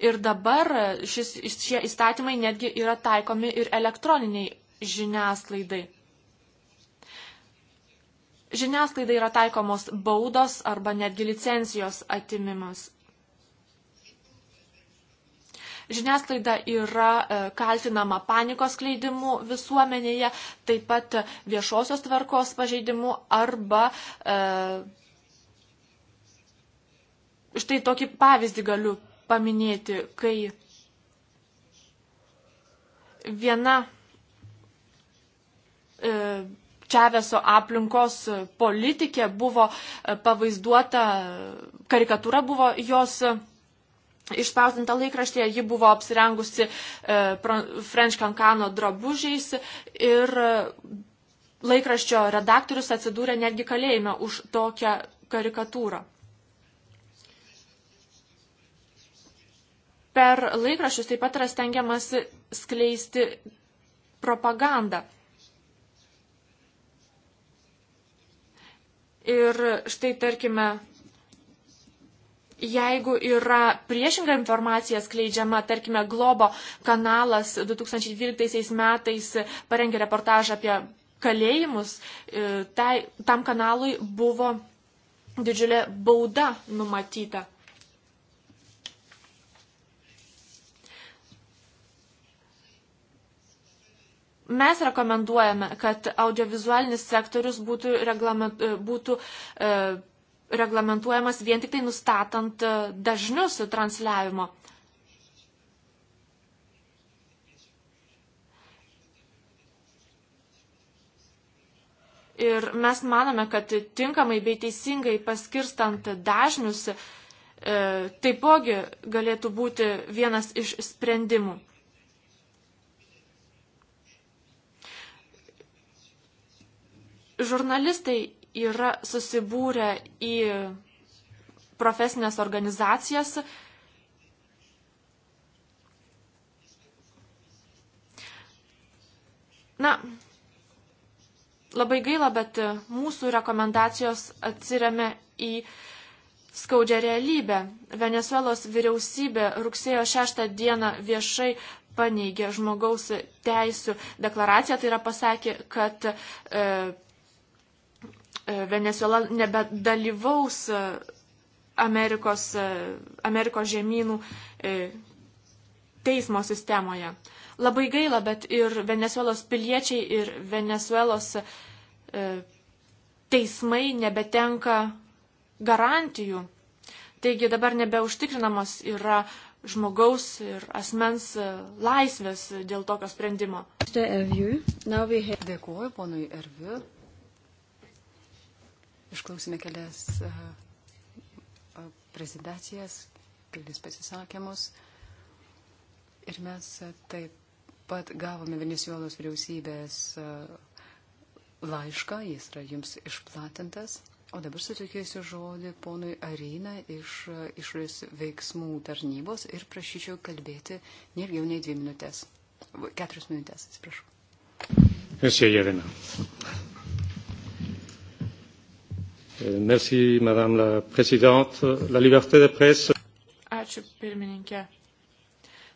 Ir dabar šis, šie įstatymai netgi yra taikomi ir elektroniniai žiniasklaidai. Žiniasklaidai yra taikomos baudos arba netgi licencijos atimimas Žiniasklaida yra e, kaltinama panikos kleidimu visuomenėje, taip pat viešosios tvarkos pažeidimu arba. E, štai tokį pavyzdį galiu paminėti, kai viena e, Čiaveso aplinkos politikė buvo pavaizduota, karikatūra buvo jos Išspausdinta laikraštėje ji buvo apsirengusi e, French Cancano drabužiais ir e, laikraščio redaktorius atsidūrė netgi kalėjime už tokią karikatūrą. Per laikraščius taip pat yra stengiamasi skleisti propagandą. Ir štai, tarkime, Jeigu yra priešinga informacija skleidžiama, tarkime, Globo kanalas 2012 metais parengė reportažą apie kalėjimus, e, tai, tam kanalui buvo didžiulė bauda numatyta. mes rekomenduojame, kad audiovizualinis sektorius būtų, būtų e, reglamentuojamas vien tik tai nustatant e, dažnius transliavimo. Ir mes manome, kad tinkamai bei teisingai paskirstant dažnius e, taipogi galėtų būti vienas iš sprendimų. Žurnalistai yra susibūrę į profesinės organizacijas. Na, labai gaila, bet mūsų rekomendacijos atsiriame į skaudžią realybę. Venezuelos vyriausybė rugsėjo 6 dieną viešai paneigė žmogaus teisų deklaraciją, tai yra pasakė, kad e, E, Venezuela nebedalyvaus e, Amerikos, e, Amerikos žemynų teismo sistemoje. Labai gaila, bet ir Venezuelos piliečiai, ir Venezuelos teismai nebetenka garantijų. Taigi dabar nebeužtikrinamos yra žmogaus ir asmens laisvės dėl tokio sprendimo. Dėkuoju, ponui Erviu. Išklausime kelias prezentacijas, kelis pasisakymus. Ir mes taip pat gavome Venezuelos vyriausybės laišką, jis yra jums išplatintas. O dabar sutikėsiu žodį ponui Arina iš išorės veiksmų tarnybos ir prašyčiau kalbėti ne ilgiau nei dvi minutės. Keturias minutės, atsiprašau. Esu Jerina. Euh, merci, Madame la Présidente. La liberté de presse. Ačiū, pirmininkė.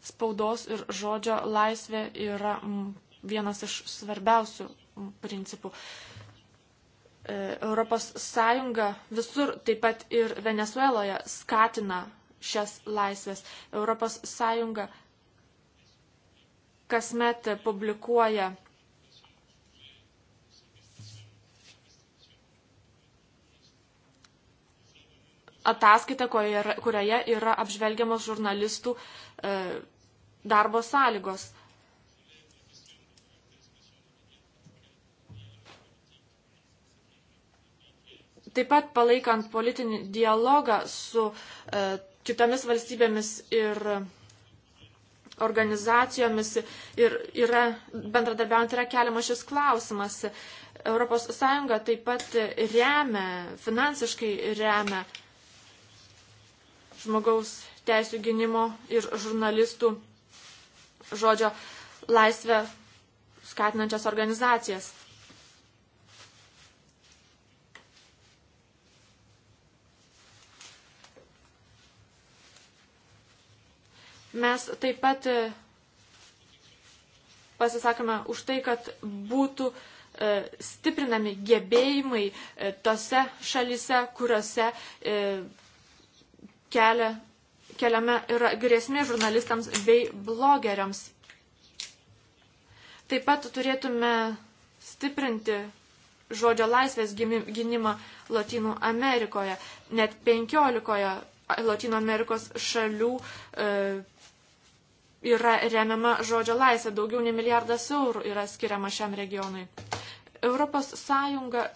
Spaudos ir žodžio laisvė yra vienas iš svarbiausių principų. E, Europos Sąjunga visur, taip pat ir Venezueloje, skatina šias laisvės. Europos Sąjunga kasmet publikuoja ataskaitą, kurioje yra apžvelgiamas žurnalistų e, darbo sąlygos. Taip pat palaikant politinį dialogą su e, kitomis valstybėmis ir organizacijomis ir yra, bendradarbiaujant yra keliamas šis klausimas. ES taip pat remia, finansiškai remia žmogaus teisų gynimo ir žurnalistų žodžio laisvę skatinančias organizacijas. Mes taip pat e, pasisakome už tai, kad būtų e, stiprinami gebėjimai e, tose šalise, kuriuose kelia, keliame yra grėsmė žurnalistams bei blogeriams. Taip pat turėtume stiprinti žodžio laisvės gynimą Latinų Amerikoje. Net 15 Latino Amerikos šalių e, yra remiama žodžio laisvė. Daugiau nei milijardas eurų yra skiriama šiam regionui. Europos Sąjunga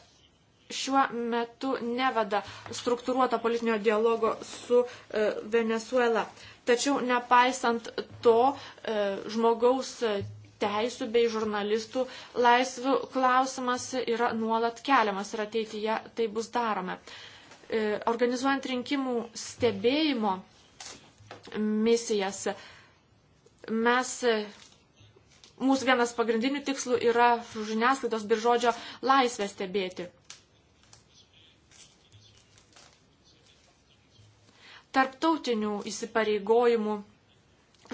šiuo metu neveda struktūruoto politinio dialogo su e, Venezuela. Tačiau nepaisant to e, žmogaus teisų bei žurnalistų laisvių klausimas yra nuolat keliamas ir ateityje tai bus darome. E, organizuojant rinkimų stebėjimo misijas, mes e, mūsų vienas pagrindinių tikslų yra žiniasklaidos biržodžio laisvę stebėti. tarptautinių įsipareigojimų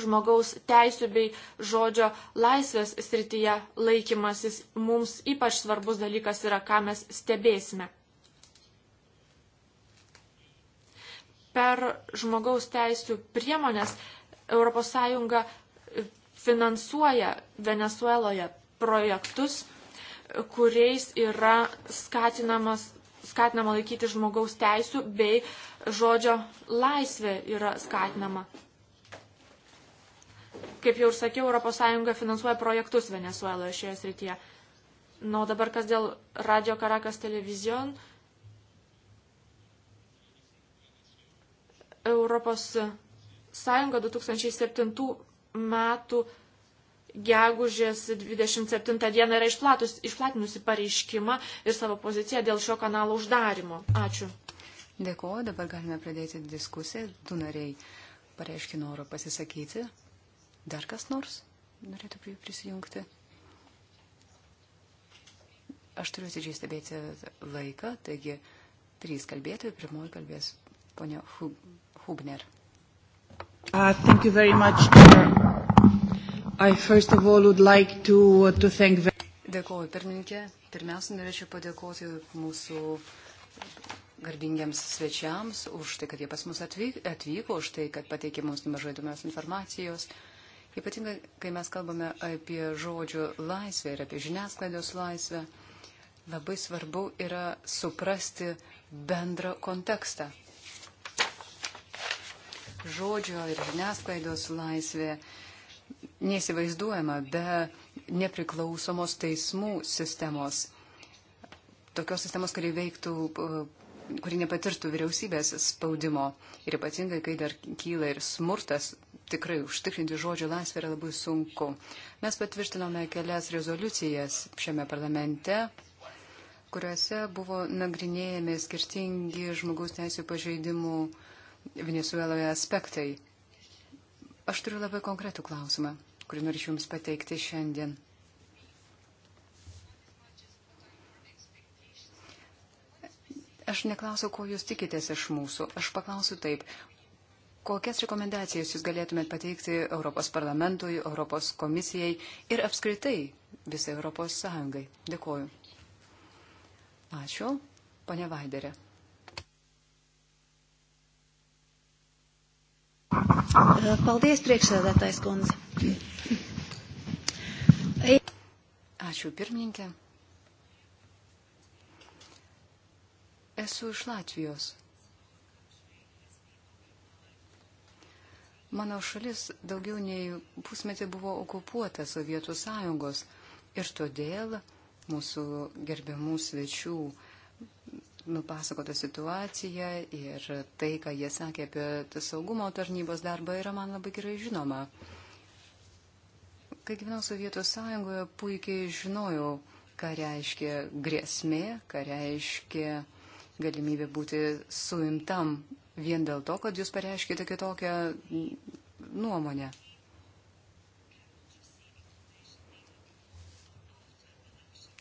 žmogaus teisų bei žodžio laisvės srityje laikymasis mums ypač svarbus dalykas yra, ką mes stebėsime. Per žmogaus teisų priemonės ES finansuoja Venezueloje projektus, kuriais yra skatinamas skatinama laikyti žmogaus teisų, bei žodžio laisvė yra skatinama. Kaip jau ir sakiau, ES finansuoja projektus Venezueloje šioje srityje. Na, o dabar kas dėl Radio Karakas televizijon. Europos Sąjunga 2007 metų gegužės 27 dieną yra išplatus, išplatinusi pareiškimą ir savo poziciją dėl šio kanalo uždarimo. Ačiū. Dėkuoju, dabar galime pradėti diskusiją. Du nariai pareiškė norą pasisakyti. Dar kas nors norėtų prie jų prisijungti? Aš turiu atidžiai stebėti laiką, taigi trys kalbėtojai, pirmoji kalbės ponia Hubner. Uh, thank you very much, Chair. I first of all would like to, uh, to thank... Dėkuoju, pirmininkė. Pirmiausia, norėčiau padėkoti mūsų garbingiams svečiams už tai, kad jie pas mus atvyko, už tai, kad pateikė mums nemažai įdomios informacijos. Ypatingai, kai mes kalbame apie žodžių laisvę ir apie žiniasklaidos laisvę, labai svarbu yra suprasti bendrą kontekstą. Žodžio ir žiniasklaidos laisvė nesivaizduojama be nepriklausomos teismų sistemos. Tokios sistemos, kuri veiktų e, kuri nepatirtų vyriausybės spaudimo. Ir ypatingai, kai dar kyla ir smurtas, tikrai užtikrinti žodžio laisvę yra labai sunku. Mes patvirtinome kelias rezoliucijas šiame parlamente, kuriuose buvo nagrinėjami skirtingi žmogaus teisų pažeidimų Venezueloje aspektai. Aš turiu labai konkretų klausimą kurį norėčiau Jums pateikti šiandien. Aš neklausau, ko Jūs tikitės iš mūsų. Aš paklausiu taip. Kokias rekomendacijas Jūs galėtumėt pateikti Europos parlamentui, Europos komisijai ir apskritai visai Europos Sąjungai? Dėkuoju. Ačiū, ponia Vaiderė. Paldies, priekšsēdētājs kundze. Ačiū pirmininkė. Esu iš Latvijos. Mano šalis daugiau nei pusmetį buvo okupuota Sovietų sąjungos ir todėl mūsų gerbiamų svečių nupasakota situacija ir tai, ką jie sakė apie saugumo tarnybos darbą, yra man labai gerai žinoma. Kai gyvenau Sovietų sąjungoje, puikiai žinojau, ką reiškia grėsmė, ką reiškia galimybė būti suimtam vien dėl to, kad jūs pareiškite kitokią nuomonę.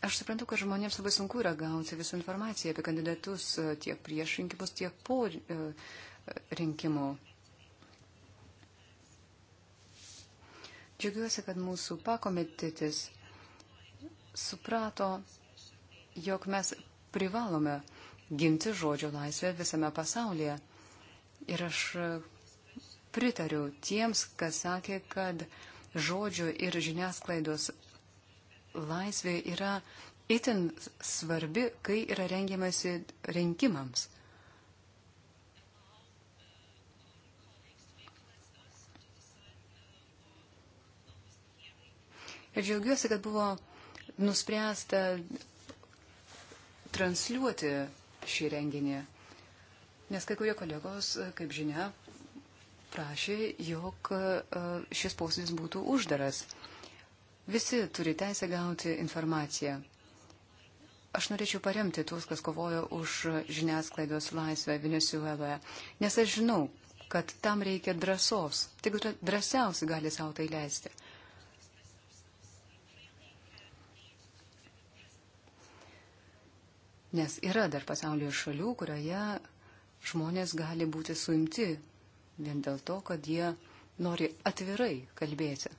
Aš suprantu, kad žmonėms labai sunku yra gauti visą informaciją apie kandidatus tiek prieš rinkimus, tiek po e, rinkimų. Džiaugiuosi, kad mūsų pakomitetis suprato, jog mes privalome ginti žodžio laisvę visame pasaulyje. Ir aš pritariu tiems, kas sakė, kad žodžio ir žiniasklaidos laisvė yra itin svarbi, kai yra rengiamasi rinkimams. Ir džiaugiuosi, kad buvo nuspręsta transliuoti šį renginį. Nes kai kurie kolegos, kaip žinia, prašė, jog e, šis posėdis būtų uždaras. Visi turi teisę gauti informaciją. Aš norėčiau paremti tuos, kas kovojo už žiniasklaidos laisvę Venezueloje, nes aš žinau, kad tam reikia drąsos. Tik drąsiausi gali savo tai leisti. Nes yra dar pasaulio šalių, kurioje žmonės gali būti suimti vien dėl to, kad jie nori atvirai kalbėti.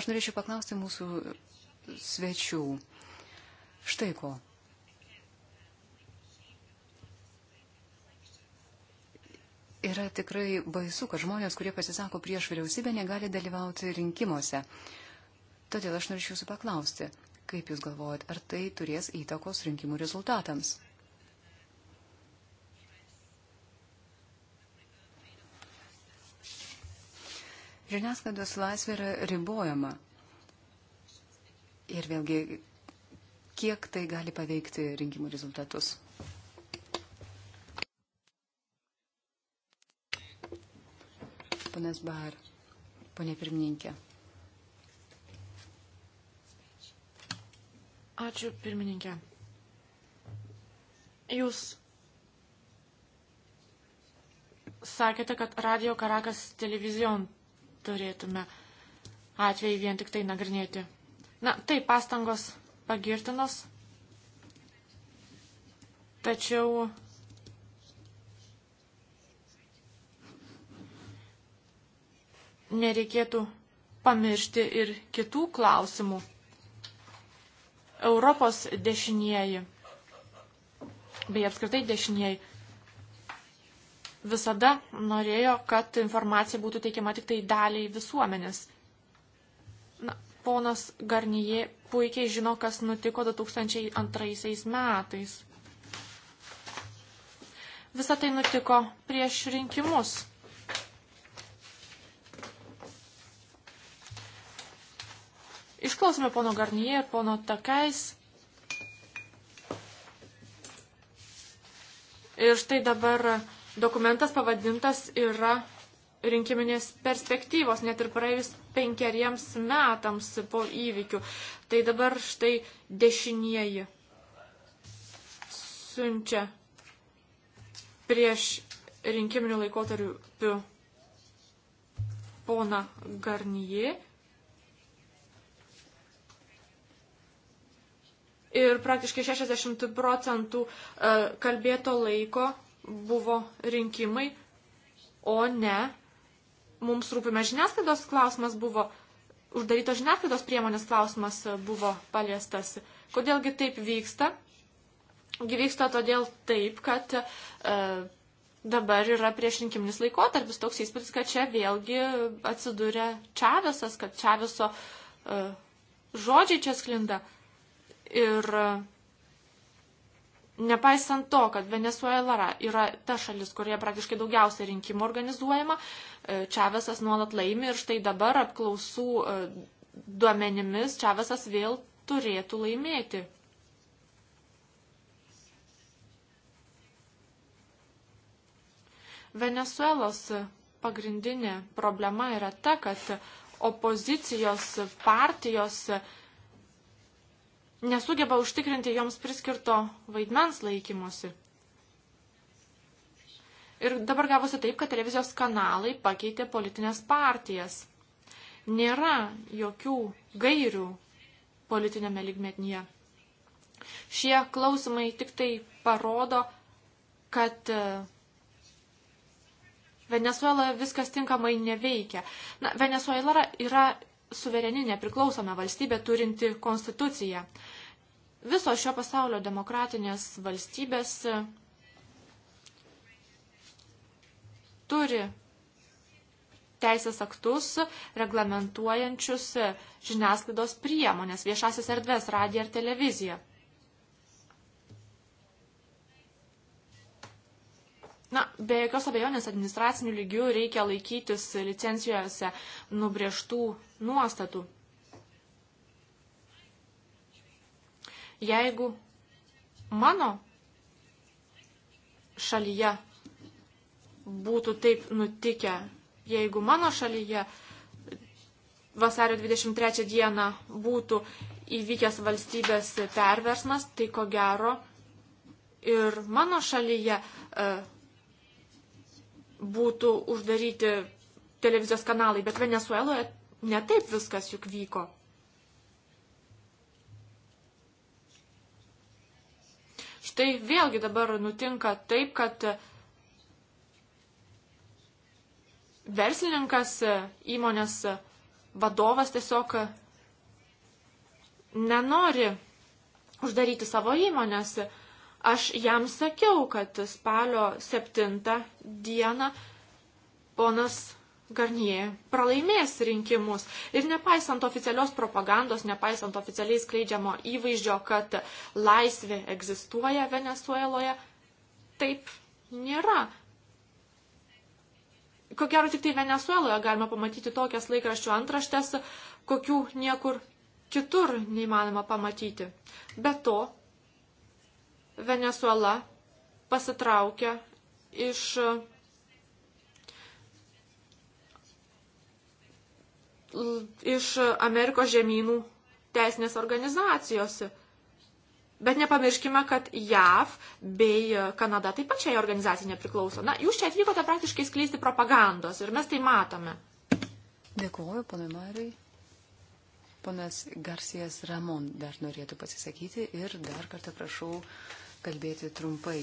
Aš norėčiau paklausti mūsų svečių. Štai ko. Yra tikrai baisu, kad žmonės, kurie pasisako prieš vyriausybę, negali dalyvauti rinkimuose. Todėl aš norėčiau jūsų paklausti, Kaip Jūs galvojat, ar tai turės įtakos rinkimų rezultatams? Žiniasklaidos laisvė yra ribojama. Ir vėlgi, kiek tai gali paveikti rinkimų rezultatus? Ponas Bar, ponė pirmininkė. Ačiū, pirmininkė. Jūs sakėte, kad Radio Karakas televizijon turėtume atvejai vien tik tai nagrinėti. Na, tai pastangos pagirtinos, tačiau nereikėtų pamiršti ir kitų klausimų. Europos dešinieji, bei apskritai dešinieji, visada norėjo, kad informacija būtų teikiama tik tai daliai visuomenės. Na, ponas Garnyje puikiai žino, kas nutiko 2002 metais. Visą tai nutiko prieš rinkimus. Išklausome pono Garnie ir pono Takais. Ir štai dabar dokumentas pavadintas yra rinkiminės perspektyvos, net ir praėjus penkeriems metams po įvykių. Tai dabar štai dešinieji siunčia prieš rinkiminių laikotarpių pona Garnie ir praktiškai 60 procentų e, kalbėto laiko buvo rinkimai, o ne mums rūpime žiniasklaidos klausimas buvo, uždarytos žiniasklaidos priemonės klausimas e, buvo paliestas. Kodėlgi taip vyksta? Gyvyksta todėl taip, kad e, dabar yra priešrinkiminis laikotarpis toks įspūdis, kad čia vėlgi atsiduria Čavesas, kad Čaveso e, žodžiai čia sklinda. E, Ir nepaisant to, kad Venezuela yra ta šalis, kurioje praktiškai daugiausia rinkimų organizuojama, e, Čavesas nuolat laimi ir štai dabar apklausų e, duomenimis Čavesas vėl turėtų laimėti. Venezuelos pagrindinė problema yra ta, kad opozicijos partijos nesugeba užtikrinti joms priskirto vaidmens laikymosi. Ir dabar gavosi taip, kad televizijos kanalai pakeitė politinės partijas. Nėra jokių gairių politinėme ligmetnyje. Šie klausimai tik tai parodo, kad e, Venezuela viskas tinkamai neveikia. Na, Venezuela yra suvereni nepriklausoma valstybė turinti konstituciją. Visos šio pasaulio demokratinės valstybės e, turi teisės aktus reglamentuojančius žiniasklaidos priemonės, viešasis erdvės, radiją ir televiziją. Na, be jokios abejonės administracinių lygių reikia laikytis licencijose nubrieštų nuostatų. Jeigu mano šalyje būtų taip nutikę, jeigu mano šalyje vasario 23 dieną būtų įvykęs valstybės perversmas, tai ko gero ir mano šalyje uh, būtų uždaryti televizijos kanalai, bet Venezueloje netaip viskas juk vyko. Štai vėlgi dabar nutinka taip, kad verslininkas, įmonės vadovas tiesiog nenori uždaryti savo įmonės, Aš jam sakiau, kad spalio 7 dieną ponas Garnie pralaimės rinkimus. Ir nepaisant oficialios propagandos, nepaisant oficialiai skleidžiamo įvaizdžio, kad laisvė egzistuoja Venezueloje, taip nėra. Ko gero tik tai Venezueloje galima pamatyti tokias laikraščių antraštės, kokių niekur kitur neįmanoma pamatyti. Be to, Venezuela pasitraukia iš iš Amerikos žemynų teisinės organizacijos. Bet nepamirškime, kad JAV bei Kanada taip pat šiai organizacijai nepriklauso. Na, jūs čia atvykote praktiškai skleisti propagandos ir mes tai matome. Dėkuoju, panai Marijai. Ponas Garcijas Ramon dar norėtų pasisakyti ir dar kartą prašau kalbėti trumpai.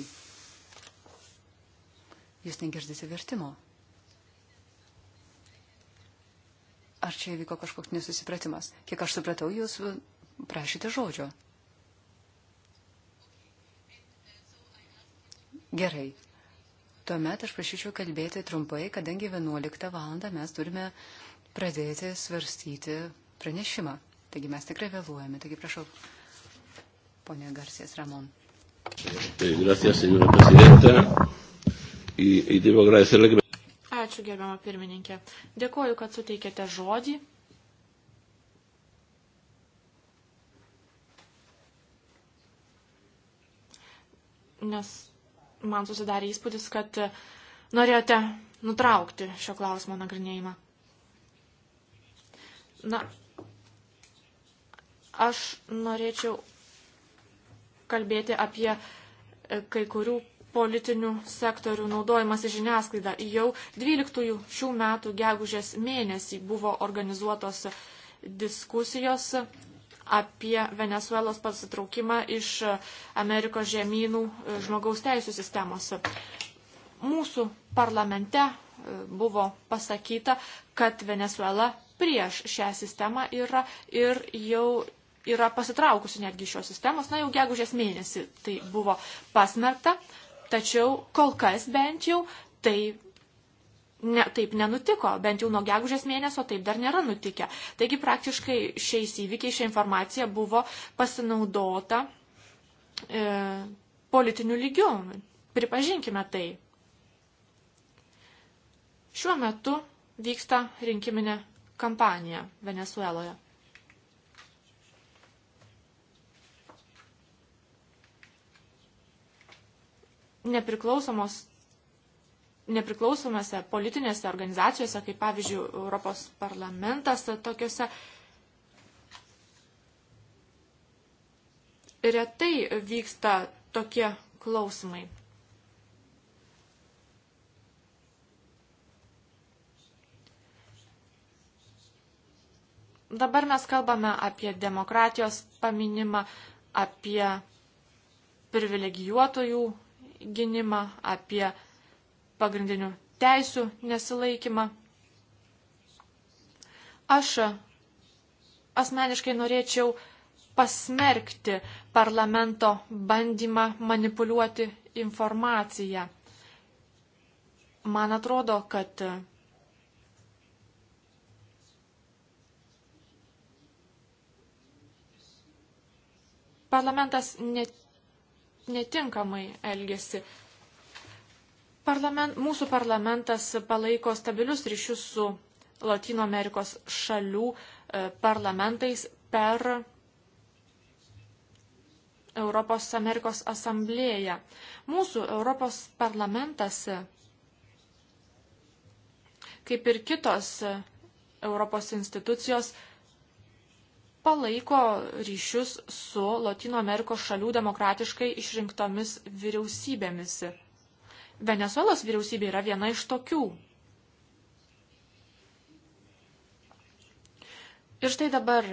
Jūs negirdite vertimo. Ar čia įvyko kažkoks nesusipratimas? Kiek aš supratau, jūs prašyte žodžio. Gerai. Tuomet aš prašyčiau kalbėti trumpai, kadangi 11 valandą mes turime pradėti svarstyti pranešimą. Taigi mes tikrai vėluojame. Taigi prašau, ponė Garcijas Ramon. Tai gracias, señora presidenta. Y, y debo agradecerle que... Ačiū, gerbiama pirmininkė. Dėkoju, kad suteikėte žodį. Nes man susidarė įspūdis, kad norėjote nutraukti šio klausimo nagrinėjimą. Na, Aš norėčiau kalbėti apie e, kai kurių politinių sektorių naudojimas į žiniasklaidą. Jau 12 šių metų gegužės mėnesį buvo organizuotos diskusijos apie Venezuelos pasitraukimą iš Amerikos žemynų e, žmogaus teisų sistemos. Mūsų parlamente e, buvo pasakyta, kad Venezuela prieš šią sistemą yra ir jau yra pasitraukusi netgi iš šios sistemos, na jau gegužės mėnesį tai buvo pasmerkta, tačiau kol kas bent jau tai ne, taip nenutiko, bent jau nuo gegužės mėnesio taip dar nėra nutikę. Taigi praktiškai šiais įvykiais, šią informaciją buvo pasinaudota e, politiniu lygiu, pripažinkime tai. Šiuo metu vyksta rinkiminė kampanija Venezueloje. nepriklausomos nepriklausomose politinėse organizacijose, kaip pavyzdžiui Europos parlamentas, tokiuose retai vyksta tokie klausimai. Dabar mes kalbame apie demokratijos paminimą, apie privilegijuotojų gynimą, apie pagrindinių teisų nesilaikymą. Aš asmeniškai norėčiau pasmerkti parlamento bandymą manipuliuoti informaciją. Man atrodo, kad parlamentas net netinkamai elgesi. Parlament, mūsų parlamentas palaiko stabilius ryšius su Latino Amerikos šalių e, parlamentais per Europos Amerikos asamblėją. Mūsų Europos parlamentas, e, kaip ir kitos e, Europos institucijos, palaiko ryšius su Latino Amerikos šalių demokratiškai išrinktomis vyriausybėmis. Venezuelos vyriausybė yra viena iš tokių. Ir štai dabar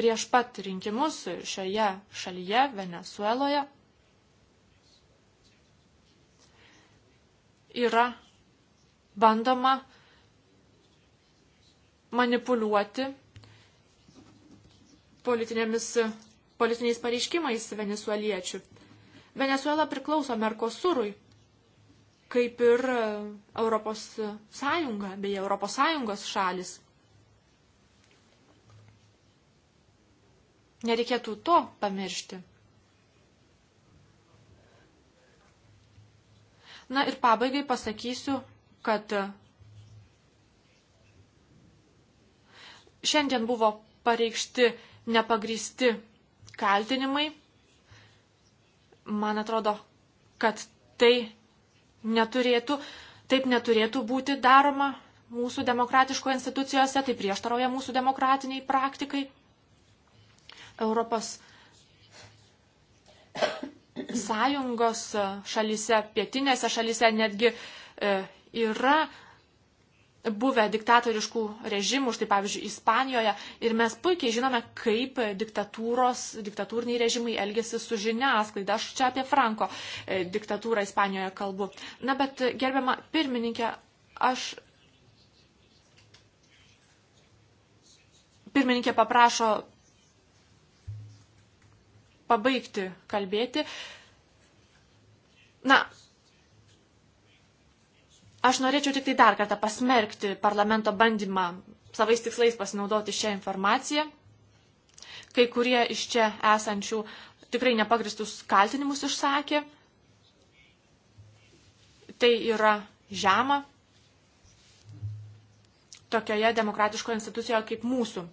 prieš pat rinkimus šioje šalyje, Venezueloje, yra bandoma manipuliuoti politiniais pareiškimais venezueliečių. Venezuela priklauso Merkosurui, kaip ir e, Europos Sąjunga, beje, Europos Sąjungos šalis. Nereikėtų to pamiršti. Na ir pabaigai pasakysiu, kad e, šiandien buvo pareikšti nepagristi kaltinimai. Man atrodo, kad tai neturėtų, taip neturėtų būti daroma mūsų demokratiškoje institucijose, tai prieštarauja mūsų demokratiniai praktikai. Europos sąjungos šalyse, pietinėse šalyse netgi e, yra buvę diktatoriškų režimų, štai pavyzdžiui, Ispanijoje, ir mes puikiai žinome, kaip diktatūros, diktatūriniai režimai elgesi su žiniasklaida. Aš čia apie Franko e, diktatūrą Ispanijoje kalbu. Na, bet gerbiama pirmininkė, aš. Pirmininkė paprašo pabaigti kalbėti. Na, Aš norėčiau tik tai dar kartą pasmerkti parlamento bandymą savais tikslais pasinaudoti šią informaciją. Kai kurie iš čia esančių tikrai nepagristus kaltinimus išsakė. Tai yra žema tokioje demokratiškoje institucijoje kaip mūsų.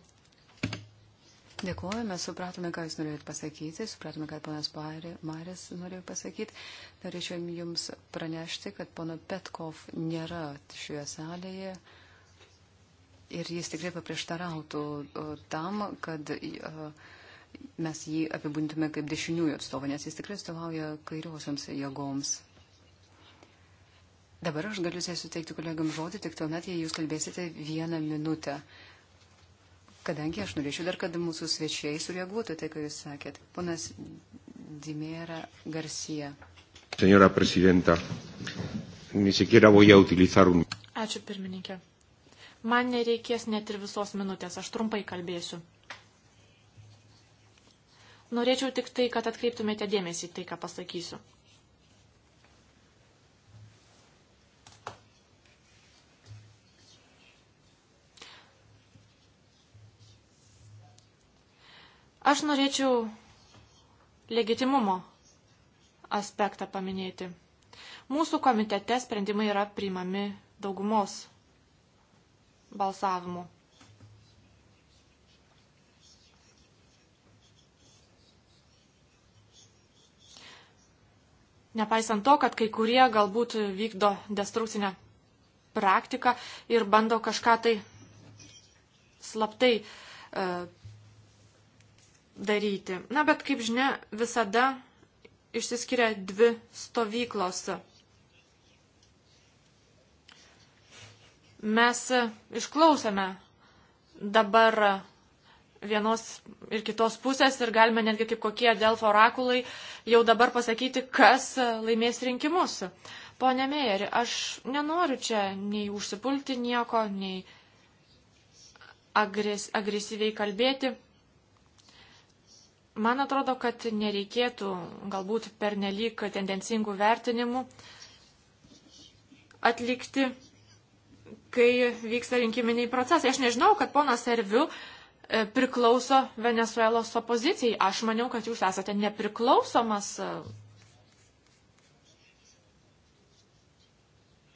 Dėkuojame, supratome, ką jūs norėjot pasakyti, supratome, kad ponas Maris norėjo pasakyti. Norėčiau jums pranešti, kad pono Petkov nėra šioje salėje ir jis tikrai paprieštarautų tam, kad mes jį apibūdintume kaip dešiniųjų atstovą, nes jis tikrai atstovauja kairiosiams jėgoms. Dabar aš galiu suteikti kolegam žodį, tik tuomet, jei jūs kalbėsite vieną minutę. Uh, kadangi aš norėčiau dar, kad mūsų svečiai sureaguotų tai, ką jūs sakėt. Ponas Dimera Garcia. Senora prezidenta, ni siquiera voy a utilizar un. Ačiū pirmininkė. Man nereikės net ir visos minutės, aš trumpai kalbėsiu. Norėčiau tik tai, kad atkreiptumėte dėmesį tai, ką pasakysiu. Aš norėčiau legitimumo aspektą paminėti. Mūsų komitete sprendimai yra priimami daugumos balsavimu. Nepaisant to, kad kai kurie galbūt vykdo destrukcinę praktiką ir bando kažką tai slaptai e, daryti. Na, bet kaip žinia, visada išsiskiria dvi stovyklos. Mes išklausėme dabar vienos ir kitos pusės ir galime netgi kaip kokie Delfo orakulai jau dabar pasakyti, kas laimės rinkimus. Pone Meijeri, aš nenoriu čia nei užsipulti nieko, nei agres, agresyviai kalbėti. Man atrodo, kad nereikėtų galbūt pernelyg tendencingų vertinimų atlikti, kai vyksta rinkiminiai procesai. Aš nežinau, kad ponas Serviu e, priklauso Venezuelos opozicijai. Aš maniau, kad jūs esate nepriklausomas e,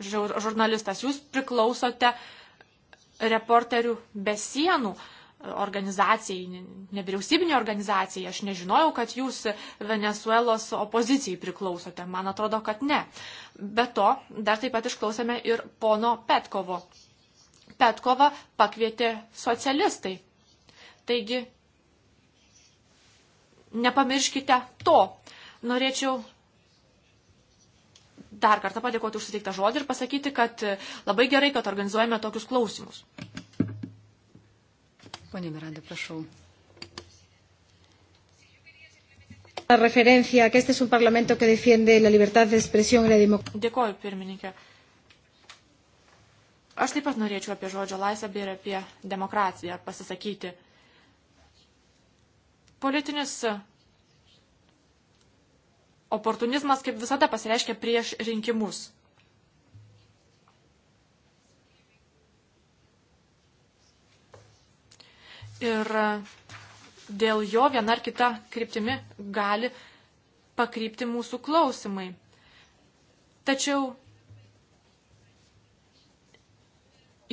žurnalistas. Jūs priklausote reporterių be sienų. Uh, organizacijai, nevyriausybinė organizacija. Aš nežinojau, kad jūs Venezuelos opozicijai priklausote. Man atrodo, kad ne. Be to, dar taip pat išklausėme ir pono Petkovo. Petkovą pakvietė socialistai. Taigi, nepamirškite to. Norėčiau dar kartą padėkoti už suteiktą žodį ir pasakyti, kad labai gerai, kad organizuojame tokius klausimus. Pone Miranda, prašau. referencia a que este es un Parlamento que defiende la libertad de expresión y la democracia. Dėkoju, pirmininkė. Aš taip pat norėčiau apie žodžio laisvę bei apie demokratiją pasisakyti. Politinis oportunizmas kaip visada pasireiškia prieš rinkimus. ir e, dėl jo viena ar kita kryptimi gali pakrypti mūsų klausimai. Tačiau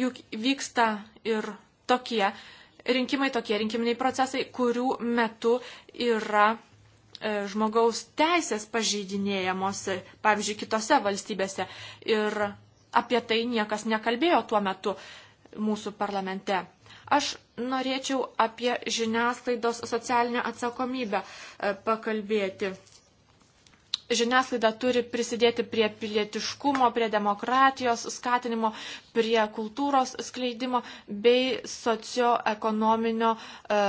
juk vyksta ir tokie rinkimai, tokie rinkiminiai procesai, kurių metu yra e, žmogaus teisės pažeidinėjamos, pavyzdžiui, kitose valstybėse. Ir apie tai niekas nekalbėjo tuo metu mūsų parlamente. Aš norėčiau apie žiniasklaidos socialinę atsakomybę e, pakalbėti. Žiniasklaida turi prisidėti prie pilietiškumo, prie demokratijos skatinimo, prie kultūros skleidimo bei socioekonominio e,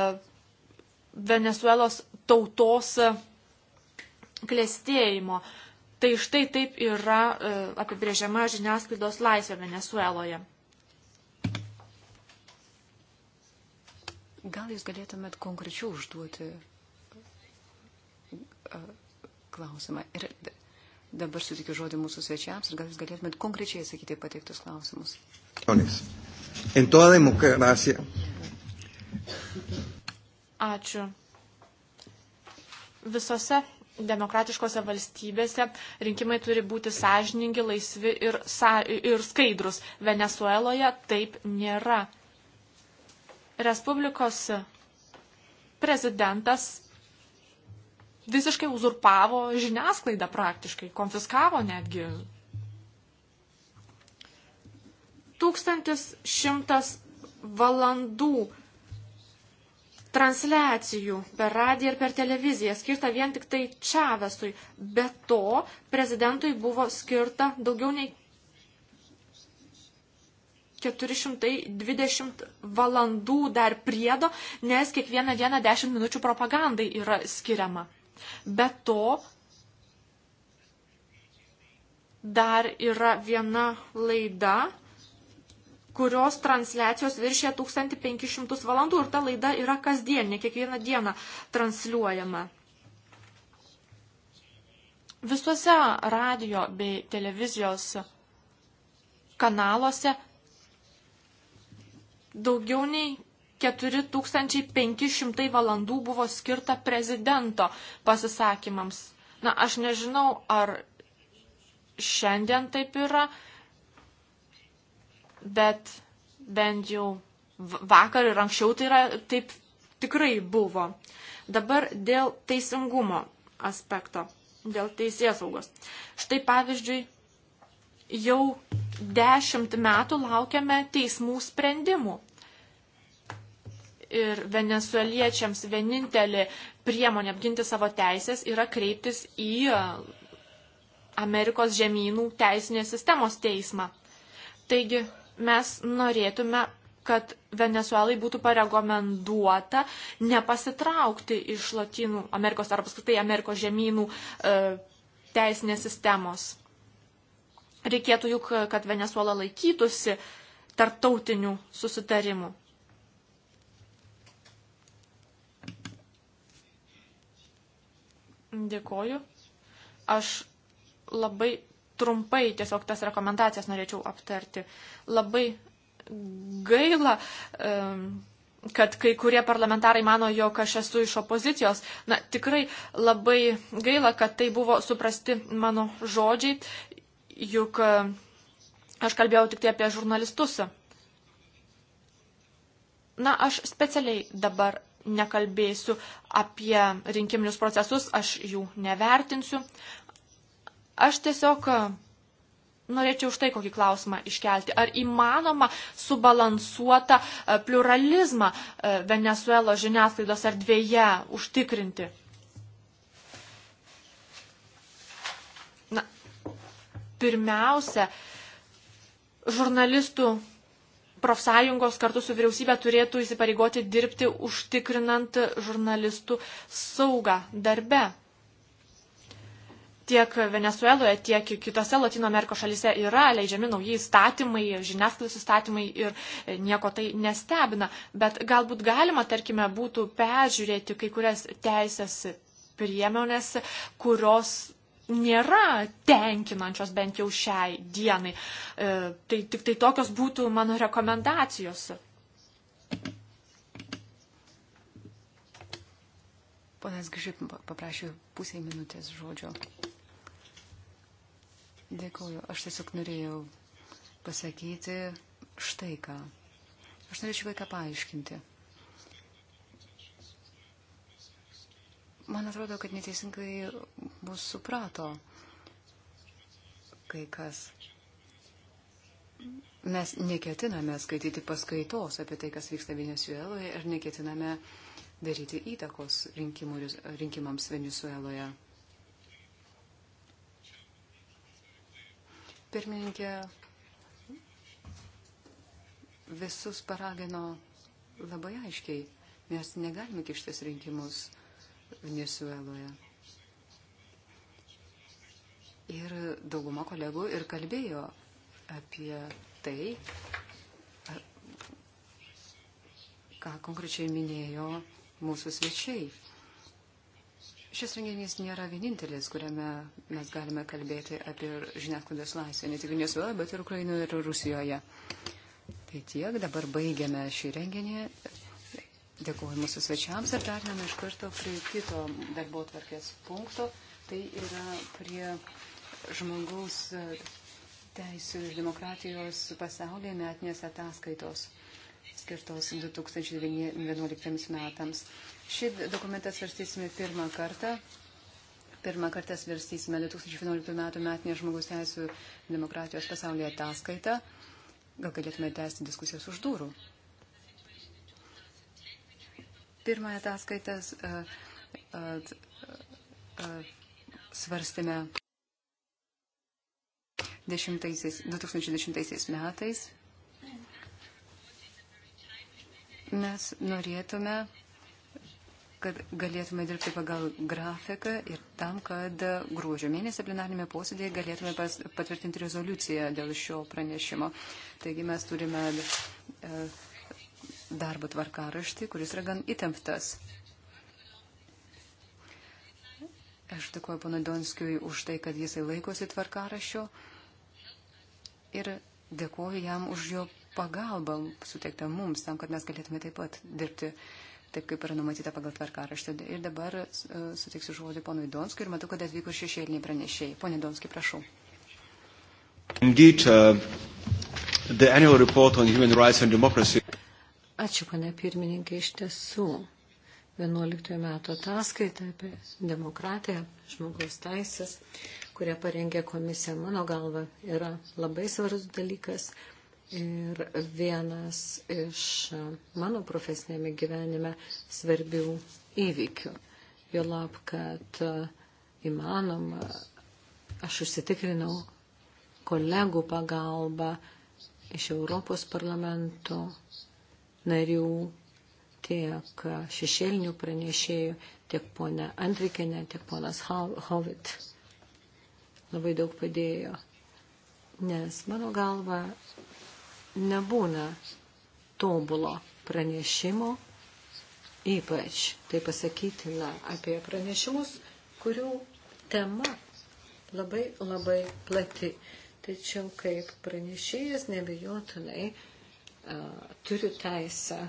Venezuelos tautos e, klėstėjimo. Tai štai taip yra apibrėžiama žiniasklaidos laisvė Venezueloje. Gal jūs galėtumėt konkrečiau užduoti klausimą. Ir dabar sutikiu žodį mūsų svečiams ir gal jūs galėtumėt konkrečiai atsakyti pateiktus klausimus. Ačiū. Visose demokratiškose valstybėse rinkimai turi būti sąžiningi, laisvi ir, sa, ir skaidrus. Venezueloje taip nėra. Respublikos prezidentas visiškai uzurpavo žiniasklaidą praktiškai, konfiskavo netgi 1100 valandų transliacijų per radiją ir per televiziją skirta vien tik tai Čavesui. Be to, prezidentui buvo skirta daugiau nei 420 valandų dar priedo, nes kiekvieną dieną 10 minučių propagandai yra skiriama. Be to, dar yra viena laida, kurios transliacijos viršė 1500 valandų ir ta laida yra kasdienė, kiekvieną dieną transliuojama. Visuose radio bei televizijos kanaluose daugiau nei 4500 valandų buvo skirta prezidento pasisakymams. Na, aš nežinau, ar šiandien taip yra, bet bent jau vakar ir anksčiau tai yra, taip tikrai buvo. Dabar dėl teisingumo aspekto, dėl teisėsaugos. Štai pavyzdžiui, jau dešimt metų laukiame teismų sprendimų. Ir venezueliečiams vienintelė priemonė apginti savo teisės yra kreiptis į Amerikos žemynų teisinės sistemos teismą. Taigi mes norėtume, kad Venezuelai būtų parekomenduota nepasitraukti iš Latinų Amerikos arba apskritai Amerikos žemynų e, teisinės sistemos reikėtų juk, kad Venezuela laikytųsi tarptautinių susitarimų. Dėkoju. Aš labai trumpai tiesiog tas rekomendacijas norėčiau aptarti. Labai gaila, kad kai kurie parlamentarai mano, jog aš esu iš opozicijos. Na, tikrai labai gaila, kad tai buvo suprasti mano žodžiai juk e, aš kalbėjau tik tai apie žurnalistus. Na, aš specialiai dabar nekalbėsiu apie rinkiminius procesus, aš jų nevertinsiu. Aš tiesiog e, norėčiau štai kokį klausimą iškelti. Ar įmanoma subalansuotą e, pluralizmą Venezuelo žiniasklaidos erdvėje užtikrinti? pirmiausia, žurnalistų profsąjungos kartu su vyriausybė turėtų įsipareigoti dirbti užtikrinant žurnalistų saugą darbe. Tiek Venezueloje, tiek kitose Latino Amerikos šalise yra leidžiami nauji įstatymai, žiniasklaidos įstatymai ir nieko tai nestebina. Bet galbūt galima, tarkime, būtų peržiūrėti kai kurias teisės priemonės, kurios nėra tenkinančios bent jau šiai dienai. E, tai tik tai tokios būtų mano rekomendacijos. Ponas Gžip paprašė pusę minutės žodžio. Dėkuoju. Aš tiesiog norėjau pasakyti štai ką. Aš norėčiau vaiką paaiškinti. Man atrodo, kad neteisingai mus suprato kai kas. Mes neketiname skaityti paskaitos apie tai, kas vyksta Venezueloje ir neketiname daryti įtakos rinkimų, rinkimams Venezueloje. Pirmininkė visus paragino labai aiškiai, mes negalime kištis rinkimus Venezueloje. Ir dauguma kolegų ir kalbėjo apie tai, ką konkrečiai minėjo mūsų svečiai. Šis renginys nėra vienintelis, kuriame mes galime kalbėti apie žiniasklaidos laisvę, ne tik Venezuela, bet ir Ukrainoje ir Rusijoje. Tai tiek, dabar baigiame šį renginį. Dėkuoju mūsų svečiams ir darėme iš karto prie kito darbo tvarkės punkto. Tai yra prie žmogaus e, teisų ir demokratijos pasaulyje metinės ataskaitos skirtos 2011 metams. Šį dokumentą svarstysime pirmą kartą. Pirmą kartą svarstysime 2011 metų metinės žmogaus teisų demokratijos pasaulyje ataskaitą. Gal galėtume tęsti diskusijas už durų? Pirmąją ataskaitą e, e, e, svarstėme 2010, 2010 metais. Mes norėtume, kad galėtume dirbti pagal grafiką ir tam, kad gruodžio mėnesį plenarinėme posėdėje galėtume pas, patvirtinti rezoliuciją dėl šio pranešimo. Taigi mes turime uh, darbo tvarkaraštį, kuris yra gan įtemptas. Aš dėkuoju pana Donskiui už tai, kad jisai laikosi tvarkarašio ir dėkuoju jam už jo pagalbą suteiktą mums, tam, kad mes galėtume taip pat dirbti, taip kaip yra numatyta pagal tvarkaraštį. Ir dabar e, suteiksiu žodį ponui Donskiui ir matau, kad atvyko šešėliniai pranešėjai. Pone Donskiai, prašau. Indeed, uh, the annual report on human rights and democracy Ačiū, pane pirmininkė, iš tiesų. 11 metų ataskaita apie demokratiją, žmogaus teisės, kurią parengė komisija, mano galva, yra labai svarbus dalykas. Ir vienas iš mano profesinėme gyvenime svarbių įvykių. Jo lab, kad įmanoma, aš užsitikrinau kolegų pagalbą iš Europos parlamento narių, tiek šešėlinių pranešėjų, tiek ponė Andrikinė, tiek ponas Hovit labai daug padėjo. Nes mano galva nebūna tobulo pranešimo, ypač tai pasakytina apie pranešimus, kurių tema labai labai plati. Tačiau kaip pranešėjas nebejotinai turi teisę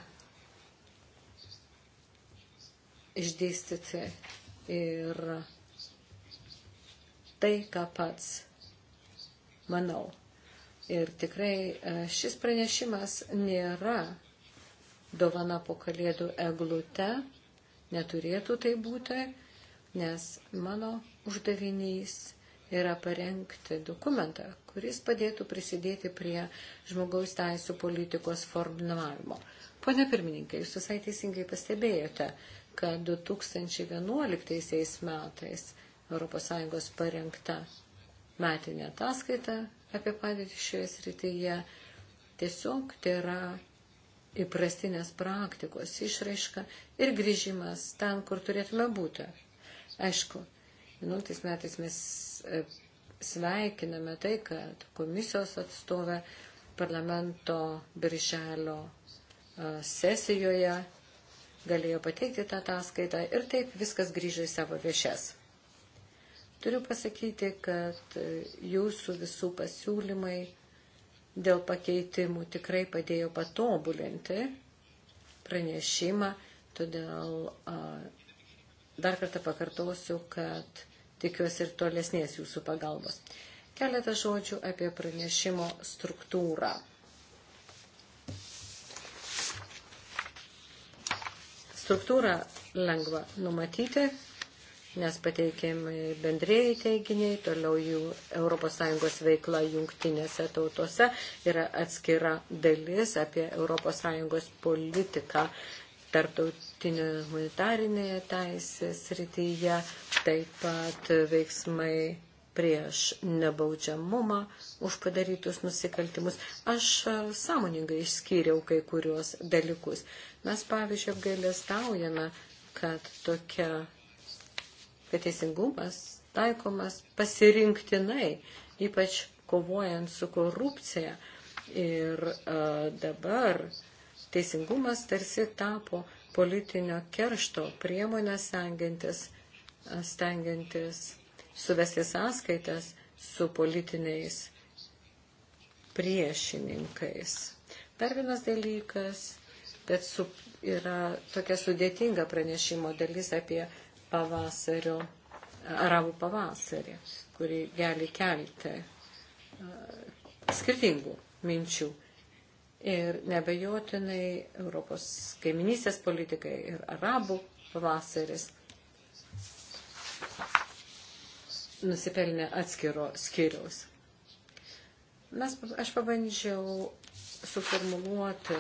išdėstyti ir tai, ką pats manau. Ir tikrai šis pranešimas nėra dovana po kalėdų eglute, neturėtų tai būti, nes mano uždavinys yra parengti dokumentą, kuris padėtų prisidėti prie žmogaus teisų politikos formavimo. Pone pirmininkai, jūs visai teisingai pastebėjote, kad 2011 metais ES parengta metinė ataskaita apie padėtį šioje srityje tiesiog tai yra įprastinės praktikos išraiška ir grįžimas ten, kur turėtume būti. Aišku, vienuoliktais metais mes E, sveikiname tai, kad komisijos atstovė parlamento birželio e, sesijoje galėjo pateikti tą ataskaitą ir taip viskas grįžo į savo viešes. Turiu pasakyti, kad e, jūsų visų pasiūlymai dėl pakeitimų tikrai padėjo patobulinti pranešimą, todėl dar kartą pakartosiu, kad tikiuosi ir tolesnės jūsų pagalbos. Keletą žodžių apie pranešimo struktūrą. Struktūrą lengva numatyti, nes pateikiami bendrėjai teiginiai, toliau jų ES veikla jungtinėse tautose yra atskira dalis apie ES politiką tarptaut, tarptautinė humanitarinėje teisės rytyje, taip pat veiksmai prieš nebaudžiamumą už padarytus nusikaltimus. Aš e, sąmoningai išskyriau kai kuriuos dalykus. Mes, pavyzdžiui, apgailestaujame, kad tokia, kad teisingumas taikomas pasirinktinai, ypač kovojant su korupcija. Ir a, e, dabar teisingumas tarsi tapo politinio keršto priemonę stengiantis, stengiantis suvesti sąskaitas su politiniais priešininkais. Dar vienas dalykas, bet su, yra tokia sudėtinga pranešimo dalis apie pavasario, arabų pavasarį, kuri gali kelti skirtingų minčių. Ir nebejotinai Europos kaiminysės politikai ir arabų pavasaris nusipelnė atskiro skiriaus. Mes, aš pabandžiau suformuluoti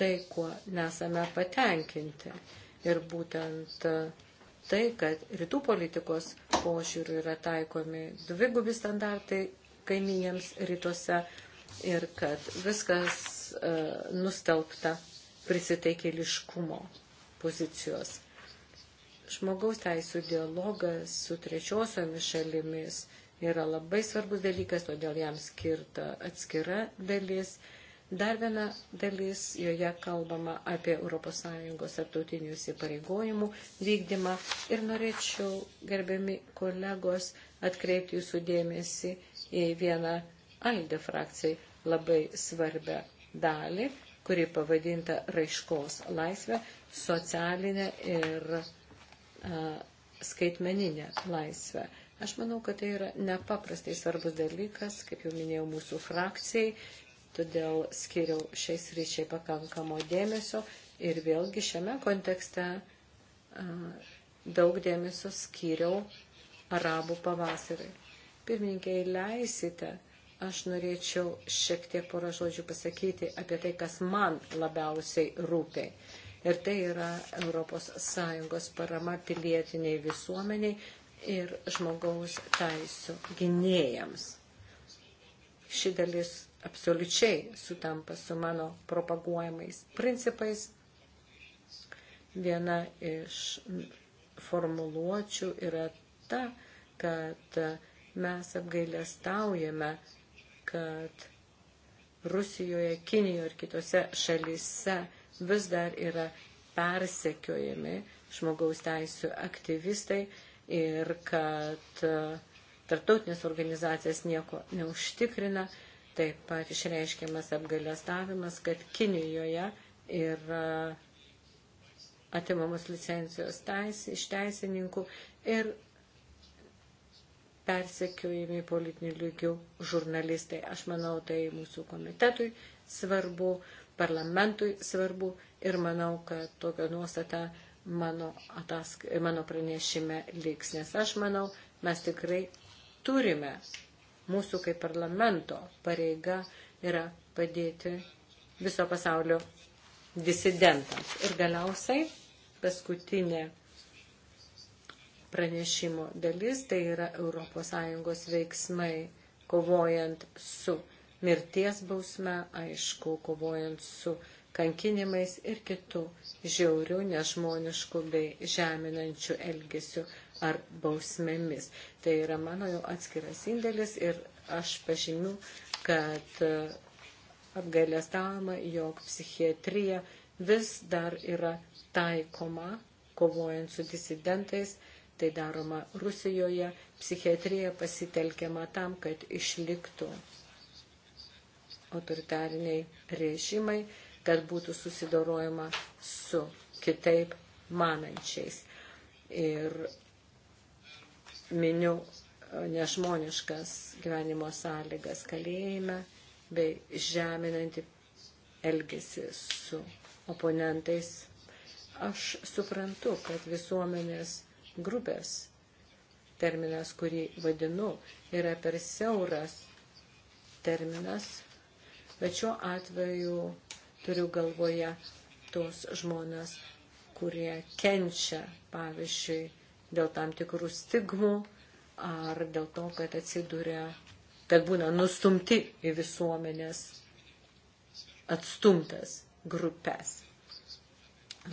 tai, kuo nesame patenkinti. Ir būtent tai, kad rytų politikos požiūrių yra taikomi dvigubi standartai kaiminėms rytuose ir kad viskas uh, nustelbta prisitaikėliškumo pozicijos. Žmogaus teisų dialogas su trečiosiomis šalimis yra labai svarbus dalykas, todėl jam skirta atskira dalis. Dar viena dalis, joje kalbama apie ES tarptautinių įsipareigojimų vykdymą ir norėčiau, gerbiami kolegos, atkreipti jūsų dėmesį į vieną Aldė frakcijai labai svarbę dalį, kuri pavadinta raiškos laisvė, socialinė ir a, skaitmeninė laisvė. Aš manau, kad tai yra nepaprastai svarbus dalykas, kaip jau minėjau, mūsų frakcijai, todėl skiriau šiais ryšiai pakankamo dėmesio ir vėlgi šiame kontekste a, daug dėmesio skiriau arabų pavasarai. Pirmininkai, leisite, aš norėčiau šiek tiek porą žodžių pasakyti apie tai, kas man labiausiai rūpia. Ir tai yra ES parama pilietiniai visuomeniai ir žmogaus teisų gynėjams. Ši dalis absoliučiai sutampa su mano propaguojamais principais. Viena iš formuluočių yra ta, kad mes apgailestaujame, kad Rusijoje, Kinijoje ir kitose šalyse vis dar yra persekiojami žmogaus teisų aktyvistai ir kad e, tarptautinės organizacijas nieko neužtikrina. Taip pat išreiškiamas apgalėstavimas, kad Kinijoje yra atimamos licencijos teis, iš teisininkų ir persekiojami politinių lygių žurnalistai. Aš manau, tai mūsų komitetui svarbu, parlamentui svarbu ir manau, kad tokia nuostata mano, atask, mano pranešime liks, nes aš manau, mes tikrai turime, mūsų kaip parlamento pareiga yra padėti viso pasaulio disidentams. Ir galiausiai paskutinė pranešimo dalis, tai yra ES veiksmai kovojant su mirties bausme, aišku, kovojant su kankinimais ir kitų žiaurių, nežmoniškų bei žeminančių elgesių ar bausmėmis. Tai yra mano jau atskiras indėlis ir aš pažymiu, kad e, apgailėstavama, jog psichiatrija vis dar yra taikoma, kovojant su disidentais tai daroma Rusijoje, psichiatrija pasitelkiama tam, kad išliktų autoritariniai režimai, kad būtų susidorojama su kitaip manančiais. Ir miniu nežmoniškas gyvenimo sąlygas kalėjime bei žeminantį elgesį su oponentais. Aš suprantu, kad visuomenės grupės terminas, kurį vadinu, yra per siauras terminas, bet šiuo atveju turiu galvoje tos žmonės, kurie kenčia, pavyzdžiui, dėl tam tikrų stigmų ar dėl to, kad atsiduria, kad būna nustumti į visuomenės atstumtas grupės.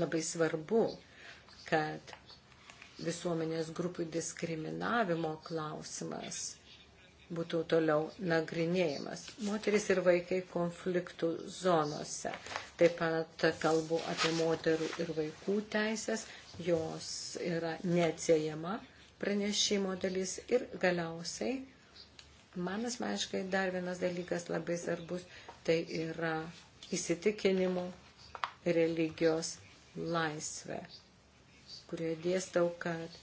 Labai svarbu, kad visuomenės grupių diskriminavimo klausimas būtų toliau nagrinėjimas. Moteris ir vaikai konfliktų zonose. Taip pat kalbu apie moterų ir vaikų teisės, jos yra neatsiejama pranešimo dalis ir galiausiai man asmeniškai dar vienas dalykas labai svarbus, tai yra įsitikinimų religijos laisvė kurioje dėstau, kad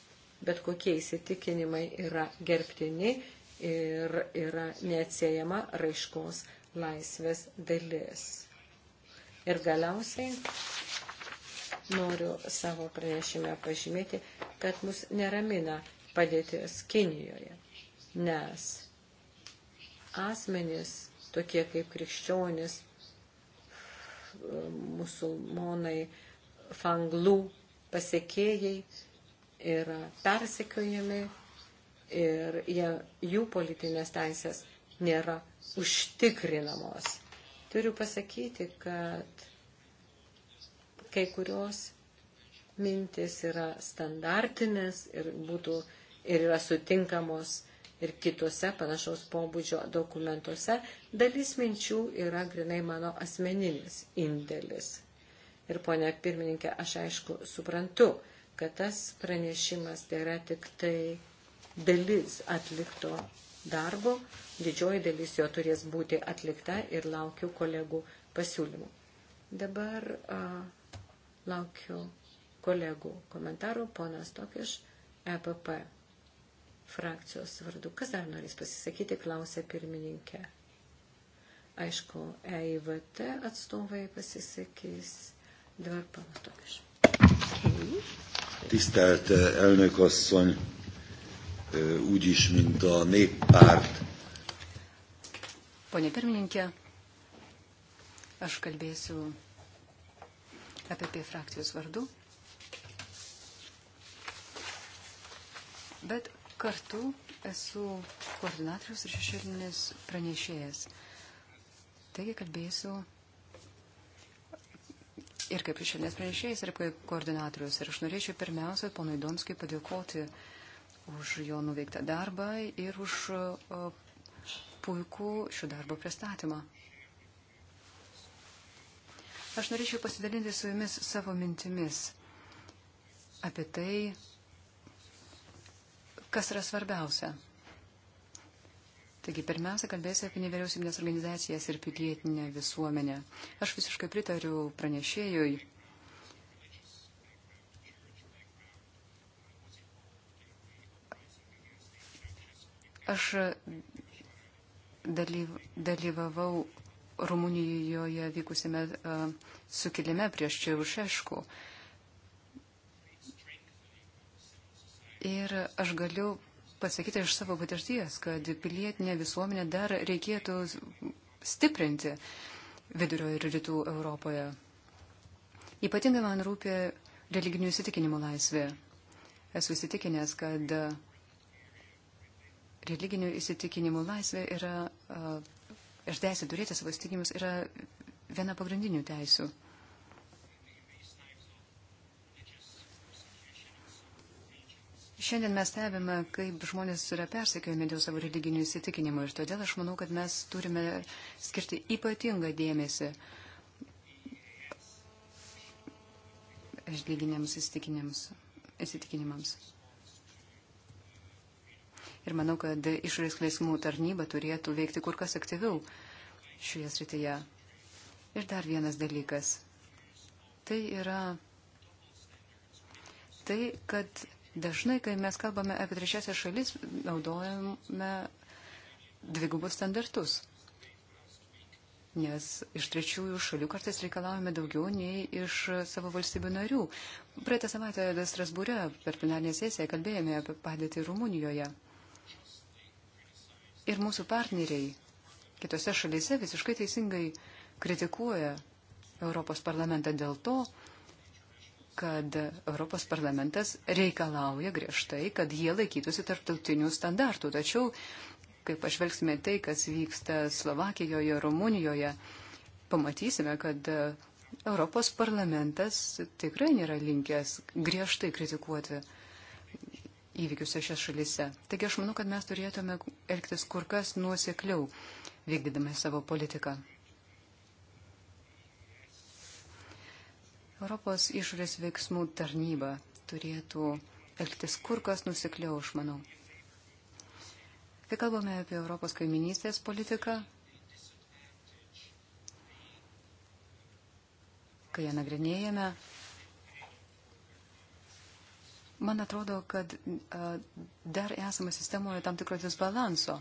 bet kokie įsitikinimai yra gerbtini ir yra neatsiejama raiškos laisvės dalis. Ir galiausiai noriu savo pranešime pažymėti, kad mus neramina padėtis Kinijoje, nes asmenys, tokie kaip krikščionis, musulmonai, fanglų pasiekėjai yra persekiojami ir jie, jų politinės teisės nėra užtikrinamos. Turiu pasakyti, kad kai kurios mintis yra standartinės ir, būtų, ir yra sutinkamos ir kitose panašaus pobūdžio dokumentuose, dalis minčių yra grinai mano asmeninis indėlis. Ir, ponia pirmininkė, aš aišku suprantu, kad tas pranešimas tai yra tik tai dalis atlikto darbo, didžioji dalis jo turės būti atlikta ir laukiu kolegų pasiūlymų. Dabar a, laukiu kolegų komentarų, ponas Tokiš, EPP frakcijos vardu. Kas dar norės pasisakyti, klausė pirmininkė. Aišku, EIVT atstovai pasisakys Dvár Palatovics. Okay. Tisztelt eh, elnök asszony, eh, úgyis, mint a néppárt. Pone pirmininkė, aš kalbėsiu apie frakcijos vardu, bet kartu esu koordinatorius ir šešėlinis pranešėjas. Taigi kalbėsiu ir kaip šiandien pranešėjas, ir kaip koordinatorius. Ir aš norėčiau pirmiausia ponui Domskui padėkoti už jo nuveiktą darbą ir už puikų šių darbo pristatymą. Aš norėčiau pasidalinti su jumis savo mintimis apie tai, kas yra svarbiausia. Taigi pirmiausia, kalbėsiu apie nevyriausybinės organizacijas ir pilietinę visuomenę. Aš visiškai pritariu pranešėjui. Aš dalyv, dalyvavau Rumunijoje vykusime uh, sukilime prieš Čiaušeškų. Ir aš galiu pasakyti iš savo patirties, kad pilietinė visuomenė dar reikėtų stiprinti vidurio ir rytų Europoje. Ypatingai man rūpi religinių įsitikinimų laisvė. Esu įsitikinęs, kad religinių įsitikinimų laisvė yra, ir teisė turėti savo įsitikinimus yra viena pagrindinių teisų. Šiandien mes stebime, kaip žmonės yra persekiojami dėl savo religinių įsitikinimų ir todėl aš manau, kad mes turime skirti ypatingą dėmesį religiniams įsitikinimams. Ir manau, kad išorės klausimų tarnyba turėtų veikti kur kas aktyviau šioje srityje. Ir dar vienas dalykas. Tai yra tai, kad Dažnai, kai mes kalbame apie trečiasias šalis, naudojame dvigubus standartus. Nes iš trečiųjų šalių kartais reikalavome daugiau nei iš savo valstybių narių. Praeitą savaitę Strasbūre per plenarinę sesiją kalbėjome apie padėtį Rumunijoje. Ir mūsų partneriai kitose šalyse visiškai teisingai kritikuoja Europos parlamentą dėl to, kad Europos parlamentas reikalauja griežtai, kad jie laikytųsi tarptautinių standartų. Tačiau, kai pažvelgsime tai, kas vyksta Slovakijoje, Rumunijoje, pamatysime, kad Europos parlamentas tikrai nėra linkęs griežtai kritikuoti įvykius šiose šalise. Taigi aš manau, kad mes turėtume elgtis kur kas nuosekliau, vykdydami savo politiką. Europos išorės veiksmų tarnyba turėtų elgtis kur kas nusikliau, aš manau. Kai kalbame apie Europos kaiminystės politiką, kai ją nagrinėjame, man atrodo, kad a, dar esame sistemoje tam tikro disbalanso.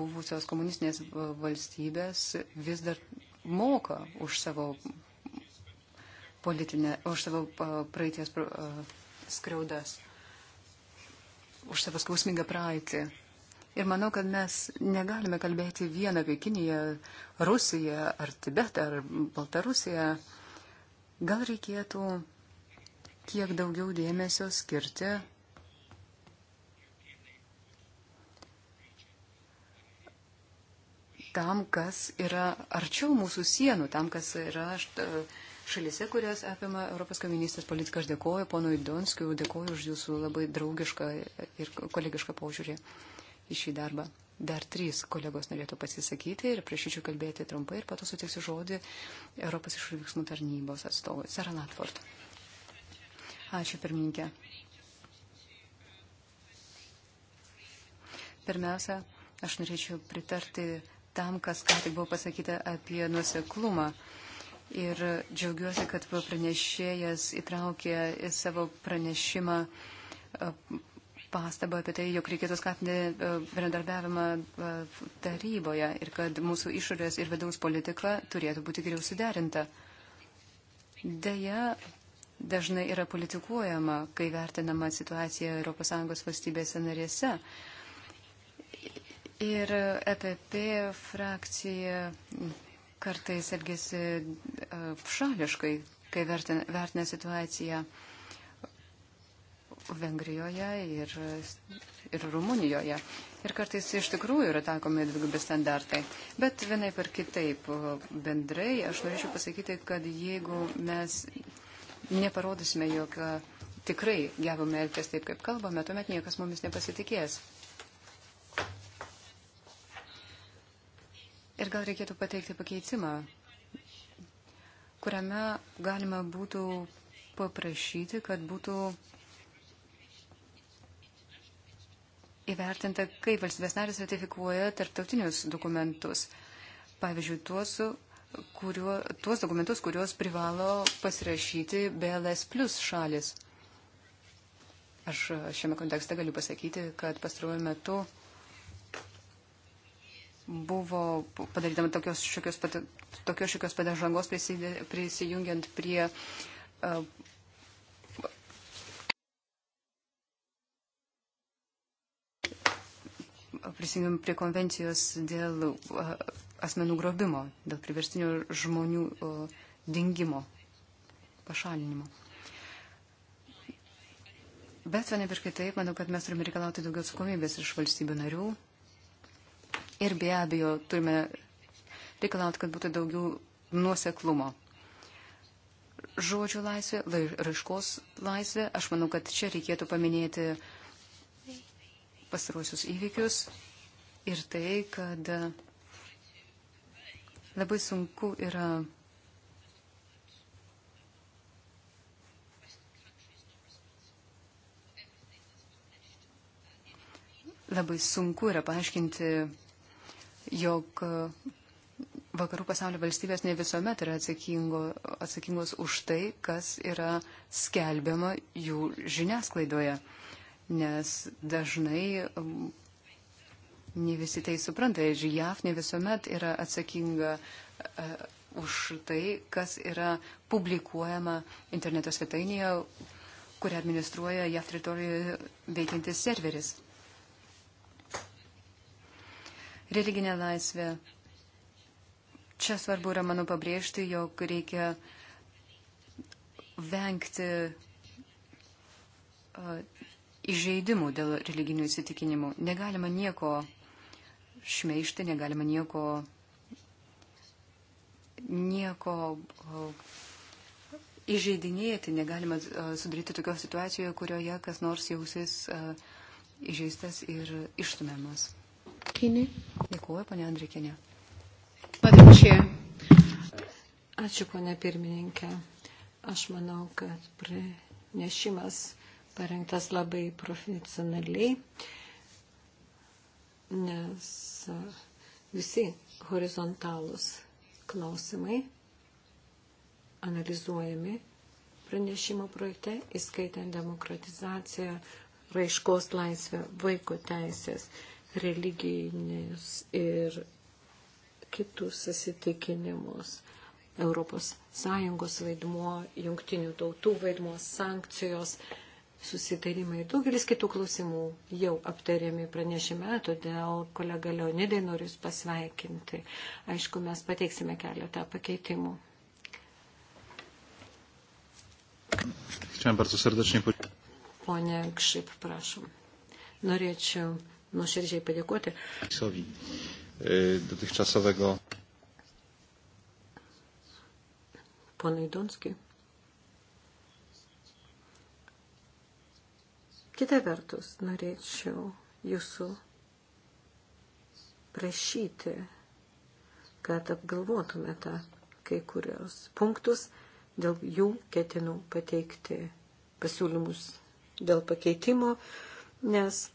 Buvusios komunistinės valstybės vis dar moka už savo politinę, už savo praeities skriaudas, už savo skausmingą praeitį. Ir manau, kad mes negalime kalbėti vien apie Kiniją, Rusiją ar Tibetą ar Baltarusiją. Gal reikėtų kiek daugiau dėmesio skirti tam, kas yra arčiau mūsų sienų, tam, kas yra št, šalise, kurias apima Europos komunistės politika. Aš dėkoju ponui Donskiu, dėkoju už jūsų labai draugišką ir kolegišką požiūrį į šį darbą. Dar trys kolegos norėtų pasisakyti ir prašyčiau kalbėti trumpai ir pato sutiksiu žodį Europos išvyksmų tarnybos atstovui. Sara Latford. Ačiū, pirmininkė. Pirmiausia, aš norėčiau pritarti tam, kas ką tik buvo pasakyta apie nuoseklumą. Uh, Ir džiaugiuosi, kad pranešėjas įtraukė į savo pranešimą pastabą apie tai, jog reikėtų skatinti bendradarbiavimą taryboje ir kad mūsų išorės ir vidaus politika turėtų būti geriau suderinta. Deja, dažnai yra politikuojama, kai vertinama situacija ES valstybėse narėse. Ir EPP frakcija kartais elgesi e, šališkai, kai vertina, vertina situaciją Vengrijoje ir, ir Rumunijoje. Ir kartais iš tikrųjų yra takomi dvigubi standartai. Bet vienai per kitaip bendrai aš norėčiau pasakyti, kad jeigu mes neparodysime, jog tikrai gebame elgtis taip, kaip kalbame, tuomet niekas mumis nepasitikės. Ir gal reikėtų pateikti pakeitimą, kuriame galima būtų paprašyti, kad būtų įvertinta, kaip valstybės narės ratifikuoja tarptautinius dokumentus. Pavyzdžiui, tuos, kuriuo, tuos dokumentus, kuriuos privalo pasirašyti BLS plus šalis. Aš šiame kontekste galiu pasakyti, kad pastaruoju metu buvo padarydama tokios šiokios, tokios šiokios padežangos prisijungiant prie. Uh, e, prisijungiam prie konvencijos dėl uh, asmenų grobimo, dėl priverstinio žmonių uh, dingimo, pašalinimo. Bet vienaip ir kitaip, manau, kad mes turime reikalauti daugiau atsakomybės iš valstybių narių, Ir be abejo, turime reikalauti, kad būtų daugiau nuoseklumo. Žodžių laisvė, raiškos laisvė, aš manau, kad čia reikėtų paminėti pastaruosius įvykius ir tai, kad labai sunku yra labai sunku yra paaiškinti jog e, vakarų pasaulio valstybės ne visuomet yra atsakingo, atsakingos už tai, kas yra skelbiama jų žiniasklaidoje. Nes dažnai ne visi tai supranta ir JAF ne visuomet yra atsakinga uh, už tai, kas yra publikuojama interneto svetainėje, kurią administruoja JAF teritorijoje veikiantis serveris religinė laisvė. Čia svarbu yra, manau, pabrėžti, jog reikia vengti uh, įžeidimų dėl religinių įsitikinimų. Negalima nieko šmeišti, negalima nieko, nieko uh, įžeidinėti, negalima uh, sudaryti tokios situacijoje, kurioje kas nors jausis įžeistas ir ištumiamas. Kinė. Dėkuoju, ponė Andrikinė. Madričia. Ačiū, ponė pirmininkė. Aš manau, kad pranešimas parengtas labai profesionaliai, nes visi horizontalūs klausimai analizuojami pranešimo projekte, įskaitant demokratizaciją, raiškos laisvę, vaiko teisės religinius ir kitus įsitikinimus. Europos Sąjungos vaidmuo, jungtinių tautų vaidmuo, sankcijos, susitarimai ir daugelis kitų klausimų jau aptariami pranešime, todėl kolega Leonidai noriu Jūs pasveikinti. Aišku, mes pateiksime keletą pakeitimų. Chciałem bardzo serdecznie podziękować. Panie Grzyb, prašom. Norėčiau nuoširdžiai padėkoti. E, dotychczasowego. Ponai Donskiai. Kita vertus, norėčiau jūsų prašyti, kad apgalvotumėte kai kurios punktus, dėl jų ketinu pateikti pasiūlymus dėl pakeitimo, nes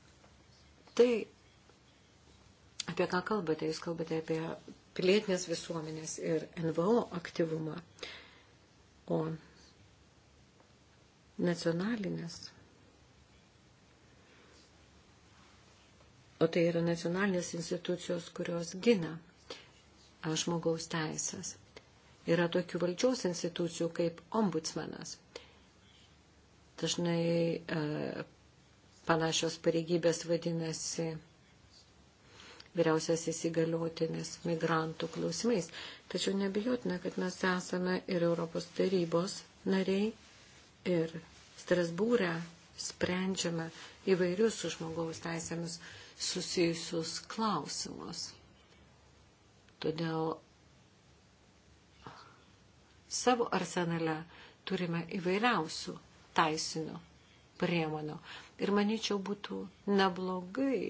Tai, apie ką kalbate, jūs kalbate apie pilietinės visuomenės ir NVO aktyvumą, o nacionalinės. O tai yra nacionalinės institucijos, kurios gina žmogaus teisės. Yra tokių valdžios institucijų kaip ombudsmenas. Dažnai e, panašios pareigybės vadinasi vyriausias įsigaliotinis migrantų klausimais. Tačiau nebijotina, kad mes esame ir Europos tarybos nariai ir Strasbūrę sprendžiame įvairius su žmogaus teisėmis susijusius klausimus. Todėl savo arsenale turime įvairiausių teisinių priemonių. Ir manyčiau būtų neblogai.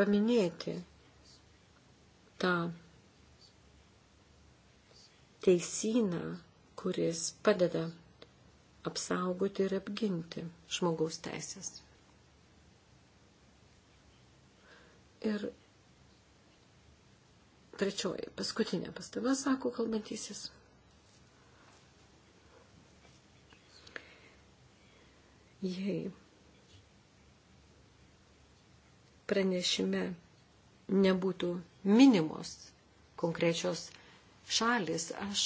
Paminėti tą teisyną, kuris padeda apsaugoti ir apginti žmogaus teisės. Ir trečioji, paskutinė pastaba, sako kalbantysis. jei pranešime nebūtų minimos konkrečios šalis, aš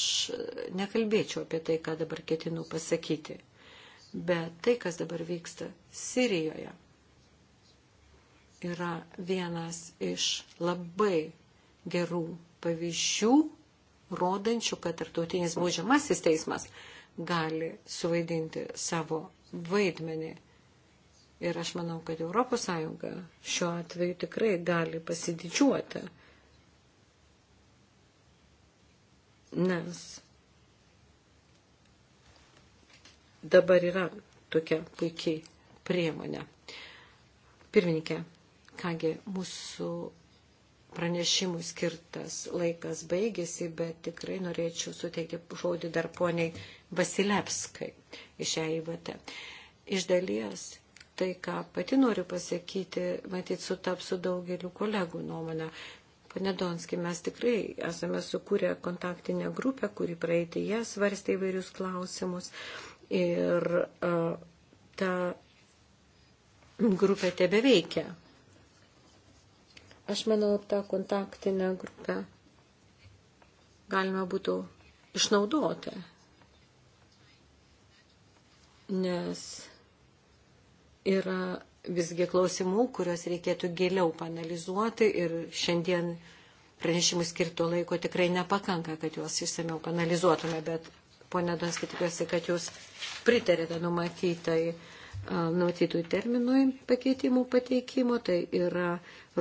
nekalbėčiau apie tai, ką dabar ketinu pasakyti. Bet tai, kas dabar vyksta Sirijoje, yra vienas iš labai gerų pavyzdžių, rodančių, kad tarptautinis baudžiamasis teismas gali suvaidinti savo vaidmenį. Ir aš manau, kad ES šiuo atveju tikrai gali pasididžiuoti, nes dabar yra tokia puikiai priemonė. Pirmininkė, kągi mūsų pranešimui skirtas laikas baigėsi, bet tikrai norėčiau suteikti žodį dar poniai Vasilepskai iš EIVT. Iš dalies tai, ką pati noriu pasakyti, matyt, sutaps su daugeliu kolegų nuomonę. Pane Donski, mes tikrai esame sukūrę kontaktinę grupę, kuri praeitėje svarstė įvairius klausimus. Ir uh, ta grupė tebe veikia. Aš manau, tą kontaktinę grupę galima būtų išnaudoti, nes yra visgi klausimų, kuriuos reikėtų giliau panalizuoti ir šiandien pranešimų skirto laiko tikrai nepakanka, kad juos išsameu panalizuotume, bet ponė Donskit, tikiuosi, kad jūs pritarėte numatytai numatytų terminui pakeitimų pateikimo, tai yra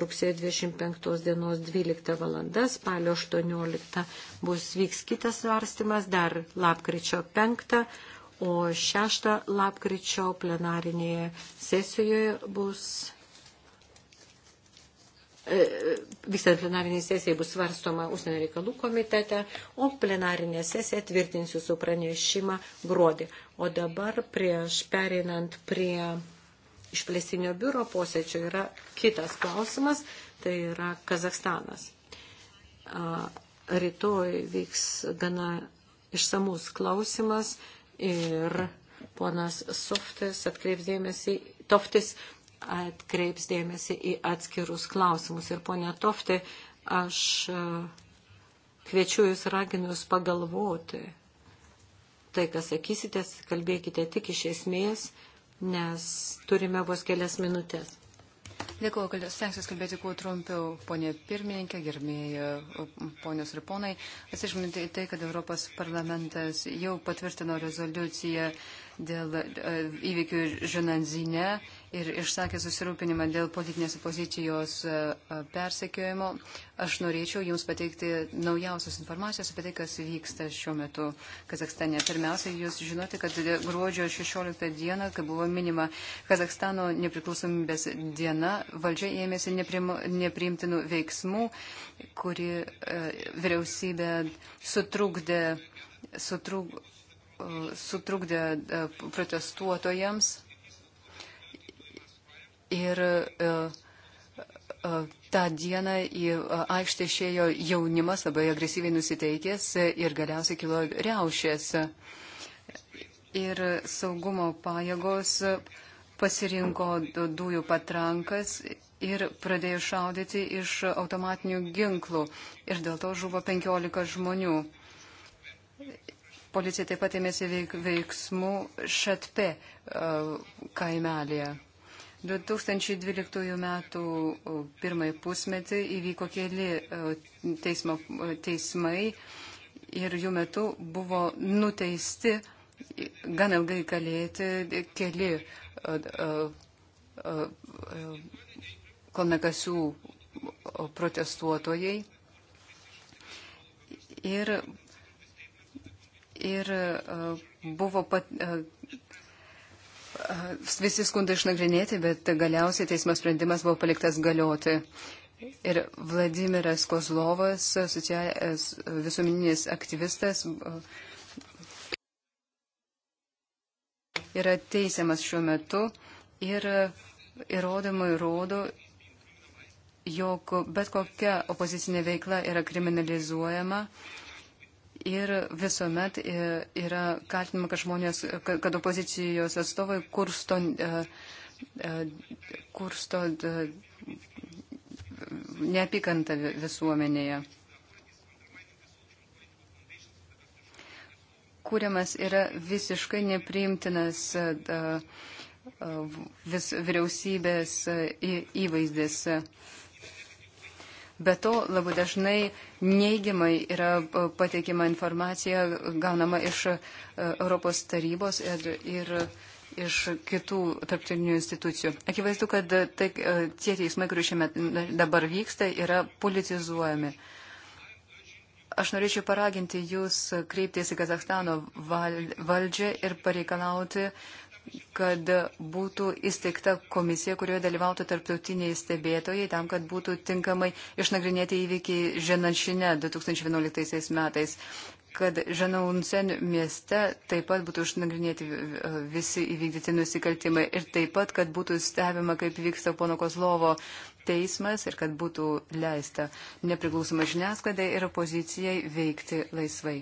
rugsėjo 25 dienos 12 valanda, spalio 18 bus vyks kitas svarstymas, dar lapkričio 5, o 6 lapkričio plenarinėje sesijoje bus E, vykstant plenarinė sesija bus svarstoma užsienio reikalų komitete, o plenarinė sesija tvirtins jūsų pranešimą gruodį. O dabar prieš pereinant prie išplėstinio biuro posėdžio yra kitas klausimas, tai yra Kazakstanas. Rytoj vyks gana išsamus klausimas ir ponas Softis atkreipdėmėsi, Toftis atkreips dėmesį į atskirus klausimus. Ir ponia Tofti, aš e, kviečiu jūs raginius pagalvoti. Tai, ką sakysite, kalbėkite tik iš esmės, nes turime vos kelias minutės. Dėkuoju, kad stengsiuosi kalbėti kuo trumpiau, ponė pirmininkė, gerbėjai, ponios ir ponai. Atsižvelgiant į tai, kad Europos parlamentas jau patvirtino rezoliuciją dėl e, įvykių Žananzinė ir išsakė susirūpinimą dėl politinės opozicijos e, e, persekiojimo. Aš norėčiau Jums pateikti naujausios informacijos apie tai, kas vyksta šiuo metu Kazakstane. Pirmiausia, Jūs žinote, kad gruodžio 16 dieną, kai buvo minima Kazakstano nepriklausomybės diena, valdžia ėmėsi neprim, nepriimtinų veiksmų, kuri vyriausybė sutrukdė sutruk, sutrukdė e, protestuotojams ir e, e, tą dieną į aikštę išėjo jaunimas labai agresyviai nusiteikęs ir galiausiai kilo riaušės. Ir saugumo pajėgos pasirinko dujų patrankas ir pradėjo šaudyti iš automatinių ginklų. Ir dėl to žuvo 15 žmonių. Policija taip pat ėmėsi veik, veiksmų Šatpe e, kaimelėje. 2012 m. E, pirmąjį pusmetį įvyko keli e, teismo, teismai ir jų metu buvo nuteisti gan ilgai kalėti keli kalnakasių protestuotojai. Ir ir e, buvo pat, e, e, visi skundai išnagrinėti, bet galiausiai teismo sprendimas buvo paliktas galioti. Ir Vladimiras Kozlovas, visuomeninis aktyvistas, yra teisiamas šiuo metu ir įrodymai rodo, jog bet kokia opozicinė veikla yra kriminalizuojama. Uh, Ir visuomet e, yra kaltinama, kad žmonės, kad opozicijos atstovai kursto, e, e, kursto neapykantą visuomenėje. Kūriamas yra visiškai nepriimtinas vis, vyriausybės įvaizdis. Be to, labai dažnai neigiamai yra e, pateikiama informacija gaunama iš e, Europos tarybos ir, ir iš kitų tarptautinių institucijų. Akivaizdu, kad tai, e, tie teismai, kurių šiame dabar vyksta, yra politizuojami. Aš norėčiau paraginti jūs kreiptis į Kazakstano valdžią ir pareikalauti uh, kad būtų įsteigta komisija, kurioje dalyvautų tarptautiniai stebėtojai, tam, kad būtų tinkamai išnagrinėti įvykiai Ženanšinė 2011 metais kad Žanaunsen mieste taip pat būtų išnagrinėti e, visi įvykdyti nusikaltimai ir taip pat, kad būtų stebima, kaip vyksta pono Kozlovo teismas ir kad būtų leista nepriklausoma žiniasklaidai ir opozicijai veikti laisvai.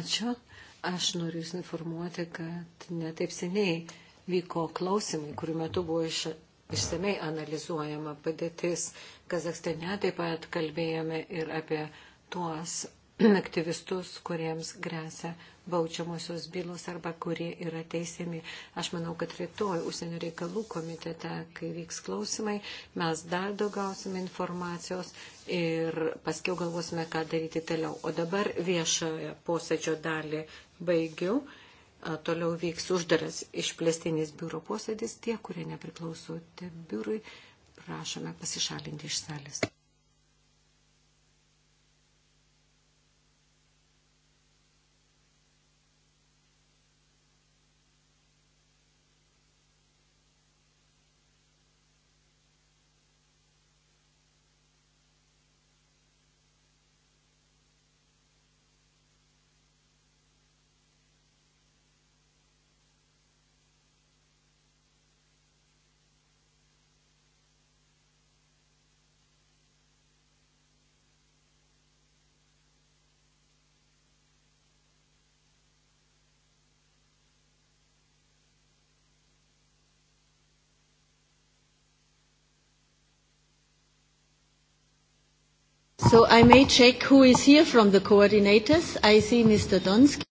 Ačiū. Aš noriu Jūs informuoti, kad netaip seniai vyko klausimai, kurių metu buvo iš, išsamei analizuojama padėtis Kazakstane. Taip pat kalbėjome ir apie tuos [CLEARS THROAT] aktyvistus, kuriems grėsia baudžiamosios bylos arba kurie yra teisiami. Aš manau, kad rytoj užsienio reikalų komitete, kai vyks klausimai, mes dar daugiausime informacijos ir paskiau galvosime, ką daryti toliau. O dabar viešoje posėdžio dalį baigiu. Toliau vyks uždaras išplėstinis biuro posėdis. Tie, kurie nepriklausote biurui, prašome pasišalinti iš salės. So I may check who is here from the coordinators. I see Mr. Donsky.